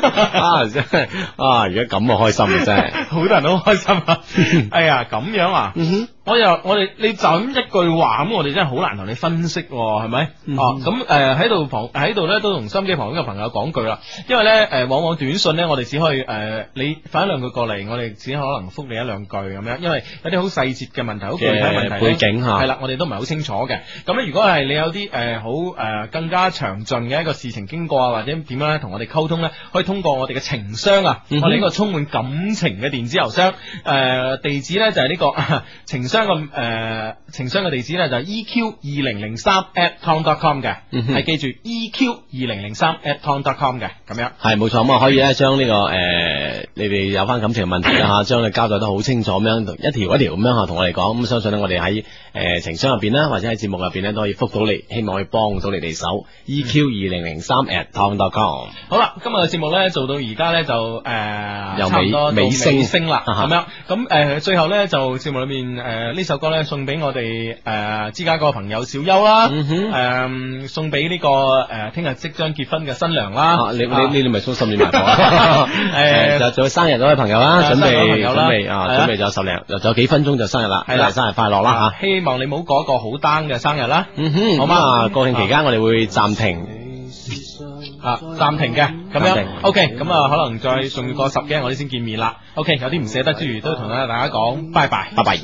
[SPEAKER 1] 啊，真係啊！而家咁就開心嘅真係，好多人都開心啊！哎呀，咁樣啊？我又我哋你就咁一句話咁，我哋真係好難同你分析、哦是是，係 咪？哦，咁誒喺度旁喺度咧，都同收音機旁邊嘅朋友講句啦，因為咧誒，往往短信咧，我哋只可以誒、呃，你發一兩句過嚟，我哋只可能覆你一兩句咁樣，因為有啲好細節嘅問題，好具體嘅問題背景吓，係啦，我哋都唔係好清楚嘅。咁咧，如果係你有啲誒、呃、好誒、呃、更加詳盡嘅一個事情經過啊，或者點樣咧，同我哋溝通咧，可以通過我哋嘅情商啊，我哋呢個充滿感情嘅電子郵箱誒、 呃、地址咧就係呢個情商，商。將個誒情商嘅地址咧就係 EQ 二零零三 at tom.com 嘅，係、嗯、 記住 EQ 二零零三 at tom.com 嘅咁樣。係冇錯，咁啊可以咧將呢個誒、呃，你哋有翻感情問題啊，將你交代得好清楚咁樣，一條一條咁樣嚇同我哋講。咁相信呢，我哋喺誒情商入邊啦，或者喺節目入邊咧都可以覆到你，希望可以幫到你哋手。EQ 二零零三 at tom.com。E Q、com 好啦，今日嘅節目咧做到而家咧就誒、呃、又 差唔多尾尾聲啦，咁 樣。咁誒最後咧就節目裏面誒。呃呢首歌咧送俾我哋誒，芝加哥嗰個朋友小優啦，誒，送俾呢個誒，聽日即將結婚嘅新娘啦。你你呢？你咪送十年大過，誒，就做生日嗰位朋友啦，準備準備啊，準備就有十兩，又仲有幾分鐘就生日啦，係啦，生日快樂啦吓！希望你冇過一個好 down 嘅生日啦，嗯哼，好嘛？國慶期間我哋會暫停啊，暫停嘅咁樣。O K，咁啊，可能再送過十幾日，我哋先見面啦。O K，有啲唔捨得，之餘都同大家講，拜拜，拜拜。